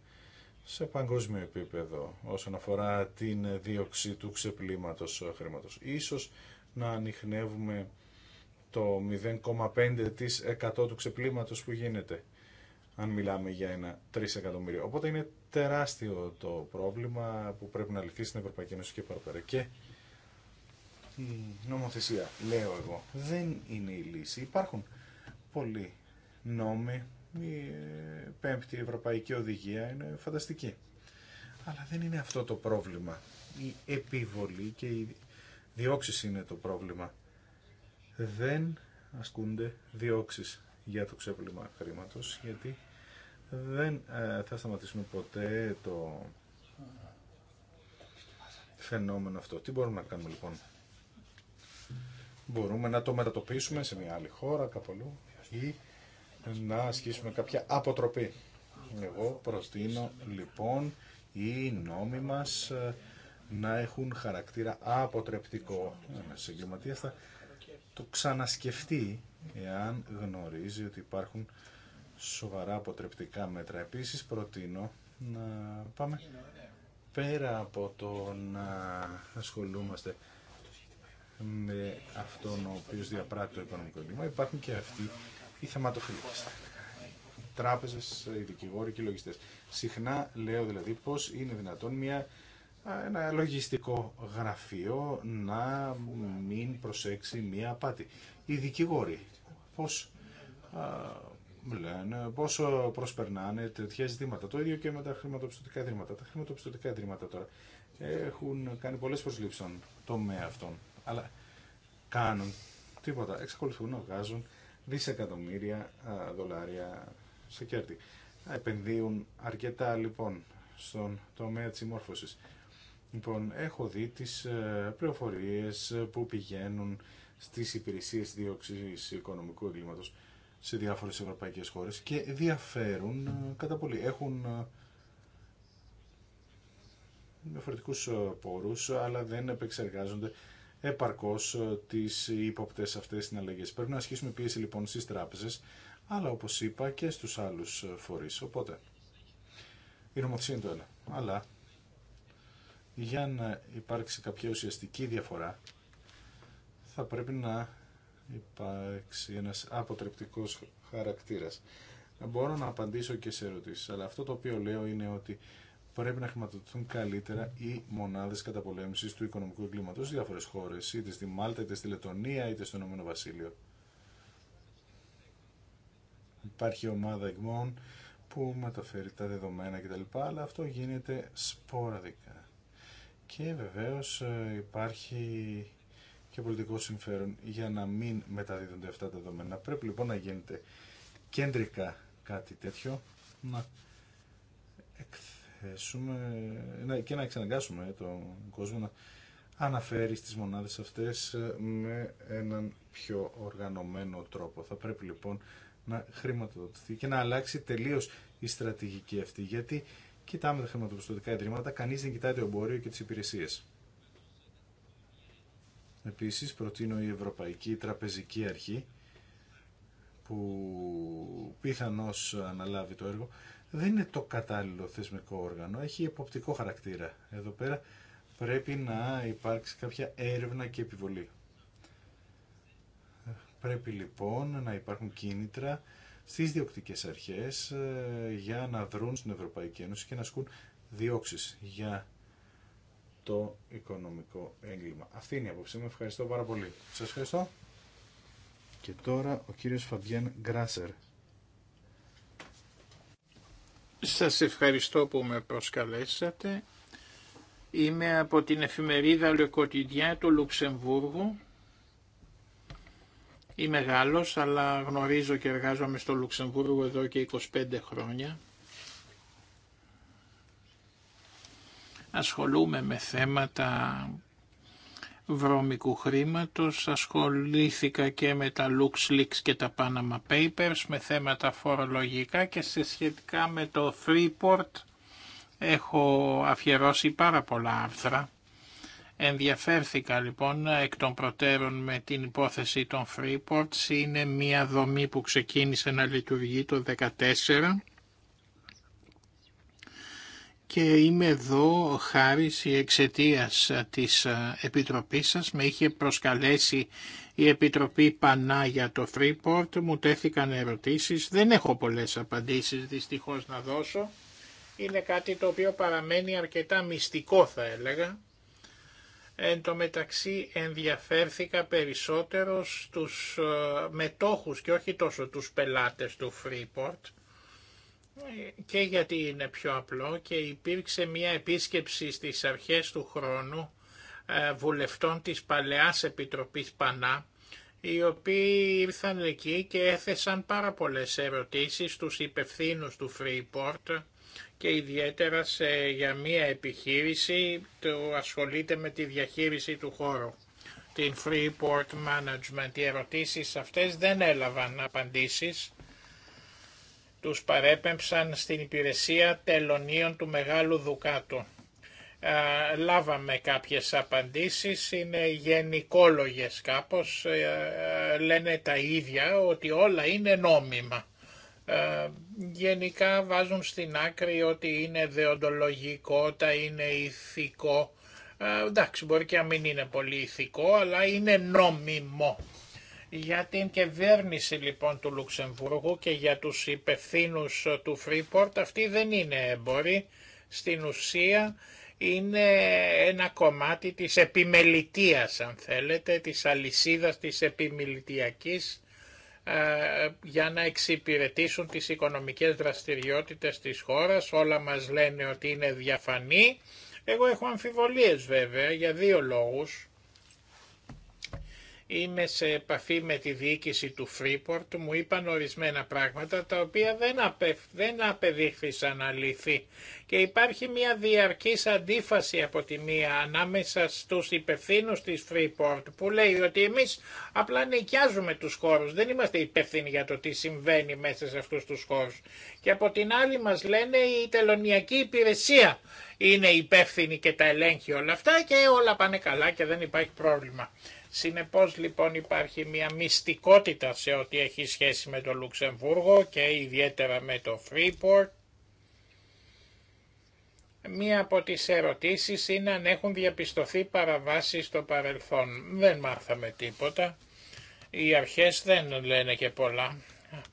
σε παγκόσμιο επίπεδο όσον αφορά την δίωξη του ξεπλήματος χρήματος. Ίσως να ανοιχνεύουμε το 0,5% του ξεπλήματος που γίνεται αν μιλάμε για ένα 3 εκατομμύριο. Οπότε είναι τεράστιο το πρόβλημα που πρέπει να λυθεί στην Ευρωπαϊκή Ένωση και παραπέρα νομοθεσία, λέω εγώ, δεν είναι η λύση. Υπάρχουν πολλοί νόμοι, η ε, πέμπτη ευρωπαϊκή οδηγία είναι φανταστική. Αλλά δεν είναι αυτό το πρόβλημα. Η επιβολή και η διώξεις είναι το πρόβλημα. Δεν ασκούνται διώξεις για το ξέπλυμα χρήματος, γιατί δεν ε, θα σταματήσουμε ποτέ το φαινόμενο αυτό. Τι μπορούμε να κάνουμε λοιπόν μπορούμε να το μετατοπίσουμε σε μια άλλη χώρα, κάπου ή να ασκήσουμε κάποια αποτροπή. Εγώ προτείνω λοιπόν οι νόμοι μας ε, να έχουν χαρακτήρα αποτρεπτικό. Ένας εγκληματίας θα το ξανασκεφτεί εάν γνωρίζει ότι υπάρχουν σοβαρά αποτρεπτικά μέτρα. Επίσης προτείνω να πάμε πέρα από το να ασχολούμαστε με αυτόν ο οποίο διαπράττει το οικονομικό κλίμα, υπάρχουν και αυτοί οι θεματοφύλακε. Τράπεζε, τράπεζες, οι δικηγόροι και οι λογιστές. Συχνά λέω δηλαδή πώ είναι δυνατόν μια, ένα λογιστικό γραφείο να μην προσέξει μια απάτη. Οι δικηγόροι πως λένε, πόσο προσπερνάνε τέτοια ζητήματα. Το ίδιο και με τα χρηματοπιστωτικά ιδρύματα. Τα χρηματοπιστωτικά ιδρύματα τώρα έχουν κάνει πολλές προσλήψεις στον τομέα αυτών αλλά κάνουν τίποτα. Εξακολουθούν να βγάζουν δισεκατομμύρια δολάρια σε κέρδη. Επενδύουν αρκετά λοιπόν στον τομέα της συμμόρφωσης. Λοιπόν, έχω δει τις ε, πληροφορίες ε, που πηγαίνουν στις υπηρεσίες δίωξης οικονομικού εγκλήματος σε διάφορες ευρωπαϊκές χώρες και διαφέρουν ε, κατά πολύ. Έχουν διαφορετικούς πόρους, αλλά δεν επεξεργάζονται επαρκώς ε, τις ύποπτες αυτές συναλλαγέ. Πρέπει να ασχίσουμε πίεση λοιπόν στι τράπεζε, αλλά όπως είπα και στους άλλους ε, φορείς. Οπότε, η νομοθεσία είναι το ένα. Αλλά, για να υπάρξει κάποια ουσιαστική διαφορά, θα πρέπει να υπάρξει ένας αποτρεπτικός χαρακτήρας. Μπορώ να απαντήσω και σε ερωτήσεις, αλλά αυτό το οποίο λέω είναι ότι πρέπει να χρηματοδοτούν καλύτερα οι μονάδε καταπολέμησης του οικονομικού εγκλήματο σε διάφορες χώρες, είτε στη Μάλτα, είτε στη Λετωνία, είτε στο Ηνωμένο Βασίλειο. Υπάρχει ομάδα εγγμών που μεταφέρει τα δεδομένα κτλ. Αλλά αυτό γίνεται σπόραδικα. Και βεβαίω ε, υπάρχει και πολιτικό συμφέρον για να μην μεταδίδονται αυτά τα δεδομένα. Πρέπει λοιπόν να γίνεται κέντρικα κάτι τέτοιο, να θέσουμε και να εξαναγκάσουμε τον κόσμο να αναφέρει στις μονάδες αυτές ε, με έναν πιο οργανωμένο τρόπο. Θα πρέπει λοιπόν να χρηματοδοτηθεί και να αλλάξει τελείως η στρατηγική αυτή, γιατί κοιτάμε τα χρηματοπιστωτικά ιδρύματα, κανείς δεν κοιτάει το εμπόριο και τις υπηρεσίες. Επίσης προτείνω η Ευρωπαϊκή Τραπεζική Αρχή που πιθανώς αναλάβει το έργο δεν είναι το κατάλληλο θεσμικό όργανο, έχει εποπτικό χαρακτήρα. Εδώ πέρα πρέπει να υπάρξει κάποια έρευνα και επιβολή. Πρέπει λοιπόν να υπάρχουν κίνητρα στις διοκτικές αρχές ε, για να δρουν στην Ευρωπαϊκή Ένωση και να ασκούν διώξεις για το οικονομικό έγκλημα. Αυτή είναι η απόψη μου. Ευχαριστώ πάρα πολύ. Σας ευχαριστώ. Και τώρα ο κύριος Φαβιέν Γκράσερ. Σας ευχαριστώ που με προσκαλέσατε. Είμαι από την εφημερίδα Λεκοτιδιά του Λουξεμβούργου. Είμαι μεγάλος, αλλά γνωρίζω και εργάζομαι στο Λουξεμβούργο εδώ και 25 χρόνια. Ασχολούμαι με θέματα βρώμικου χρήματος, ασχολήθηκα και με τα LuxLeaks και τα Panama Papers, με θέματα φορολογικά και σε σχετικά με το Freeport έχω αφιερώσει πάρα πολλά άρθρα. Ενδιαφέρθηκα λοιπόν εκ των προτέρων με την υπόθεση των Freeports, είναι μια δομή που ξεκίνησε να λειτουργεί το 2014 και είμαι εδώ χάρη ή εξαιτία της ε, Επιτροπής σας. Με είχε προσκαλέσει η Επιτροπή Πανά για το Freeport, μου τέθηκαν ερωτήσεις, δεν έχω πολλές απαντήσεις δυστυχώς να δώσω. Είναι κάτι το οποίο παραμένει αρκετά μυστικό θα έλεγα. Εν τω μεταξύ ενδιαφέρθηκα περισσότερο στους ε, μετόχους και όχι τόσο τους πελάτες του Freeport και γιατί είναι πιο απλό και υπήρξε μια επίσκεψη στις αρχές του χρόνου ε, βουλευτών της Παλαιάς Επιτροπής Πανά, οι οποίοι ήρθαν εκεί και έθεσαν πάρα πολλές ερωτήσεις στους υπευθύνους του Freeport και ιδιαίτερα σε, για μια επιχείρηση που ασχολείται με τη διαχείριση του χώρου. Την Freeport Management. Οι ερωτήσεις αυτές δεν έλαβαν απαντήσεις τους παρέπεμψαν στην υπηρεσία τελωνίων του Μεγάλου Δουκάτου. Λάβαμε κάποιες απαντήσεις, είναι γενικόλογες κάπως, ε, ε, λένε τα ίδια ότι όλα είναι νόμιμα. Γενικά βάζουν στην άκρη ότι είναι δεοντολογικό, τα είναι ηθικό. Εντάξει, μπορεί και να μην είναι πολύ ηθικό, αλλά είναι νόμιμο. Για την κυβέρνηση λοιπόν του Λουξεμβούργου και για τους υπευθύνου ε, του Freeport αυτή δεν είναι έμποροι. Στην ουσία είναι ένα κομμάτι της επιμελητίας αν θέλετε, της αλυσίδας της επιμελητιακής ε, για να εξυπηρετήσουν τις οικονομικές δραστηριότητες της χώρας. Όλα μας λένε ότι είναι διαφανή. Εγώ έχω αμφιβολίες βέβαια για δύο λόγους είμαι σε επαφή με τη διοίκηση του Freeport, μου είπαν ορισμένα πράγματα τα οποία δεν, απε, δεν απεδείχθησαν αληθή και υπάρχει μια διαρκής αντίφαση από τη μία ανάμεσα στους υπευθύνους της Freeport που λέει ότι εμείς απλά νοικιάζουμε τους χώρους, δεν είμαστε υπευθύνοι για το τι συμβαίνει μέσα σε αυτούς τους χώρους και από την άλλη μας λένε η τελωνιακή υπηρεσία είναι υπεύθυνη και τα ελέγχει όλα αυτά και όλα πάνε καλά και δεν υπάρχει πρόβλημα. Συνεπώς λοιπόν υπάρχει μια μυστικότητα σε ό,τι έχει σχέση με το Λουξεμβούργο και ιδιαίτερα με το Freeport. Μία από τις ερωτήσεις είναι αν έχουν διαπιστωθεί παραβάσεις στο παρελθόν. Δεν μάθαμε τίποτα. Οι αρχές δεν λένε και πολλά.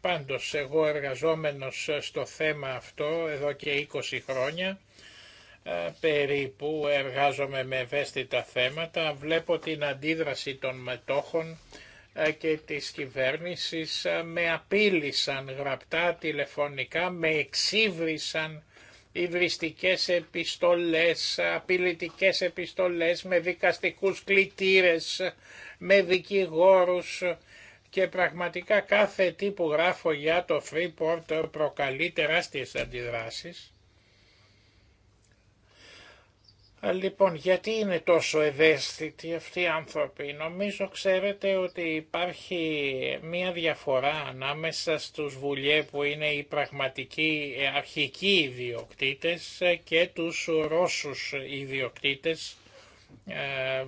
Πάντως εγώ εργαζόμενος στο θέμα αυτό εδώ και 20 χρόνια ε, περίπου εργάζομαι με ευαίσθητα θέματα, βλέπω την αντίδραση των μετόχων ε, και της κυβέρνησης ε, με απείλησαν γραπτά τηλεφωνικά, με εξύβρισαν υβριστικές επιστολές, απειλητικές επιστολές, με δικαστικούς κλητήρες, με δικηγόρους και πραγματικά κάθε τι που γράφω για το Freeport προκαλεί τεράστιες αντιδράσεις ε, λοιπόν, γιατί είναι τόσο ευαίσθητοι αυτοί οι άνθρωποι. Νομίζω ξέρετε ότι υπάρχει μία διαφορά ανάμεσα στους βουλιέ που είναι οι πραγματικοί ε, αρχικοί ιδιοκτήτες ε, και τους Ρώσους ιδιοκτήτες.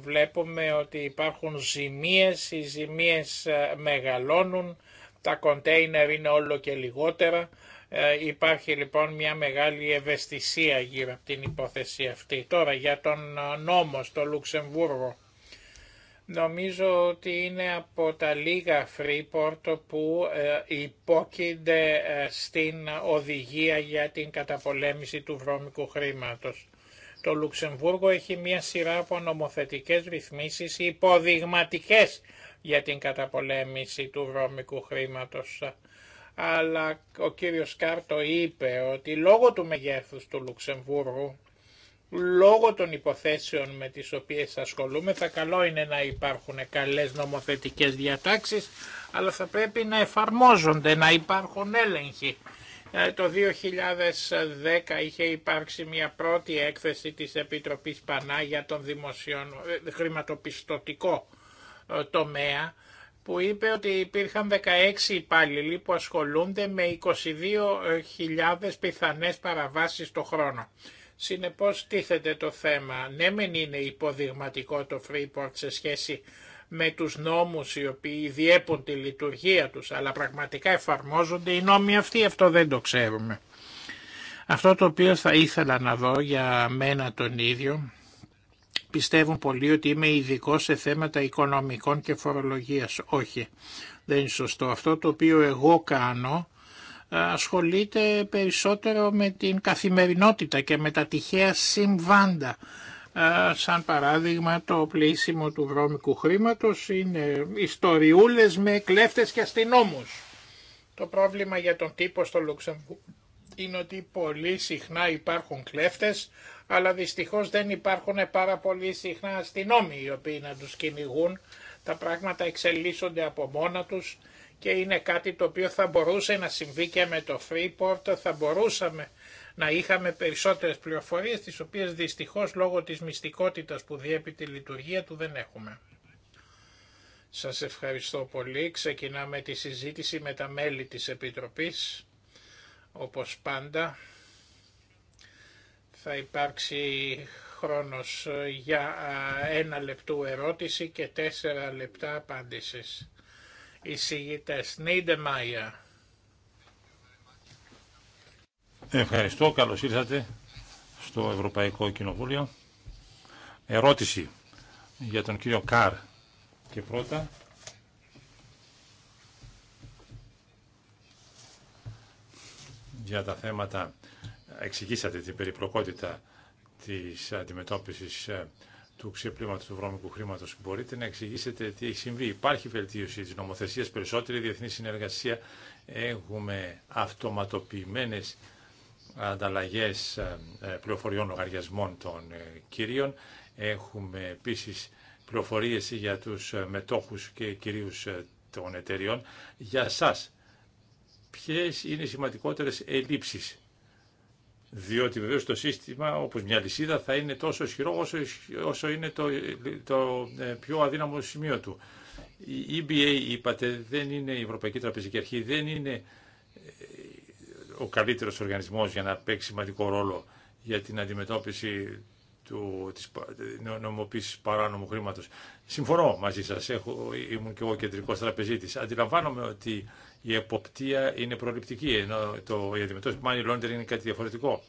Βλέπουμε ότι υπάρχουν ζημίες, οι ζημίες μεγαλώνουν, τα κοντέινερ είναι όλο και λιγότερα ε, υπάρχει λοιπόν μια μεγάλη ευαισθησία γύρω από την υπόθεση αυτή. Τώρα για τον ε, νόμο στο Λουξεμβούργο. Νομίζω ότι είναι από τα λίγα Freeport που ε, υπόκεινται στην οδηγία για την καταπολέμηση του βρώμικου χρήματος. Το Λουξεμβούργο έχει μια σειρά από νομοθετικές ρυθμίσεις υποδειγματικές για την καταπολέμηση του βρώμικου χρήματος αλλά ο κύριος Κάρτο είπε ότι λόγω του μεγέθους του Λουξεμβούργου, λόγω των υποθέσεων με τις οποίες θα καλό είναι να υπάρχουν καλές νομοθετικές διατάξεις, αλλά θα πρέπει να εφαρμόζονται, να υπάρχουν έλεγχοι. Ε, το 2010 είχε υπάρξει μια πρώτη έκθεση της Επιτροπής Πανά για τον ε, χρηματοπιστωτικό ε, τομέα που είπε ότι υπήρχαν 16 υπάλληλοι που ασχολούνται με 22.000 πιθανές παραβάσεις το χρόνο. Συνεπώς τίθεται το θέμα. Ναι μεν είναι υποδειγματικό το Freeport σε σχέση με τους νόμους οι οποίοι διέπουν τη λειτουργία τους, αλλά πραγματικά εφαρμόζονται οι νόμοι αυτοί, αυτό δεν το ξέρουμε. Αυτό το οποίο θα ήθελα να δω για μένα τον ίδιο Πιστεύουν πολλοί ότι είμαι ειδικό σε θέματα οικονομικών και φορολογίας. Όχι, δεν είναι σωστό. Αυτό το οποίο εγώ κάνω ε, ασχολείται περισσότερο με την καθημερινότητα και με τα τυχαία συμβάντα. Ε, σαν παράδειγμα το πλήσιμο του βρώμικου χρήματος είναι ιστοριούλες με κλέφτες και αστυνόμους. Το πρόβλημα για τον τύπο στο Λουξεμβούργο είναι ότι πολύ συχνά υπάρχουν κλέφτες αλλά δυστυχώς δεν υπάρχουν πάρα πολύ συχνά αστυνόμοι οι οποίοι να τους κυνηγούν. Τα πράγματα εξελίσσονται από μόνα τους και είναι κάτι το οποίο θα μπορούσε να συμβεί και με το Freeport, θα μπορούσαμε να είχαμε περισσότερες πληροφορίες, τις οποίες δυστυχώς λόγω της μυστικότητας που διέπει τη λειτουργία του δεν έχουμε. Σας ευχαριστώ πολύ. Ξεκινάμε τη συζήτηση με τα μέλη της Επιτροπής, όπως πάντα. Θα υπάρξει χρόνος για ένα λεπτού ερώτηση και τέσσερα λεπτά απάντησης. Εισηγητές, Νίντε Μάια. Ευχαριστώ, καλώς ήρθατε στο Ευρωπαϊκό Κοινοβούλιο. Ερώτηση για τον κύριο Καρ και πρώτα. για τα θέματα εξηγήσατε την περιπλοκότητα της αντιμετώπισης ε, του ξεπλήματος του βρώμικου χρήματος. Μπορείτε να εξηγήσετε τι έχει συμβεί. Υπάρχει βελτίωση της νομοθεσίας, περισσότερη διεθνή συνεργασία. Έχουμε αυτοματοποιημένες ανταλλαγές ε, ε, πληροφοριών λογαριασμών των κυρίων. Έχουμε επίσης πληροφορίες για τους μετόχους και κυρίους των εταιριών. Για σας, ποιες είναι οι σημαντικότερες ελλείψεις διότι βεβαίω το σύστημα, όπως μια λυσίδα, θα είναι τόσο ισχυρό όσο, όσο είναι το, το ε, πιο αδύναμο σημείο του. Η EBA, είπατε, δεν είναι η Ευρωπαϊκή Τραπεζική Αρχή, δεν είναι ε, ο καλύτερο οργανισμό για να παίξει σημαντικό ρόλο για την αντιμετώπιση του, της νομοποίησης παράνομου χρήματος. Συμφωνώ μαζί σας, ήμουν και εγώ κεντρικός τραπεζίτης. Αντιλαμβάνομαι ότι η εποπτεία είναι προληπτική, ενώ το, η αντιμετώπιση του είναι κάτι διαφορετικό.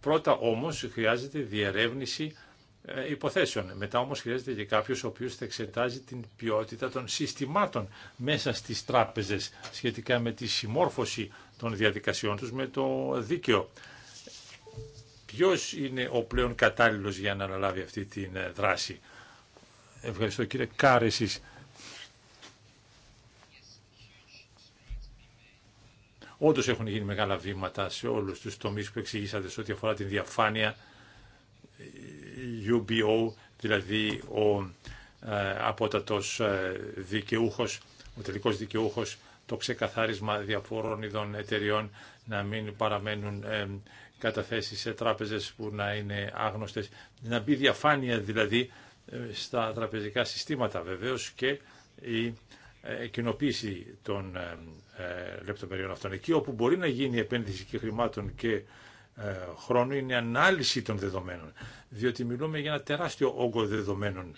Πρώτα όμως χρειάζεται διερεύνηση ε, υποθέσεων. Μετά όμως χρειάζεται και κάποιος ο οποίος θα εξετάζει την ποιότητα των συστημάτων μέσα στις τράπεζες σχετικά με τη συμμόρφωση των διαδικασιών τους με το δίκαιο. Ποιο είναι ο πλέον κατάλληλος για να αναλάβει αυτή τη ε, δράση. Ευχαριστώ κύριε Κάρεσης. Όντω έχουν γίνει μεγάλα βήματα σε όλου του τομεί που εξηγήσατε σε ό,τι αφορά την διαφάνεια UBO, δηλαδή ο ε, απότατος ε, δικαιούχος, ο τελικός δικαιούχο, το ξεκαθάρισμα διαφόρων ειδών εταιριών να μην παραμένουν ε, καταθέσεις σε τράπεζες που να είναι άγνωστες, να μπει διαφάνεια δηλαδή ε, στα τραπεζικά συστήματα βεβαίως και η ε, κοινοποίηση των ε, λεπτομεριών αυτών. Εκεί όπου μπορεί να γίνει επένδυση και χρημάτων και ε, χρόνου είναι η ανάλυση των δεδομένων. Διότι μιλούμε για ένα τεράστιο όγκο δεδομένων.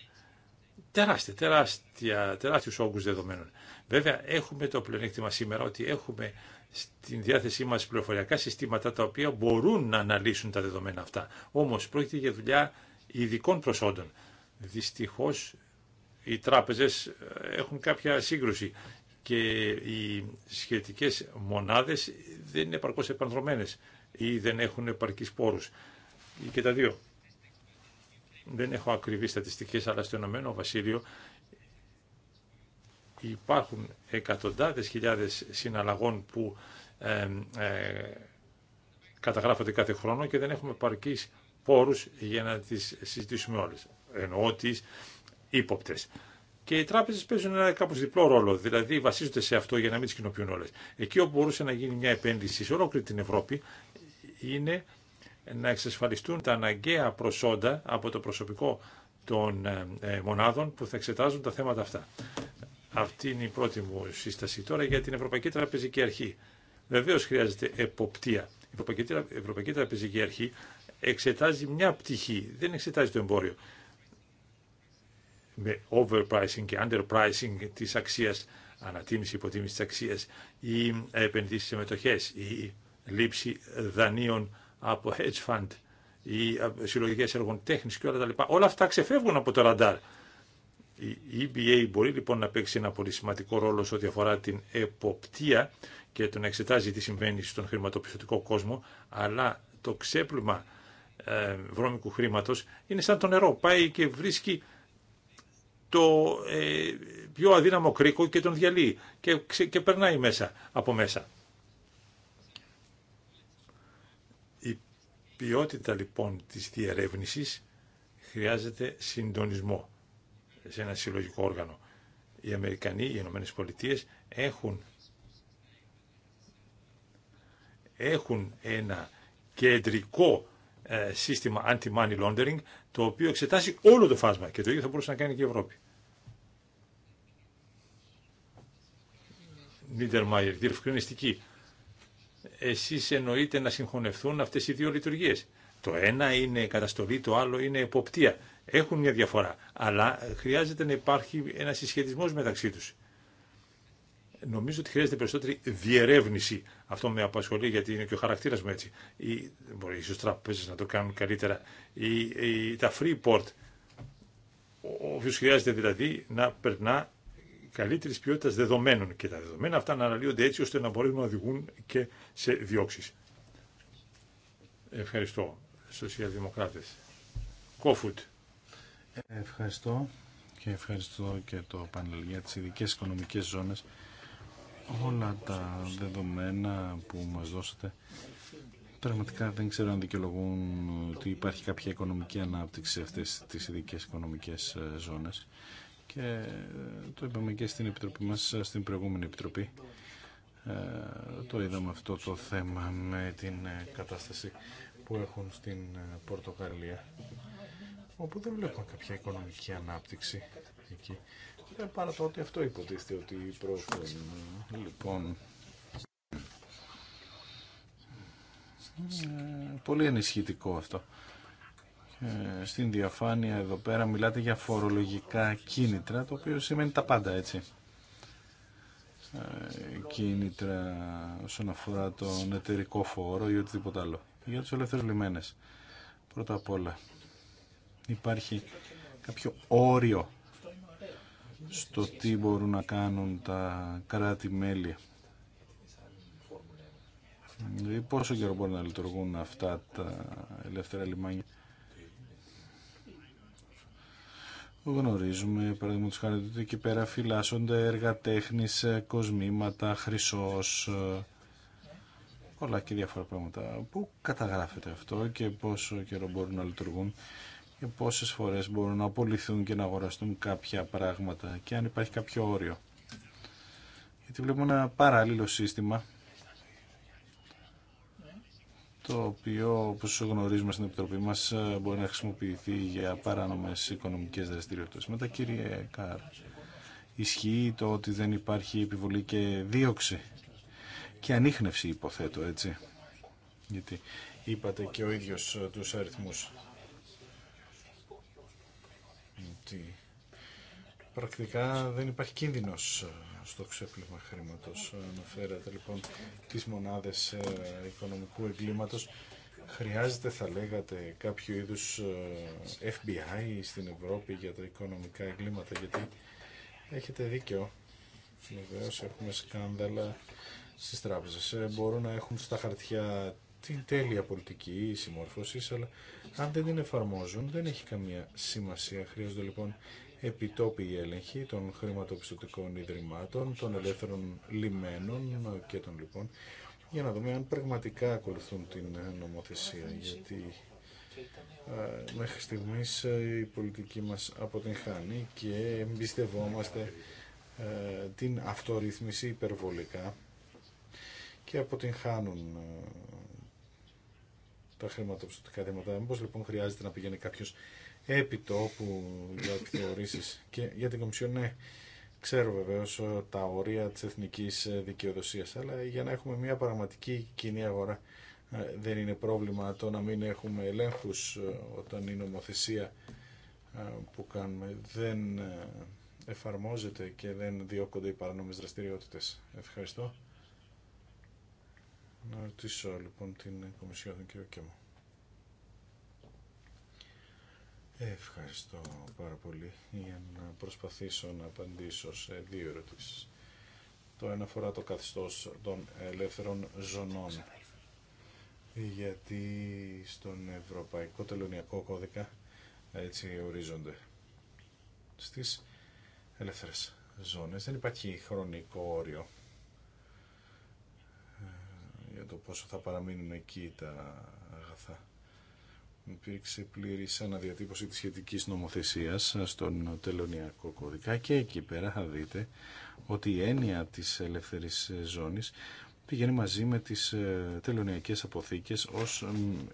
Τεράστια, τεράστια, τεράστιου όγκους δεδομένων. Βέβαια έχουμε το πλεονέκτημα σήμερα ότι έχουμε στην διάθεσή μα πληροφοριακά συστήματα τα οποία μπορούν να αναλύσουν τα δεδομένα αυτά. Όμω πρόκειται για δουλειά ειδικών προσόντων. Δυστυχώ οι τράπεζε ε, έχουν κάποια σύγκρουση και οι σχετικές μονάδες δεν είναι επαρκώς επανδρομένες ή δεν έχουν επαρκείς πόρους. και τα δύο. Δεν έχω ακρίβή στατιστικές, αλλά στο Ηνωμένο Βασίλειο υπάρχουν εκατοντάδες χιλιάδες συναλλαγών που ε, καταγράφονται κάθε χρόνο και δεν έχουμε επαρκείς πόρους για να τις συζητήσουμε όλες. Εννοώ τις ύποπτες. Και οι τράπεζε παίζουν ένα κάπω διπλό ρόλο. Δηλαδή βασίζονται σε αυτό για να μην τι κοινοποιούν όλε. Εκεί όπου μπορούσε να γίνει μια επένδυση σε ολόκληρη την Ευρώπη είναι να εξασφαλιστούν τα αναγκαία προσόντα από το προσωπικό των ε, ε, μονάδων που θα εξετάζουν τα θέματα αυτά. Αυτή είναι η πρώτη μου σύσταση τώρα για την Ευρωπαϊκή Τραπεζική Αρχή. Βεβαίω χρειάζεται εποπτεία. Η Ευρωπαϊκή Τραπεζική Αρχή εξετάζει μια πτυχή, δεν εξετάζει το εμπόριο με overpricing και underpricing της αξίας, ανατίμηση, υποτίμηση της αξίας, ή επενδύσεις σε μετοχές, ή λήψη δανείων από hedge fund, ή συλλογικές έργων τέχνης και όλα τα λοιπά. Όλα αυτά ξεφεύγουν από το ραντάρ. Η EBA μπορεί λοιπόν να παίξει ένα πολύ σημαντικό ρόλο σε ό,τι αφορά την εποπτεία και το να εξετάζει τι συμβαίνει στον χρηματοπιστωτικό κόσμο, αλλά το ξέπλυμα ε, βρώμικου χρήματο είναι σαν το νερό. Πάει και βρίσκει το ε, πιο αδύναμο κρίκο και τον διαλύει και, και περνάει μέσα, από μέσα. Η ποιότητα λοιπόν της διερεύνησης χρειάζεται συντονισμό σε ένα συλλογικό όργανο. Οι Αμερικανοί, οι Ηνωμένες Πολιτείες έχουν, έχουν ένα κεντρικό ε, σύστημα anti-money laundering, το οποίο εξετάσει όλο το φάσμα και το ίδιο θα μπορούσε να κάνει και η Ευρώπη. Νίτερ Μάιερ, διευκρινιστική. Εσείς εννοείτε να συγχωνευτούν αυτές οι δύο λειτουργίες. Το ένα είναι καταστολή, το άλλο είναι εποπτεία. Έχουν μια διαφορά, αλλά χρειάζεται να υπάρχει ένα συσχετισμός μεταξύ τους. Νομίζω ότι χρειάζεται περισσότερη διερεύνηση. Αυτό με απασχολεί γιατί είναι και ο χαρακτήρα μου έτσι. Ή, μπορεί ίσω τραπέζε να το κάνουν καλύτερα. Ή, ή τα Freeport. Όποιο χρειάζεται δηλαδή να περνά καλύτερη ποιότητα δεδομένων. Και τα δεδομένα αυτά να αναλύονται έτσι ώστε να μπορούν να οδηγούν και σε διώξει. Ευχαριστώ. Σοσιαλδημοκράτε. Κόφουτ. Ευχαριστώ και ευχαριστώ και το πανελ για τι ειδικέ οικονομικέ ζώνε όλα τα δεδομένα που μας δώσατε πραγματικά δεν ξέρω αν δικαιολογούν ότι υπάρχει κάποια οικονομική ανάπτυξη σε αυτές τις ειδικέ οικονομικές ε, ζώνες και ε, το είπαμε και στην Επιτροπή μας, ε, στην προηγούμενη Επιτροπή το είδαμε αυτό το θέμα με την κατάσταση που έχουν στην Πορτοκαλία όπου δεν βλέπουμε κάποια οικονομική ανάπτυξη εκεί παρά το ότι αυτό υποτίθεται ότι πρόκειται. Λοιπόν, ε, πολύ ενισχυτικό αυτό. Ε, στην διαφάνεια εδώ πέρα μιλάτε για φορολογικά κίνητρα, το οποίο σημαίνει τα πάντα έτσι. Ε, κίνητρα όσον αφορά τον εταιρικό φόρο ή οτιδήποτε άλλο. Για τους ελεύθερους λιμένες. Πρώτα απ' όλα υπάρχει κάποιο όριο στο τι μπορούν να κάνουν τα κράτη-μέλη. Ε, πόσο καιρό μπορούν να λειτουργούν αυτά τα ελεύθερα λιμάνια. Γνωρίζουμε, παραδείγματο χάρη, ότι εκεί πέρα φυλάσσονται έργα τέχνη, κοσμήματα, χρυσό, ε, πολλά και διάφορα πράγματα. Πού καταγράφεται αυτό και πόσο καιρό μπορούν να λειτουργούν και πόσες φορές μπορούν να απολυθούν και να αγοραστούν κάποια πράγματα και αν υπάρχει κάποιο όριο. Γιατί βλέπουμε ένα παράλληλο σύστημα το οποίο όπως γνωρίζουμε στην Επιτροπή μας μπορεί να χρησιμοποιηθεί για παράνομες οικονομικές δραστηριότητες. Μετά κύριε Κάρ, ισχύει το ότι δεν υπάρχει επιβολή και δίωξη και ανείχνευση υποθέτω έτσι. Γιατί είπατε και ο ίδιος τους αριθμούς ότι πρακτικά δεν υπάρχει κίνδυνος ε, στο ξέπλυμα χρήματος. Αναφέρατε λοιπόν τις μονάδες ε, οικονομικού εγκλήματος. Χρειάζεται, θα λέγατε, κάποιο είδους ε, FBI στην Ευρώπη για τα οικονομικά εγκλήματα, γιατί έχετε δίκιο. Βεβαίω έχουμε σκάνδαλα στις τράπεζες. Μπορούν να έχουν στα χαρτιά την τέλεια πολιτική συμμόρφωση, αλλά αν δεν την εφαρμόζουν δεν έχει καμία σημασία. Χρειάζονται λοιπόν επιτόπιοι έλεγχοι των χρηματοπιστωτικών ιδρυμάτων, των ελεύθερων λιμένων και των λοιπόν, για να δούμε αν πραγματικά ακολουθούν την νομοθεσία, γιατί μέχρι στιγμής ε, η πολιτική μας αποτυγχάνει και εμπιστευόμαστε ε, την αυτορύθμιση υπερβολικά και αποτυγχάνουν ε, τα χρηματοπιστωτικά θέματα. Μήπω λοιπόν χρειάζεται να πηγαίνει κάποιο επί τόπου για επιθεωρήσει και για την Κομισιόν, ναι, ξέρω βεβαίω ε, τα όρια τη εθνική ε, δικαιοδοσία, αλλά για να έχουμε μια πραγματική κοινή αγορά ε, δεν είναι πρόβλημα το να μην έχουμε ελέγχου όταν η νομοθεσία που κάνουμε δεν εφαρμόζεται και δεν διώκονται οι παρανόμες δραστηριότητες. Ευχαριστώ. Να ρωτήσω λοιπόν την Κομισιόν, τον κύριο Κέμα. Ευχαριστώ πάρα πολύ για να προσπαθήσω να απαντήσω σε δύο ερωτήσεις. Το ένα αφορά το καθιστώς των ελεύθερων ζωνών. Γιατί στον Ευρωπαϊκό Τελωνιακό Κώδικα έτσι ορίζονται στις ελεύθερες ζώνες. Δεν υπάρχει χρονικό όριο για το πόσο θα παραμείνουν εκεί τα αγαθά. Υπήρξε πλήρη αναδιατύπωση τη σχετική νομοθεσίας στον τελωνιακό κώδικα και εκεί πέρα θα δείτε ότι η έννοια της ελεύθερη ζώνης πηγαίνει μαζί με τις ε, τελωνιακές αποθήκες ως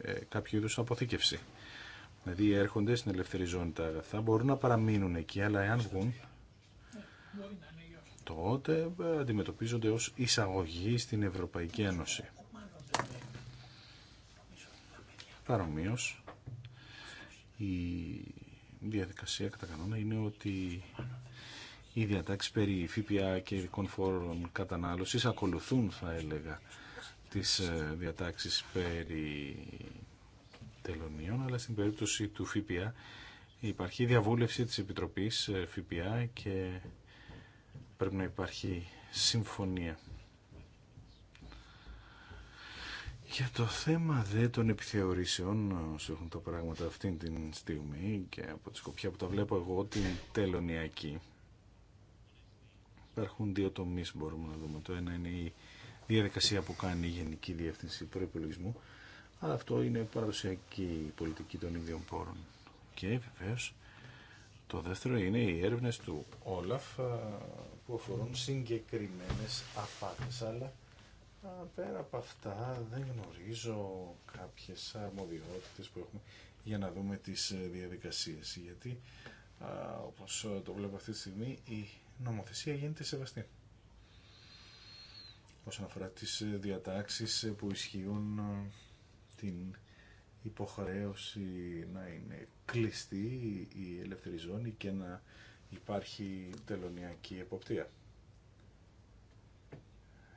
ε, κάποιο είδου αποθήκευση. Δηλαδή έρχονται στην ελεύθερη ζώνη τα αγαθά, μπορούν να παραμείνουν εκεί, αλλά εάν βγουν ε, τότε ε, αντιμετωπίζονται ως εισαγωγή στην Ευρωπαϊκή Ένωση. Παρομοίως, η διαδικασία κατά κανόνα είναι ότι οι διατάξει περί ΦΠΑ και ειδικών φόρων κατανάλωσης ακολουθούν, θα έλεγα, τις ε, διατάξεις περί τελωνίων, αλλά στην περίπτωση του ΦΠΑ υπάρχει διαβούλευση της Επιτροπής ε, ΦΠΑ και πρέπει να υπάρχει συμφωνία. Για το θέμα δε των επιθεωρήσεων, όσο έχουν τα πράγματα αυτή τη στιγμή και από τη σκοπιά που τα βλέπω εγώ, την τελωνιακή, υπάρχουν δύο τομείς μπορούμε να δούμε. Το ένα είναι η διαδικασία που κάνει η Γενική Διεύθυνση Προϋπολογισμού, αλλά αυτό είναι παραδοσιακή πολιτική των ίδιων πόρων. Και βεβαίως το δεύτερο είναι οι έρευνες του Όλαφ που αφορούν συγκεκριμένες απάτε. αλλά πέρα από αυτά δεν γνωρίζω κάποιες αρμοδιότητες που έχουμε για να δούμε τις ε, διαδικασίες, γιατί όπως ε, το βλέπω αυτή τη στιγμή η νομοθεσία γίνεται σεβαστή όσον αφορά τις ε, διατάξεις που ισχύουν την υποχρέωση να είναι κλειστή η ελεύθερη ζώνη και να υπάρχει τελωνιακή εποπτεία.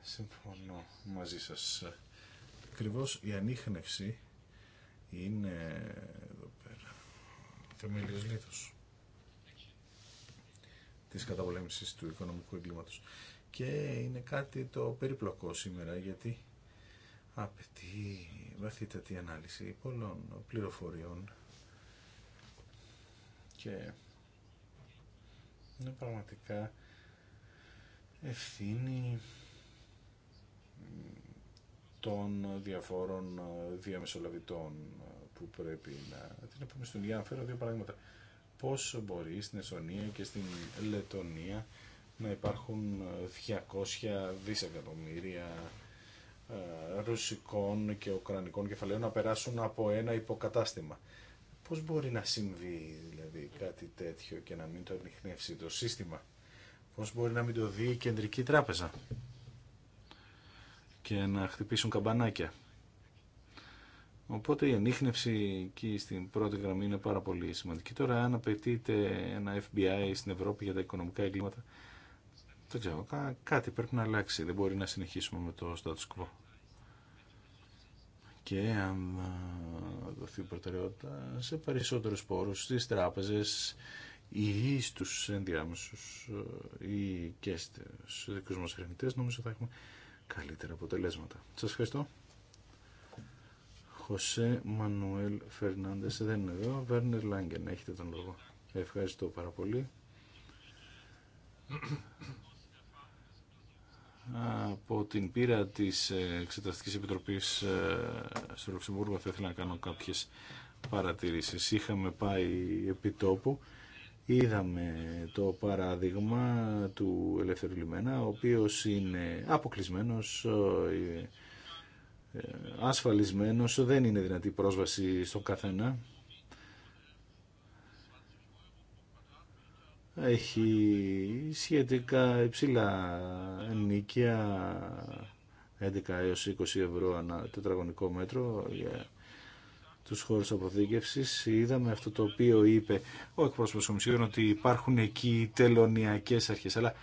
Συμφωνώ μαζί σας. Ακριβώ η ανείχνευση είναι εδώ πέρα θεμελιός λίθος της καταπολέμησης του οικονομικού εγκλήματος και είναι κάτι το περίπλοκο σήμερα γιατί απαιτεί βαθύτατη ανάλυση πολλών πληροφοριών και είναι πραγματικά ευθύνη των διαφόρων διαμεσολαβητών που πρέπει να την πούμε στον Ιά. Φέρω δύο παραδείγματα. Πώς μπορεί στην Εσονία και στην Λετωνία να υπάρχουν 200 δισεκατομμύρια ε, ρωσικών και ουκρανικών κεφαλαίων να περάσουν από ένα υποκατάστημα. Πώς μπορεί να συμβεί δηλαδή κάτι τέτοιο και να μην το ανοιχνεύσει το σύστημα. Πώς μπορεί να μην το δει η κεντρική τράπεζα και να χτυπήσουν καμπανάκια. Οπότε η ανείχνευση εκεί στην πρώτη γραμμή είναι πάρα πολύ σημαντική. Τώρα αν απαιτείται ένα FBI στην Ευρώπη για τα οικονομικά εγκλήματα δεν ξέρω, κάτι πρέπει να αλλάξει. Δεν μπορεί να συνεχίσουμε με το status quo. Και αν ε, δοθεί προτεραιότητα σε περισσότερους πόρους, στις τράπεζες ή στους ενδιάμεσους ε, ή και στους δικούς μας ερευνητές, νομίζω θα έχουμε καλύτερα αποτελέσματα. Σας ευχαριστώ. Χωσέ Μανουέλ Φερνάντες δεν είναι εδώ. Βέρνερ Λάγκεν, έχετε τον λόγο. Ευχαριστώ πάρα πολύ από την πείρα της ε, Εξεταστικής Επιτροπής ε, στο Λουξεμβούργο θα ήθελα να κάνω κάποιες παρατηρήσεις. Είχαμε πάει επί τόπου, είδαμε το παράδειγμα του Ελεύθερου Λιμένα, ο οποίος είναι αποκλεισμένος, ε, ασφαλισμένος, δεν είναι δυνατή πρόσβαση στον καθένα έχει σχετικά υψηλά νίκια, 11 έως 20 ευρώ ένα τετραγωνικό μέτρο για τους χώρους αποθήκευσης. Είδαμε αυτό το οποίο είπε ο εκπρόσωπος Κομισιόν ότι υπάρχουν εκεί τελωνιακές αρχές, αλλά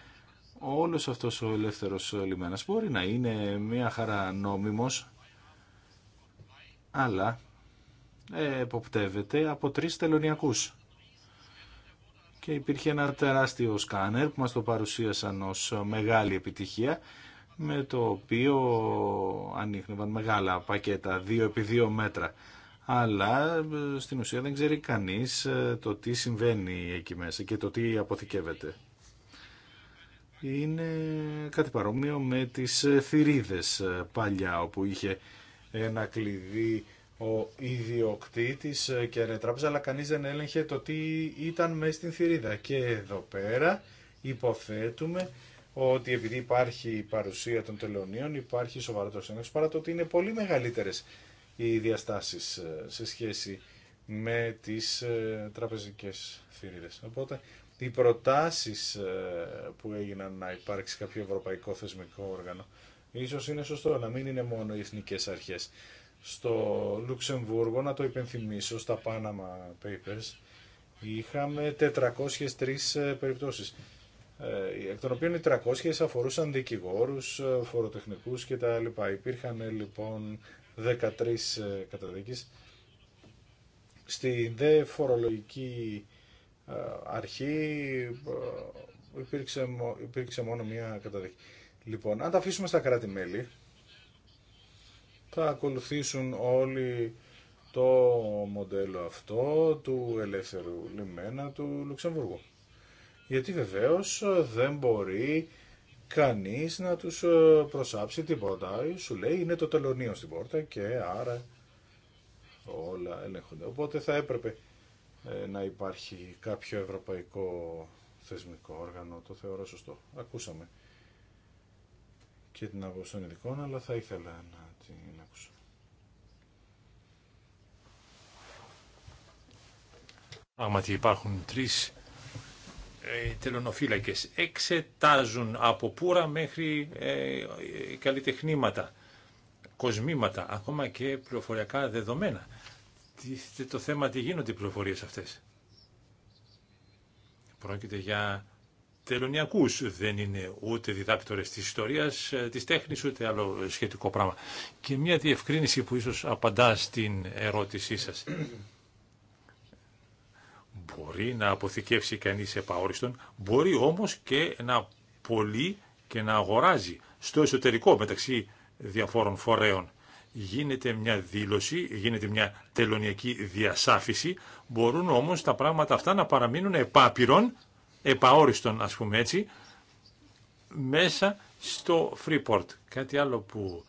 όλος αυτός ο ελεύθερος λιμένας μπορεί να είναι μια χαρά νόμιμος, αλλά εποπτεύεται από τρεις τελωνιακούς και υπήρχε ένα τεράστιο σκάνερ που μας το παρουσίασαν ως μεγάλη επιτυχία με το οποίο ανοίχνευαν μεγάλα πακέτα δύο επί 2 μέτρα. Αλλά ε, στην ουσία δεν ξέρει κανείς ε, το τι συμβαίνει εκεί μέσα και το τι αποθηκεύεται. Είναι κάτι παρόμοιο με τις θηρίδες ε, παλιά όπου είχε ένα κλειδί ο ιδιοκτήτης ε, και τράπεζα, αλλά κανεί δεν έλεγχε το τι ήταν μέσα στην θηρίδα. Και εδώ πέρα υποθέτουμε ότι επειδή υπάρχει η παρουσία των τελωνίων υπάρχει σοβαρότερο έλεγχος, παρά το ότι είναι πολύ μεγαλύτερε οι διαστάσεις ε, σε σχέση με τις ε, τραπεζικές θηρίδε. Οπότε οι προτάσεις που έγιναν να υπάρξει κάποιο ευρωπαϊκό θεσμικό όργανο ίσως είναι σωστό να μην είναι μόνο οι εθνικές αρχές στο Λουξεμβούργο, να το υπενθυμίσω, στα Panama Papers, είχαμε 403 ε, περιπτώσεις, ε, εκ των οποίων οι 300 αφορούσαν δικηγόρους, ε, φοροτεχνικούς κτλ. Υπήρχαν λοιπόν 13 καταδίκες. Στη δε φορολογική αρχή υπήρξε, υπήρξε μόνο μία καταδίκη. Λοιπόν, αν τα αφήσουμε στα κράτη-μέλη, θα ακολουθήσουν όλοι το μοντέλο αυτό του ελεύθερου λιμένα του Λουξεμβούργου. Γιατί βεβαίως δεν μπορεί κανείς να τους προσάψει τίποτα. Σου λέει είναι το τελωνίο στην πόρτα και άρα όλα ελέγχονται. Οπότε θα έπρεπε ε, να υπάρχει κάποιο ευρωπαϊκό θεσμικό όργανο, το θεωρώ σωστό. Ακούσαμε και την άποψη ειδικών, αλλά θα ήθελα να την Πράγματι υπάρχουν τρεις ε, τελωνοφύλακες. Εξετάζουν από πουρα μέχρι ε, ε, καλλιτεχνήματα, κοσμήματα, ακόμα και πληροφοριακά δεδομένα. Τι, το θέμα τι γίνονται οι πληροφορίες αυτές. Πρόκειται για τελωνιακούς. Δεν είναι ούτε διδάκτορες της ιστορίας, ε, της τέχνης, ούτε άλλο σχετικό πράγμα. Και μια διευκρίνηση που ίσως απαντά στην ερώτησή σας. Μπορεί να αποθηκεύσει κανείς επαόριστον, μπορεί όμως και να πωλεί και να αγοράζει στο εσωτερικό μεταξύ διαφόρων φορέων. Γίνεται μια δήλωση, γίνεται μια τελωνιακή διασάφηση, μπορούν όμως τα πράγματα αυτά να παραμείνουν επάπειρον, επαόριστον ας πούμε έτσι, μέσα στο Freeport. Κάτι άλλο που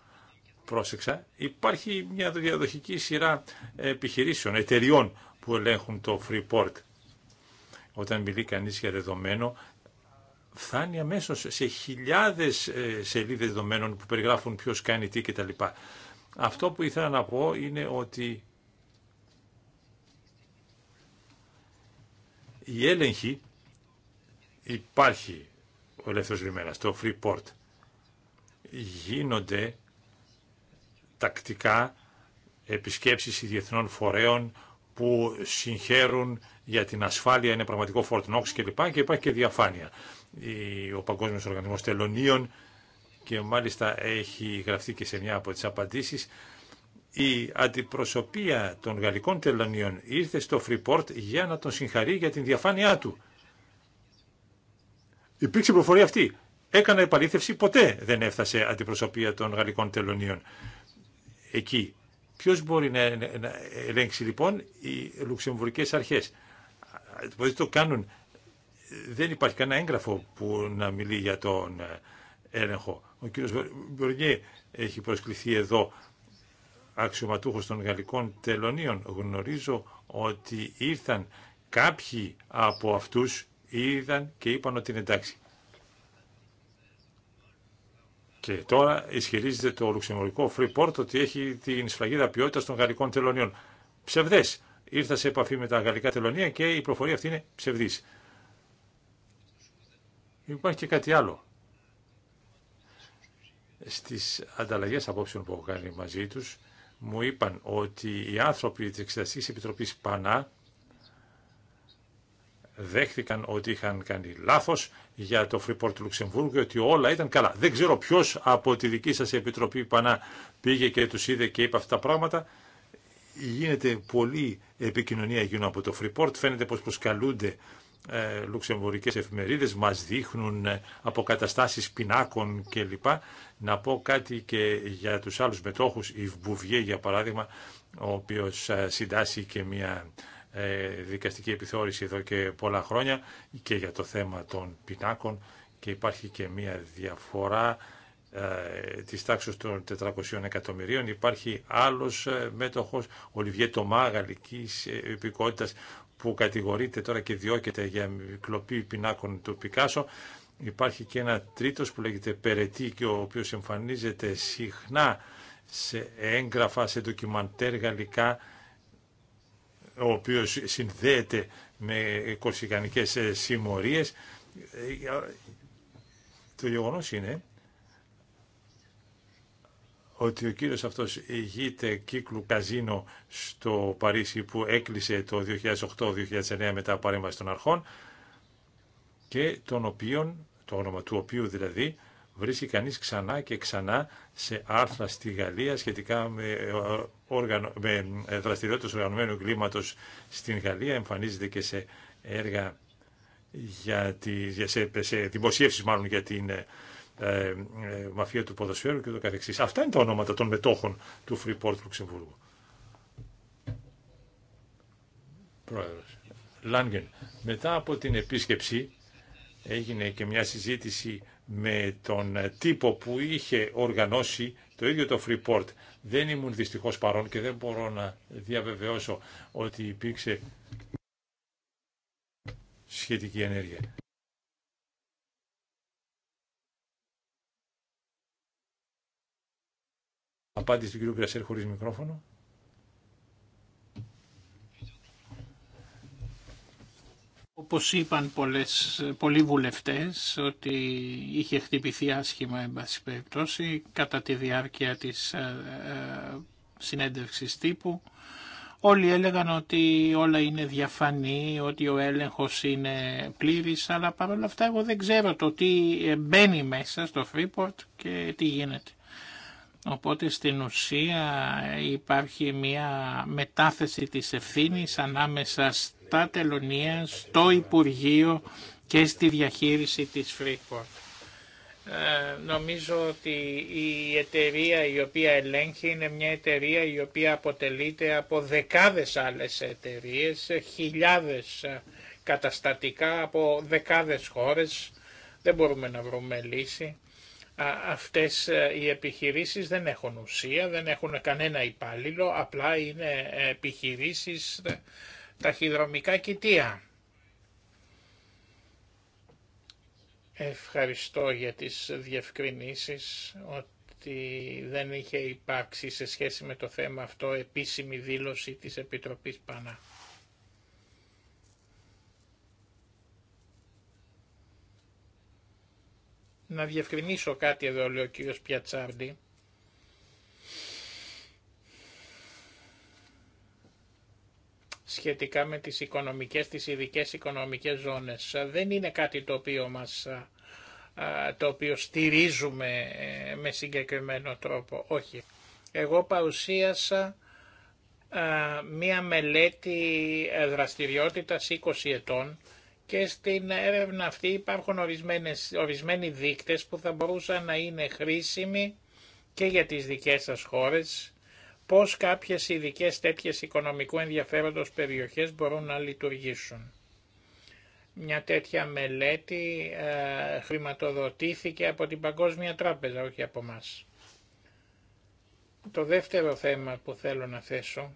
πρόσεξα, υπάρχει μια διαδοχική σειρά επιχειρήσεων, εταιριών που ελέγχουν το Freeport. Όταν μιλεί κανείς για δεδομένο, φτάνει αμέσω σε χιλιάδες ε, σελίδες δεδομένων που περιγράφουν ποιος κάνει τι κτλ. Αυτό που ήθελα να πω είναι ότι η έλεγχη υπάρχει ο ελεύθερος λιμένας, το Freeport. Γίνονται τακτικά επισκέψεις διεθνών φορέων, που συγχαίρουν για την ασφάλεια, είναι πραγματικό Fort Knox κλπ. Και υπάρχει και διαφάνεια. Ο Παγκόσμιος Οργανισμός Τελωνίων και μάλιστα έχει γραφτεί και σε μια από τις απαντήσεις η αντιπροσωπεία των γαλλικών τελωνίων ήρθε στο Freeport για να τον συγχαρεί για την διαφάνειά του. Υπήρξε προφορία αυτή. Έκανα επαλήθευση, ποτέ δεν έφτασε αντιπροσωπεία των γαλλικών τελωνίων εκεί. Ποιο μπορεί να, ελέγξει λοιπόν οι λουξεμβουρικέ αρχές. Δηλαδή το κάνουν. Δεν υπάρχει κανένα έγγραφο που να μιλεί για τον ε, έλεγχο. Ο κύριος Μπουργέ έχει προσκληθεί εδώ αξιωματούχος των γαλλικών τελωνίων. Γνωρίζω ότι ήρθαν κάποιοι από αυτούς, ήρθαν και είπαν ότι είναι εντάξει. Και τώρα ισχυρίζεται το λουξεμβουργικό Freeport ότι έχει την σφραγίδα ποιότητα των γαλλικών τελωνίων. Ψευδέ. Ήρθα σε επαφή με τα γαλλικά τελωνία και η προφορία αυτή είναι ψευδή. Υπάρχει και κάτι άλλο. Στις ανταλλαγές απόψεων που έχω κάνει μαζί του, μου είπαν ότι οι άνθρωποι τη Εξεταστική Επιτροπής Πανά δέχτηκαν ότι είχαν κάνει λάθος για το Freeport του Λουξεμβούργου και ότι όλα ήταν καλά. Δεν ξέρω ποιος από τη δική σας επιτροπή Πανά πήγε και τους είδε και είπε αυτά τα πράγματα. Γίνεται πολλή επικοινωνία γύρω από το Freeport. Φαίνεται πως προσκαλούνται ε, λουξεμβουρικές εφημερίδες, μας δείχνουν ε, αποκαταστάσεις πινάκων κλπ. Να πω κάτι και για τους άλλους μετόχους, η Βουβιέ για παράδειγμα, ο οποίος ε, συντάσσει και μια ε, δικαστική επιθεώρηση εδώ και πολλά χρόνια και για το θέμα των πινάκων και υπάρχει και μία διαφορά ε, της τάξης των 400 εκατομμυρίων. Υπάρχει άλλος ε, μέτοχος, Λιβιέτο Τομά, γαλλικής που κατηγορείται τώρα και διώκεται για κλοπή πινάκων του Πικάσο. Υπάρχει και ένα τρίτος που λέγεται Περετή και ο οποίος εμφανίζεται συχνά σε έγγραφα, σε ντοκιμαντέρ γαλλικά ο οποίος συνδέεται με κορσικανικές ε, συμμορίες. Ε, το γεγονός είναι ότι ο κύριος αυτός ηγείται κύκλου καζίνο στο Παρίσι που έκλεισε το 2008-2009 μετά παρέμβαση των αρχών και τον οποίον, το όνομα του οποίου δηλαδή, βρίσκει κανείς ξανά και ξανά σε άρθρα στη Γαλλία σχετικά με, οργανο, ε, με ε, οργανωμένου κλίματος στην Γαλλία, εμφανίζεται και σε έργα για, τη... για σε... σε μάλλον για την ε, μαφία του ποδοσφαίρου και το καθεξής. Αυτά είναι τα ονόματα των μετόχων του Freeport Λουξεμβούργου. Πρόεδρος. Λάνγκεν. Μετά από την επίσκεψη έγινε και μια συζήτηση με τον ε, τύπο που είχε οργανώσει το ίδιο το Freeport. Δεν ήμουν δυστυχώς παρόν και δεν μπορώ να διαβεβαιώσω ότι υπήρξε σχετική ενέργεια. Απάντηση του κ. Κρασέρ χωρίς μικρόφωνο. Όπως είπαν πολλές, πολλοί βουλευτές ότι είχε χτυπηθεί άσχημα εν πάση περιπτώσει κατά τη διάρκεια της ε, ε, συνέντευξης τύπου. Όλοι έλεγαν ότι όλα είναι διαφανή, ότι ο έλεγχος είναι πλήρης, αλλά παρόλα αυτά εγώ δεν ξέρω το τι μπαίνει μέσα στο Freeport και τι γίνεται. Οπότε στην ουσία υπάρχει μια μετάθεση της ευθύνης ανάμεσα τα τελωνία, στο Υπουργείο και στη διαχείριση της Freeport. Ε, νομίζω ότι η εταιρεία η οποία ελέγχει είναι μια εταιρεία η οποία αποτελείται από δεκάδες άλλες εταιρείες, χιλιάδες καταστατικά από δεκάδες χώρες. Δεν μπορούμε να βρούμε λύση. Αυτές ε, οι επιχειρήσεις δεν έχουν ουσία, δεν έχουν κανένα υπάλληλο, απλά είναι επιχειρήσεις ε, ταχυδρομικά κοιτία. Ευχαριστώ για τις διευκρινήσεις ότι δεν είχε υπάρξει σε σχέση με το θέμα αυτό επίσημη δήλωση της Επιτροπής Πανά. Να διευκρινίσω κάτι εδώ, λέει ο κύριος Πιατσάρντι. σχετικά με τις οικονομικές, τις ειδικέ οικονομικές ζώνες. Δεν είναι κάτι το οποίο μας το οποίο στηρίζουμε ε, με συγκεκριμένο τρόπο. Όχι. Εγώ παρουσίασα μία μελέτη ε, δραστηριότητας 20 ετών και στην έρευνα αυτή υπάρχουν ορισμένες, ορισμένοι δείκτες που θα μπορούσαν να είναι χρήσιμοι και για τις δικές σας χώρες πώς κάποιες ειδικέ τέτοιες οικονομικού ενδιαφέροντος περιοχές μπορούν να λειτουργήσουν. Μια τέτοια μελέτη ε, χρηματοδοτήθηκε από την Παγκόσμια Τράπεζα, όχι από μας. Το δεύτερο θέμα που θέλω να θέσω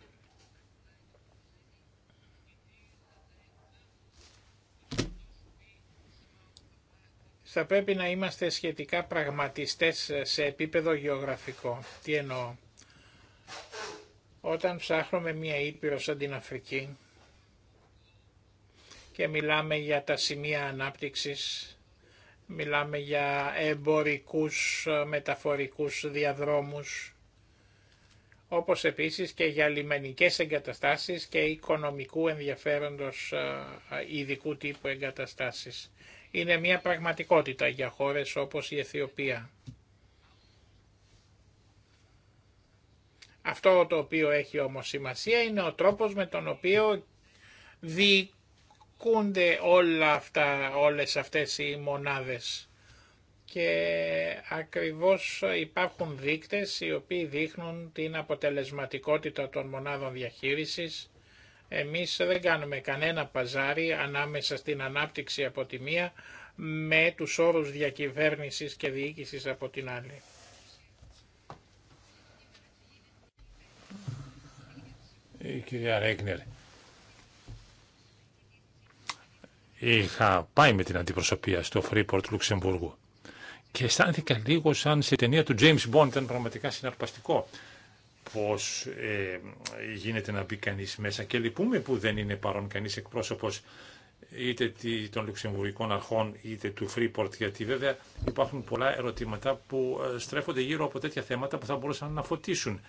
θα πρέπει να είμαστε σχετικά πραγματιστές σε επίπεδο γεωγραφικό. Τι εννοώ. Όταν ψάχνουμε μία Ήπειρο σαν την Αφρική και μιλάμε για τα σημεία ανάπτυξης, μιλάμε για εμπορικούς ε, μεταφορικούς διαδρόμους, όπως επίσης και για λιμενικές εγκαταστάσεις και οικονομικού ενδιαφέροντος ε, ε, ειδικού τύπου εγκαταστάσεις. Είναι μια πραγματικότητα για χώρες όπως η Αιθιοπία. Αυτό το οποίο έχει όμως σημασία είναι ο τρόπος με τον οποίο διοικούνται όλα αυτά, όλες αυτές οι μονάδες. Και ακριβώς υπάρχουν δείκτες οι οποίοι δείχνουν την αποτελεσματικότητα των μονάδων διαχείρισης. Εμείς δεν κάνουμε κανένα παζάρι ανάμεσα στην ανάπτυξη από τη μία με τους όρους διακυβέρνησης και διοίκησης από την άλλη. η κυρία Ρέγνερ. Είχα πάει με την αντιπροσωπεία στο Freeport Λουξεμβούργου και αισθάνθηκα λίγο σαν σε ταινία του James Bond, ήταν πραγματικά συναρπαστικό πώ ε, γίνεται να μπει κανεί μέσα και λυπούμε που δεν είναι παρόν κανείς εκπρόσωπος είτε των Λουξεμβουργικών Αρχών είτε του Freeport, γιατί βέβαια υπάρχουν πολλά ερωτήματα που ε, στρέφονται γύρω από τέτοια θέματα που θα μπορούσαν να φωτίσουν.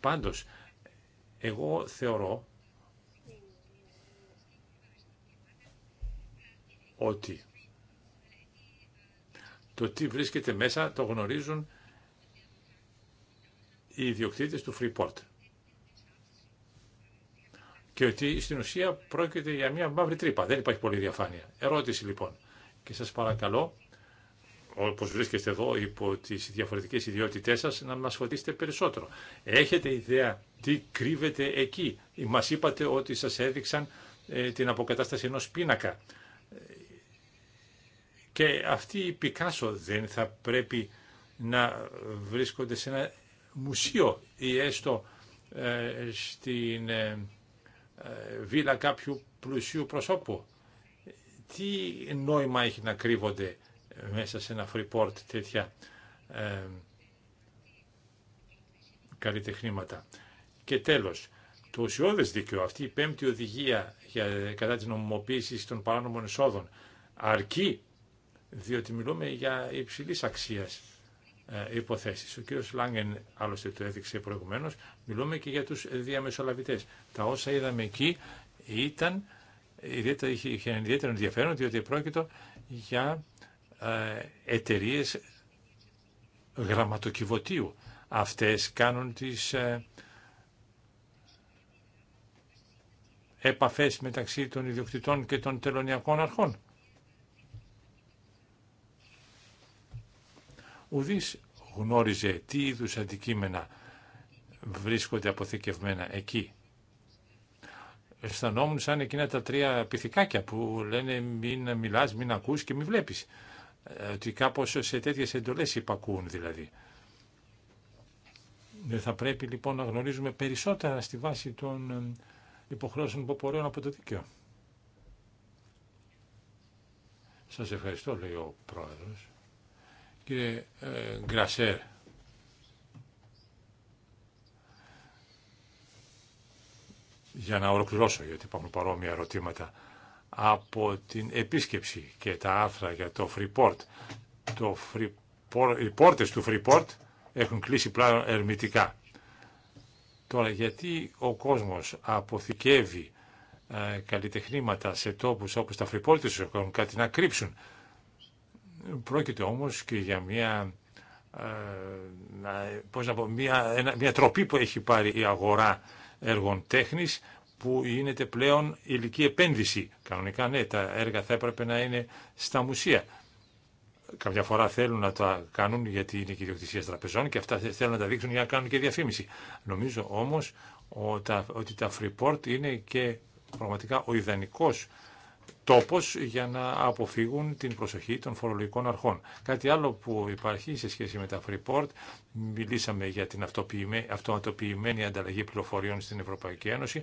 Πάντως, εγώ θεωρώ ότι το τι βρίσκεται μέσα το γνωρίζουν οι ιδιοκτήτες του Freeport. Και ότι στην ουσία πρόκειται για μια μαύρη τρύπα. Δεν υπάρχει πολύ διαφάνεια. Ερώτηση λοιπόν. Και σας παρακαλώ Όπω βρίσκεστε εδώ υπό τις διαφορετικές ιδιότητές σας, να μας φωτίσετε περισσότερο. Έχετε ιδέα τι κρύβεται εκεί. Μας είπατε ότι σας έδειξαν ε, την αποκατάσταση ενός πίνακα. Και αυτή οι Πικάσο δεν θα πρέπει να βρίσκονται σε ένα μουσείο ή έστω ε, στην ε, βίλα κάποιου πλουσίου προσώπου. Τι νόημα έχει να κρύβονται μέσα σε ένα freeport τέτοια ε, καλλιτεχνήματα. Και τέλος, το ουσιώδες δίκαιο, αυτή η πέμπτη οδηγία για, κατά της νομιμοποίησης των παράνομων εσόδων, αρκεί, διότι μιλούμε για υψηλής αξίας ε, υποθέσεις. Ο κύριος Λάγκεν άλλωστε το έδειξε προηγουμένως, μιλούμε και για τους διαμεσολαβητές. Τα όσα είδαμε εκεί ήταν, ιδιαίτερα, είχε ιδιαίτερο ενδιαφέρον, διότι πρόκειτο για ε, εταιρείε γραμματοκιβωτίου. Αυτές κάνουν τις ε, επαφές μεταξύ των ιδιοκτητών και των τελωνιακών αρχών. Ουδής γνώριζε τι είδους αντικείμενα βρίσκονται αποθηκευμένα εκεί. Αισθανόμουν σαν εκείνα τα τρία πυθικάκια που λένε μην μιλάς, μην ακούς και μην βλέπεις. Ε, ότι κάπως σε τέτοιες εντολές υπακούν δηλαδή. Δεν θα πρέπει λοιπόν να γνωρίζουμε περισσότερα στη βάση των ε, υποχρεώσεων που απορρέουν από το δίκαιο. Σας ευχαριστώ, λέει ο πρόεδρος. Κύριε ε, Γκρασέρ. Για να ολοκληρώσω, γιατί υπάρχουν παρόμοια ερωτήματα από την επίσκεψη και τα άρθρα για το Freeport. Το Freeport οι πόρτες του Freeport έχουν κλείσει πλέον ερμητικά. Τώρα, γιατί ο κόσμος αποθηκεύει ε, καλλιτεχνήματα σε τόπους όπως τα φρυπόρτες έχουν κάτι να κρύψουν. Πρόκειται όμως και για μια, ε, να μια, μια τροπή που έχει πάρει η αγορά έργων τέχνης που γίνεται πλέον ηλική επένδυση. Κανονικά ναι, τα έργα θα έπρεπε να είναι στα μουσεία. Κάποια φορά θέλουν να τα κάνουν γιατί είναι και ιδιοκτησία τραπεζών και αυτά θέλουν να τα δείξουν για να κάνουν και διαφήμιση. Νομίζω όμω ότι τα Freeport είναι και πραγματικά ο ιδανικό τόπος για να αποφύγουν την προσοχή των φορολογικών αρχών. Κάτι άλλο που υπάρχει σε σχέση με τα Freeport, μιλήσαμε για την αυτοματοποιημένη ανταλλαγή πληροφοριών στην Ευρωπαϊκή Ένωση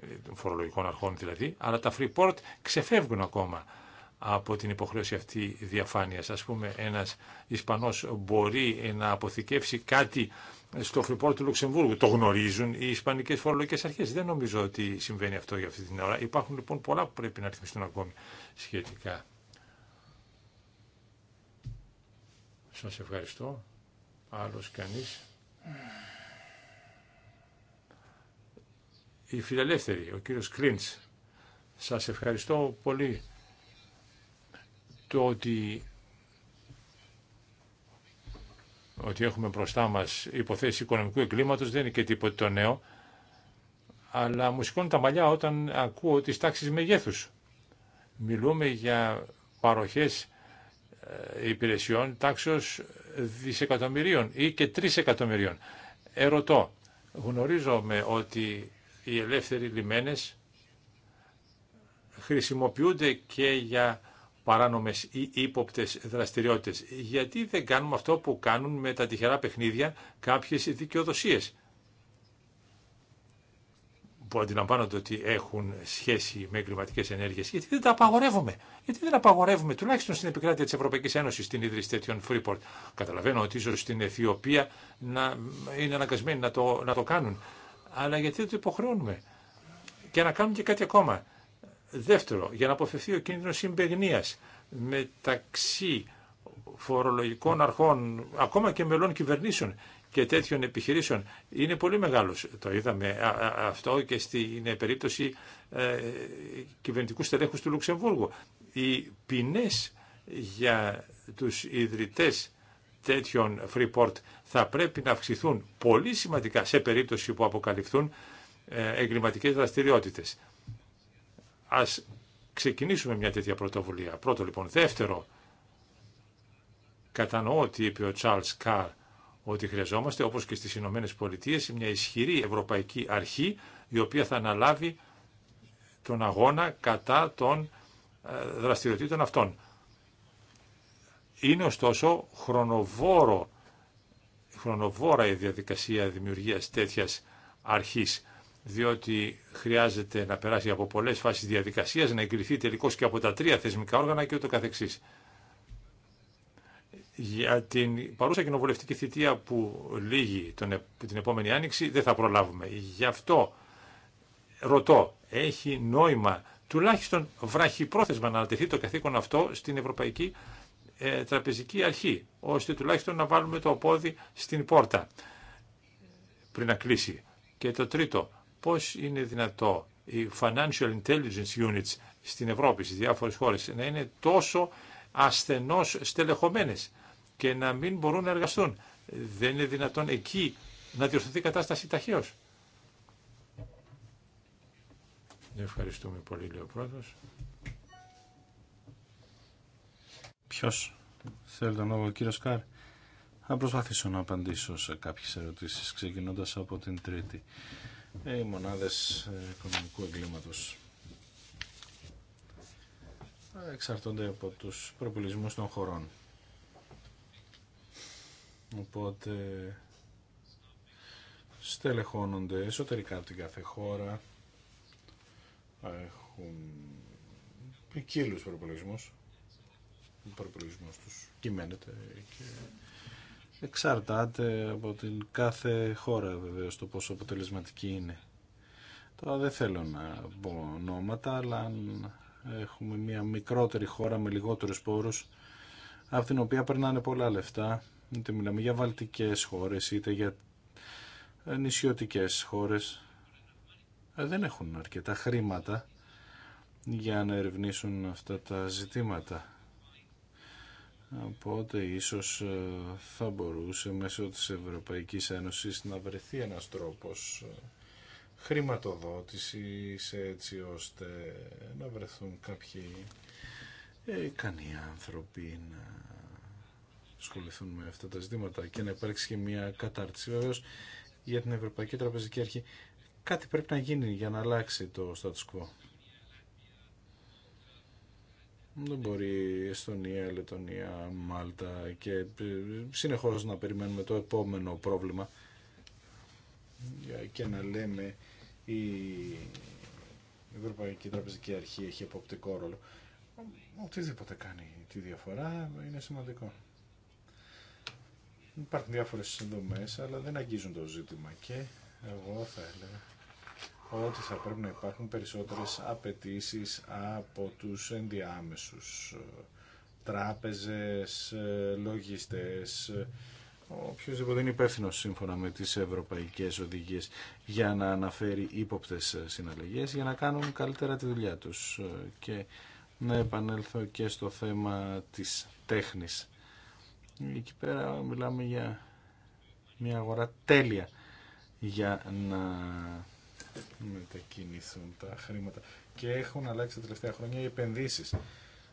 των ε, φορολογικών αρχών δηλαδή, αλλά τα Freeport ξεφεύγουν ακόμα από την υποχρέωση αυτή διαφάνειας. Ας πούμε ένας Ισπανός μπορεί να αποθηκεύσει κάτι στο Freeport του Λουξεμβούργου. Το γνωρίζουν οι Ισπανικές φορολογικές αρχές. Δεν νομίζω ότι συμβαίνει αυτό για αυτή την ώρα. Υπάρχουν λοιπόν πολλά που πρέπει να ρυθμιστούν ακόμη σχετικά. Σας ευχαριστώ. Άλλος κανείς. Η Φιλελεύθερη, ο κύριος κρίντς Σας ευχαριστώ πολύ το ότι, ότι έχουμε μπροστά μας υποθέσεις οικονομικού εγκλήματος δεν είναι και τίποτα το νέο, αλλά μου σηκώνουν τα μαλλιά όταν ακούω τις τάξεις μεγέθους. Μιλούμε για παροχές ε, υπηρεσιών τάξεως δισεκατομμυρίων ή και τρισεκατομμυρίων. Ερωτώ, γνωρίζομαι ότι οι ελεύθεροι λιμένες χρησιμοποιούνται και για παράνομες ή ύποπτες δραστηριότητες. Γιατί δεν κάνουμε αυτό που κάνουν με τα τυχερά παιχνίδια κάποιες δικαιοδοσίες που αντιλαμβάνονται ότι έχουν σχέση με εγκληματικέ ενέργειε, γιατί δεν τα απαγορεύουμε. Γιατί δεν απαγορεύουμε, τουλάχιστον στην επικράτεια τη Ευρωπαϊκή Ένωση, την ίδρυση τέτοιων Freeport. Καταλαβαίνω ότι ίσω στην Αιθιοπία να είναι αναγκασμένοι να το, να το κάνουν αλλά γιατί δεν το υποχρεώνουμε. Και να κάνουμε και κάτι ακόμα. Δεύτερο, για να αποφευθεί ο κίνδυνος συμπεγνία μεταξύ φορολογικών αρχών, ακόμα και μελών κυβερνήσεων και τέτοιων επιχειρήσεων, είναι πολύ μεγάλος. Το είδαμε αυτό και στην ε, περίπτωση ε, κυβερνητικού στελέχους του Λουξεμβούργου. Οι ποινέ για τους ιδρυτές τέτοιων Freeport θα πρέπει να αυξηθούν πολύ σημαντικά σε περίπτωση που αποκαλυφθούν ε, εγκληματικές δραστηριότητες. Ας ξεκινήσουμε μια τέτοια πρωτοβουλία. Πρώτο λοιπόν. Δεύτερο, κατανοώ ότι είπε ο Charles Carr ότι χρειαζόμαστε όπως και στις Ηνωμένες Πολιτείες μια ισχυρή ευρωπαϊκή αρχή η οποία θα αναλάβει τον αγώνα κατά των ε, δραστηριοτήτων αυτών. Είναι ωστόσο χρονοβόρο, χρονοβόρα η διαδικασία δημιουργίας τέτοιας αρχής, διότι χρειάζεται να περάσει από πολλές φάσεις διαδικασίας, να εγκριθεί τελικώς και από τα τρία θεσμικά όργανα και ούτω καθεξής. Για την παρούσα κοινοβουλευτική θητεία που λύγει τον, την επόμενη άνοιξη δεν θα προλάβουμε. Γι' αυτό ρωτώ, έχει νόημα τουλάχιστον βραχυπρόθεσμα να ανατεθεί το καθήκον αυτό στην Ευρωπαϊκή ε, τραπεζική αρχή, ώστε τουλάχιστον να βάλουμε το πόδι στην πόρτα πριν να κλείσει. Και το τρίτο, πώς είναι δυνατό οι Financial Intelligence Units στην Ευρώπη, στις διάφορες χώρες, να είναι τόσο ασθενώς στελεχωμένες και να μην μπορούν να εργαστούν. Δεν είναι δυνατόν εκεί να διορθωθεί η κατάσταση ταχαίως. Ευχαριστούμε πολύ, λέει πρόεδρος. Ποιος θέλει τον λόγο, κύριο Σκάρ. Θα προσπαθήσω να απαντήσω σε κάποιες ερωτήσει ξεκινώντας από την τρίτη. Ε, οι μονάδες ε, οικονομικού εγκλήματο, ε, εξαρτώνται από τους προπολισμούς των χωρών. Οπότε στελεχώνονται εσωτερικά από την κάθε χώρα, έχουν ποικίλου προπολισμού ο προπολογισμό του κυμαίνεται και εξαρτάται από την κάθε χώρα βεβαίω το πόσο αποτελεσματική είναι. Τώρα δεν θέλω να πω ονόματα, αλλά αν έχουμε μια μικρότερη χώρα με λιγότερους πόρους, από την οποία περνάνε πολλά λεφτά, είτε μιλάμε για βαλτικές χώρες, είτε για νησιωτικές χώρες, ε, δεν έχουν αρκετά χρήματα για να ερευνήσουν αυτά τα ζητήματα. Οπότε ίσως ε, θα μπορούσε μέσω της Ευρωπαϊκής Ένωσης να βρεθεί ένας τρόπος ε, χρηματοδότησης έτσι ώστε να βρεθούν κάποιοι ε, ικανοί άνθρωποι να ασχοληθούν με αυτά τα ζητήματα και να υπάρξει και μια κατάρτιση. Βεβαίω για την Ευρωπαϊκή Τραπεζική Αρχή κάτι πρέπει να γίνει για να αλλάξει το status δεν μπορεί η Εστονία, Λετωνία, Μάλτα και ε, συνεχώς να περιμένουμε το επόμενο πρόβλημα και να λέμε η Ευρωπαϊκή Τραπεζική Αρχή έχει εποπτικό ρόλο. Οτιδήποτε κάνει τη διαφορά είναι σημαντικό. Υπάρχουν διάφορες συνδομές αλλά δεν αγγίζουν το ζήτημα και εγώ θα έλεγα ότι θα πρέπει να υπάρχουν περισσότερες απαιτήσει από τους ενδιάμεσους ε, τράπεζες, ε, λογιστές, ε, οποιοδήποτε είναι υπεύθυνο σύμφωνα με τις ευρωπαϊκές οδηγίες για να αναφέρει ύποπτες συναλλαγές για να κάνουν καλύτερα τη δουλειά τους. Και να επανέλθω και στο θέμα της τέχνης. Εκεί πέρα μιλάμε για μια αγορά τέλεια για να μετακινηθούν τα χρήματα. Και έχουν αλλάξει τα τελευταία χρόνια οι επενδύσεις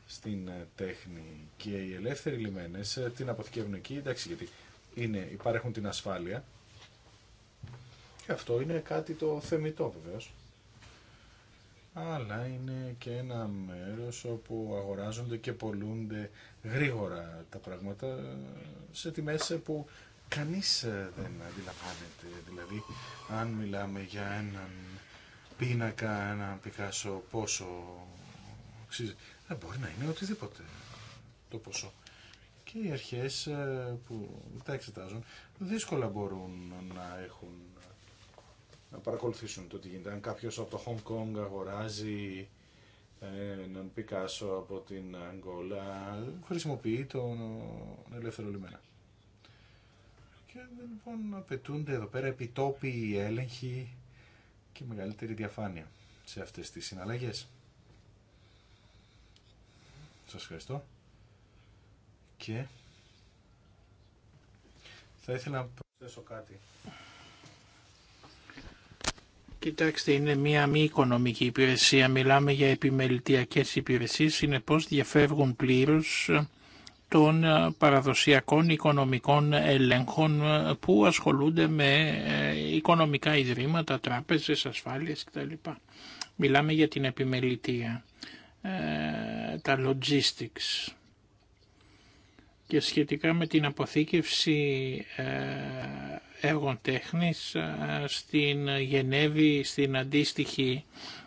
στην ε, τέχνη και οι ελεύθεροι λιμένες ε, την αποθηκεύουν εκεί, εντάξει γιατί είναι, υπάρχουν την ασφάλεια και αυτό είναι κάτι το θεμητό βεβαίω. Αλλά είναι και ένα μέρος όπου αγοράζονται και πολλούνται γρήγορα τα πράγματα ε, σε τιμές που κανείς ε, δεν αντιλαμβάνεται. Δηλαδή, αν μιλάμε για έναν πίνακα, έναν πικάσο, πόσο αξίζει. Δεν μπορεί να είναι οτιδήποτε το ποσό. Και οι αρχές ε, που τα εξετάζουν δύσκολα μπορούν να έχουν να παρακολουθήσουν το τι γίνεται. Αν κάποιος από το Hong Kong αγοράζει ε, έναν Πικάσο από την Αγγόλα, χρησιμοποιεί τον ελεύθερο λιμένα. Και λοιπόν απαιτούνται εδώ πέρα επιτόπιοι έλεγχοι και μεγαλύτερη διαφάνεια σε αυτές τις συναλλαγές. Σας ευχαριστώ. Και θα ήθελα να προσθέσω κάτι. Κοιτάξτε, είναι μία μη οικονομική υπηρεσία. Μιλάμε για επιμελητιακές υπηρεσίες, συνεπώς διαφεύγουν πλήρως των ε, παραδοσιακών οικονομικών ελέγχων ε, που ασχολούνται με ε, οικονομικά ιδρύματα, τράπεζες, ασφάλειες κτλ. Μιλάμε για την επιμελητία, τα logistics και σχετικά με την αποθήκευση έργων τέχνης στην Γενέβη, στην αντίστοιχη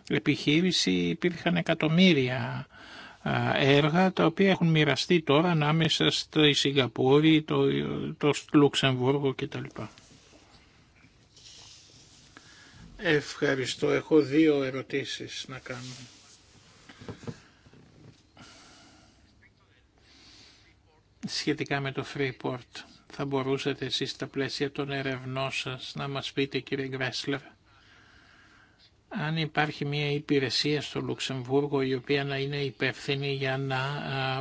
επιχείρηση υπήρχαν εκατομμύρια έργα τα οποία έχουν μοιραστεί τώρα ανάμεσα στο Σιγκαπούρη, το, το Λουξεμβούργο κτλ. Ευχαριστώ. Έχω δύο ερωτήσεις να κάνω. Σχετικά με το Freeport, θα μπορούσατε εσείς στα πλαίσια των ερευνών σας να μας πείτε κύριε Γκρέσλερ αν υπάρχει μια υπηρεσία στο Λουξεμβούργο η οποία να είναι υπεύθυνη για να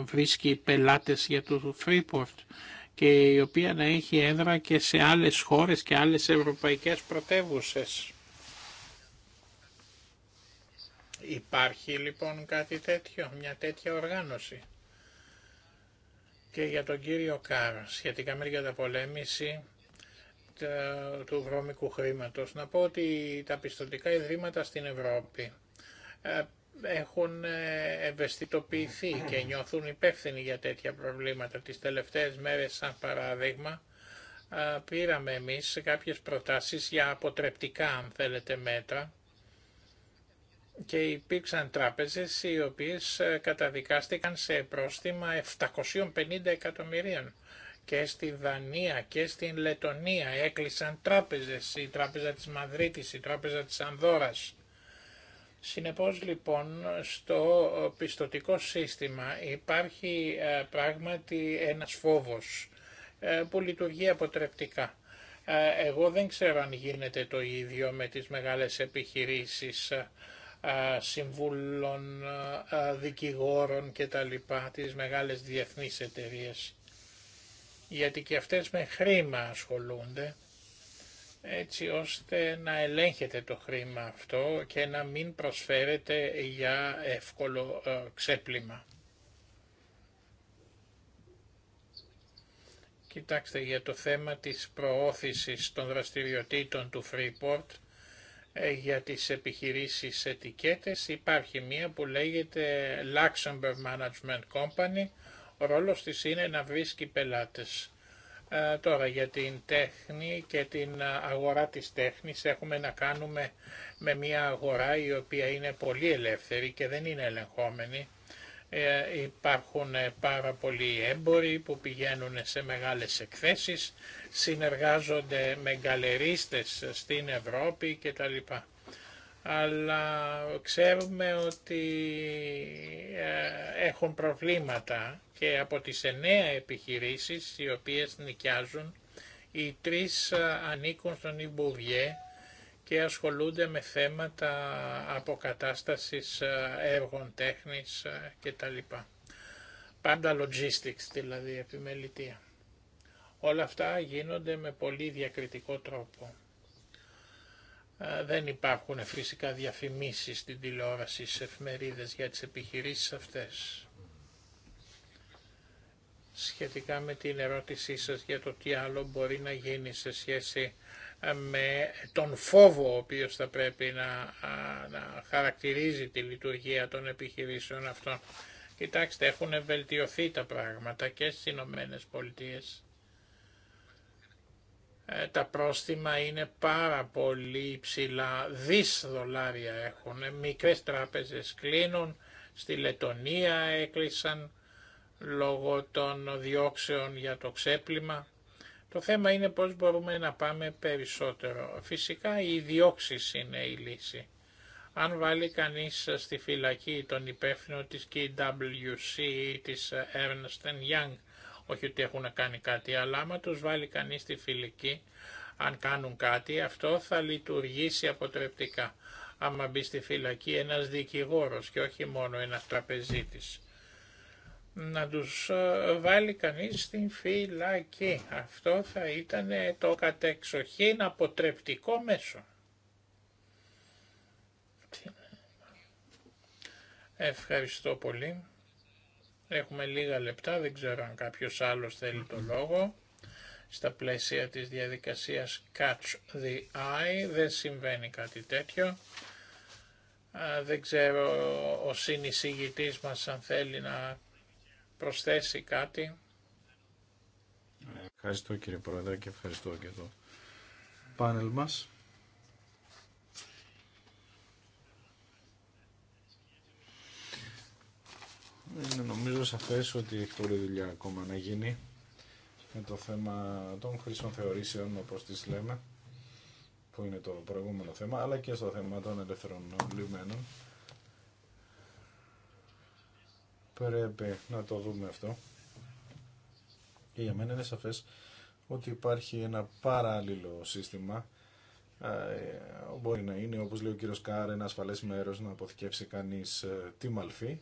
βρίσκει πελάτες για το Freeport και η οποία να έχει έδρα και σε άλλες χώρες και άλλες ευρωπαϊκές πρωτεύουσες. Υπάρχει λοιπόν κάτι τέτοιο, μια τέτοια οργάνωση. Και για τον κύριο Κάρ, σχετικά με την καταπολέμηση ε, του βρώμικου χρήματος. Να πω ότι τα πιστοτικά ιδρύματα στην Ευρώπη ε, έχουν ε, ευαισθητοποιηθεί και νιώθουν υπεύθυνοι για τέτοια προβλήματα. Τις τελευταίες μέρες, σαν παράδειγμα, πήραμε εμείς κάποιες προτάσεις για αποτρεπτικά, αν θέλετε, μέτρα και υπήρξαν τράπεζες οι οποίες καταδικάστηκαν σε πρόστιμα 750 εκατομμυρίων και στη Δανία και στην Λετονία έκλεισαν τράπεζες, η τράπεζα της Μαδρίτης, η τράπεζα της Ανδόρας. Συνεπώς λοιπόν στο πιστοτικό σύστημα υπάρχει ε, πράγματι ένας φόβος ε, που λειτουργεί αποτρεπτικά. Ε, εγώ δεν ξέρω αν γίνεται το ίδιο με τις μεγάλες επιχειρήσεις συμβούλων, δικηγόρων και τα λοιπά, τις μεγάλες διεθνείς εταιρείες γιατί και αυτές με χρήμα ασχολούνται, έτσι ώστε να ελέγχεται το χρήμα αυτό και να μην προσφέρεται για εύκολο ε, ξέπλυμα. Κοιτάξτε, για το θέμα της προώθησης των δραστηριοτήτων του Freeport ε, για τις επιχειρήσεις ετικέτες υπάρχει μία που λέγεται Luxembourg Management Company ο Ρόλος της είναι να βρίσκει πελάτες. Ε, τώρα για την τέχνη και την ε, αγορά της τέχνης έχουμε να κάνουμε με μια αγορά η οποία είναι πολύ ελεύθερη και δεν είναι ελεγχόμενη. Ε, υπάρχουν πάρα πολλοί έμποροι που πηγαίνουν σε μεγάλες εκθέσεις, συνεργάζονται με γκαλερίστες στην Ευρώπη κτλ αλλά ξέρουμε ότι ε, έχουν προβλήματα και από τις εννέα επιχειρήσεις οι οποίες νοικιάζουν οι τρεις ε, ανήκουν στον Ιμπουβιέ και ασχολούνται με θέματα αποκατάστασης ε, έργων τέχνης κτλ. Πάντα logistics δηλαδή επιμελητία. Όλα αυτά γίνονται με πολύ διακριτικό τρόπο. Ε, δεν υπάρχουν φυσικά διαφημίσεις στην τηλεόραση σε εφημερίδες για τις επιχειρήσεις αυτές. Σχετικά με την ερώτησή σας για το τι άλλο μπορεί να γίνει σε σχέση ε, με τον φόβο ο οποίος θα πρέπει να, να χαρακτηρίζει τη λειτουργία των επιχειρήσεων αυτών. Κοιτάξτε, έχουν βελτιωθεί τα πράγματα και στις Ηνωμένε Πολιτείες ε, τα πρόστιμα είναι πάρα πολύ ψηλά, δις δολάρια έχουν, ε, μικρές τράπεζες κλείνουν, στη Λετωνία έκλεισαν λόγω των διώξεων για το ξέπλυμα. Το θέμα είναι πώς μπορούμε να πάμε περισσότερο. Φυσικά οι διώξει είναι η λύση. Αν βάλει κανείς στη φυλακή τον υπεύθυνο της KWC ή της Ernst Young όχι ότι έχουν να κάνει κάτι, αλλά άμα τους βάλει κανείς στη φιλική, αν κάνουν κάτι, αυτό θα λειτουργήσει αποτρεπτικά. Άμα μπει στη φυλακή ένας δικηγόρος και όχι μόνο ένας τραπεζίτης. Να τους ε, βάλει κανείς στην φυλακή. Αυτό θα ήταν το κατεξοχήν αποτρεπτικό μέσο. Ευχαριστώ πολύ. Έχουμε λίγα λεπτά, δεν ξέρω αν κάποιος άλλος θέλει το λόγο. Στα πλαίσια της διαδικασίας Catch the Eye δεν συμβαίνει κάτι τέτοιο. Δεν ξέρω ο συνεισηγητής μας αν θέλει να προσθέσει κάτι. Ευχαριστώ κύριε Πρόεδρε και ευχαριστώ και το πάνελ μας. Είναι νομίζω σαφές ότι έχει πολλή δουλειά ακόμα να γίνει με το θέμα των χρήσεων θεωρήσεων όπως τις λέμε που είναι το προηγούμενο θέμα αλλά και στο θέμα των ελεύθερων λιμένων. Πρέπει να το δούμε αυτό. Και για μένα είναι σαφές ότι υπάρχει ένα παράλληλο σύστημα ε, μπορεί να είναι όπως λέει ο κύριος Κάρ ένα ασφαλές μέρος να αποθηκεύσει κανείς ε, τη μαλφή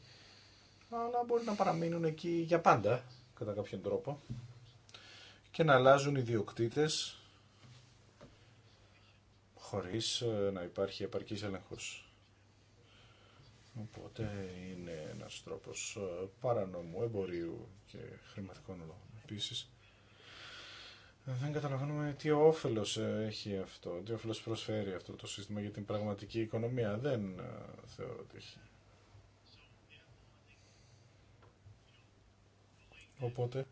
αλλά μπορεί να παραμείνουν εκεί για πάντα, κατά κάποιον τρόπο, και να αλλάζουν οι διοκτήτες χωρίς ε, να υπάρχει επαρκής έλεγχος. Οπότε είναι ένας τρόπος ε, παρανόμου εμπορίου και χρηματικών λόγων. Επίσης, δεν καταλαβαίνουμε τι όφελο ε, έχει αυτό, τι όφελο προσφέρει αυτό το σύστημα για την πραγματική οικονομία. Δεν θεωρώ ότι έχει Οπότε,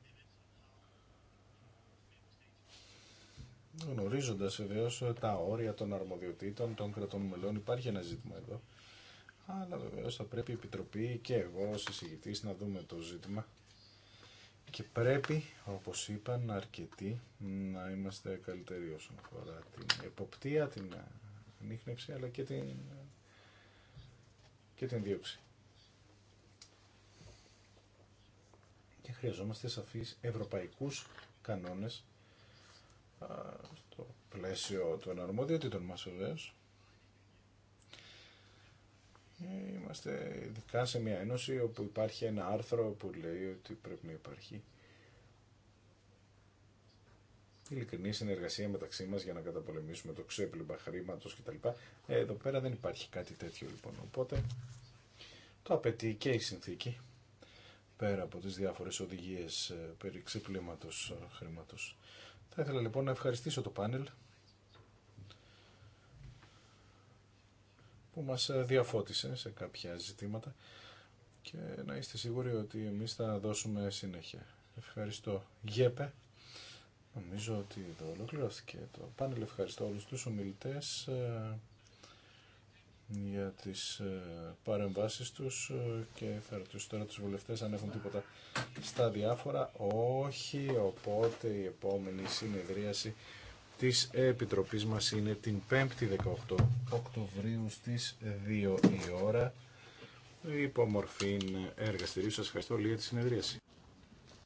γνωρίζοντα βεβαίω τα όρια των αρμοδιοτήτων των κρατών μελών, υπάρχει ένα ζήτημα εδώ. Αλλά βεβαίω θα πρέπει η Επιτροπή και εγώ ως εισηγητής να δούμε το ζήτημα. Και πρέπει, όπως είπαν αρκετοί, να είμαστε καλύτεροι όσον αφορά την εποπτεία, την ανείχνευση, αλλά και την, και την δίωξη. και χρειαζόμαστε σαφείς ευρωπαϊκούς κανόνες στο πλαίσιο των αρμοδιοτήτων μας βεβαίως. Είμαστε ειδικά σε μια ένωση όπου υπάρχει ένα άρθρο που λέει ότι πρέπει να υπάρχει ειλικρινή συνεργασία μεταξύ μας για να καταπολεμήσουμε το ξέπλυμα χρήματο κτλ. Ε, εδώ πέρα δεν υπάρχει κάτι τέτοιο λοιπόν. Οπότε το απαιτεί και η συνθήκη πέρα από τις διάφορες οδηγίες ε, περί ξεπλήματος ε, χρήματος. Θα ήθελα λοιπόν να ευχαριστήσω το πάνελ που μας ε, διαφώτισε σε κάποια ζητήματα και να είστε σίγουροι ότι εμείς θα δώσουμε συνέχεια. Ευχαριστώ. Γέπε. Νομίζω ότι εδώ ολοκληρώθηκε το πάνελ. Ευχαριστώ όλους τους ομιλητές για τις ε, παρεμβάσεις τους ε, και θα ρωτήσω τώρα τους βουλευτές αν έχουν τίποτα στα διάφορα. Όχι, οπότε η επόμενη συνεδρίαση της Επιτροπής μας είναι την 5η 18 Οκτωβρίου στις 2 η ώρα υπό μορφή εργαστηρίου. Σας ευχαριστώ για τη συνεδρίαση.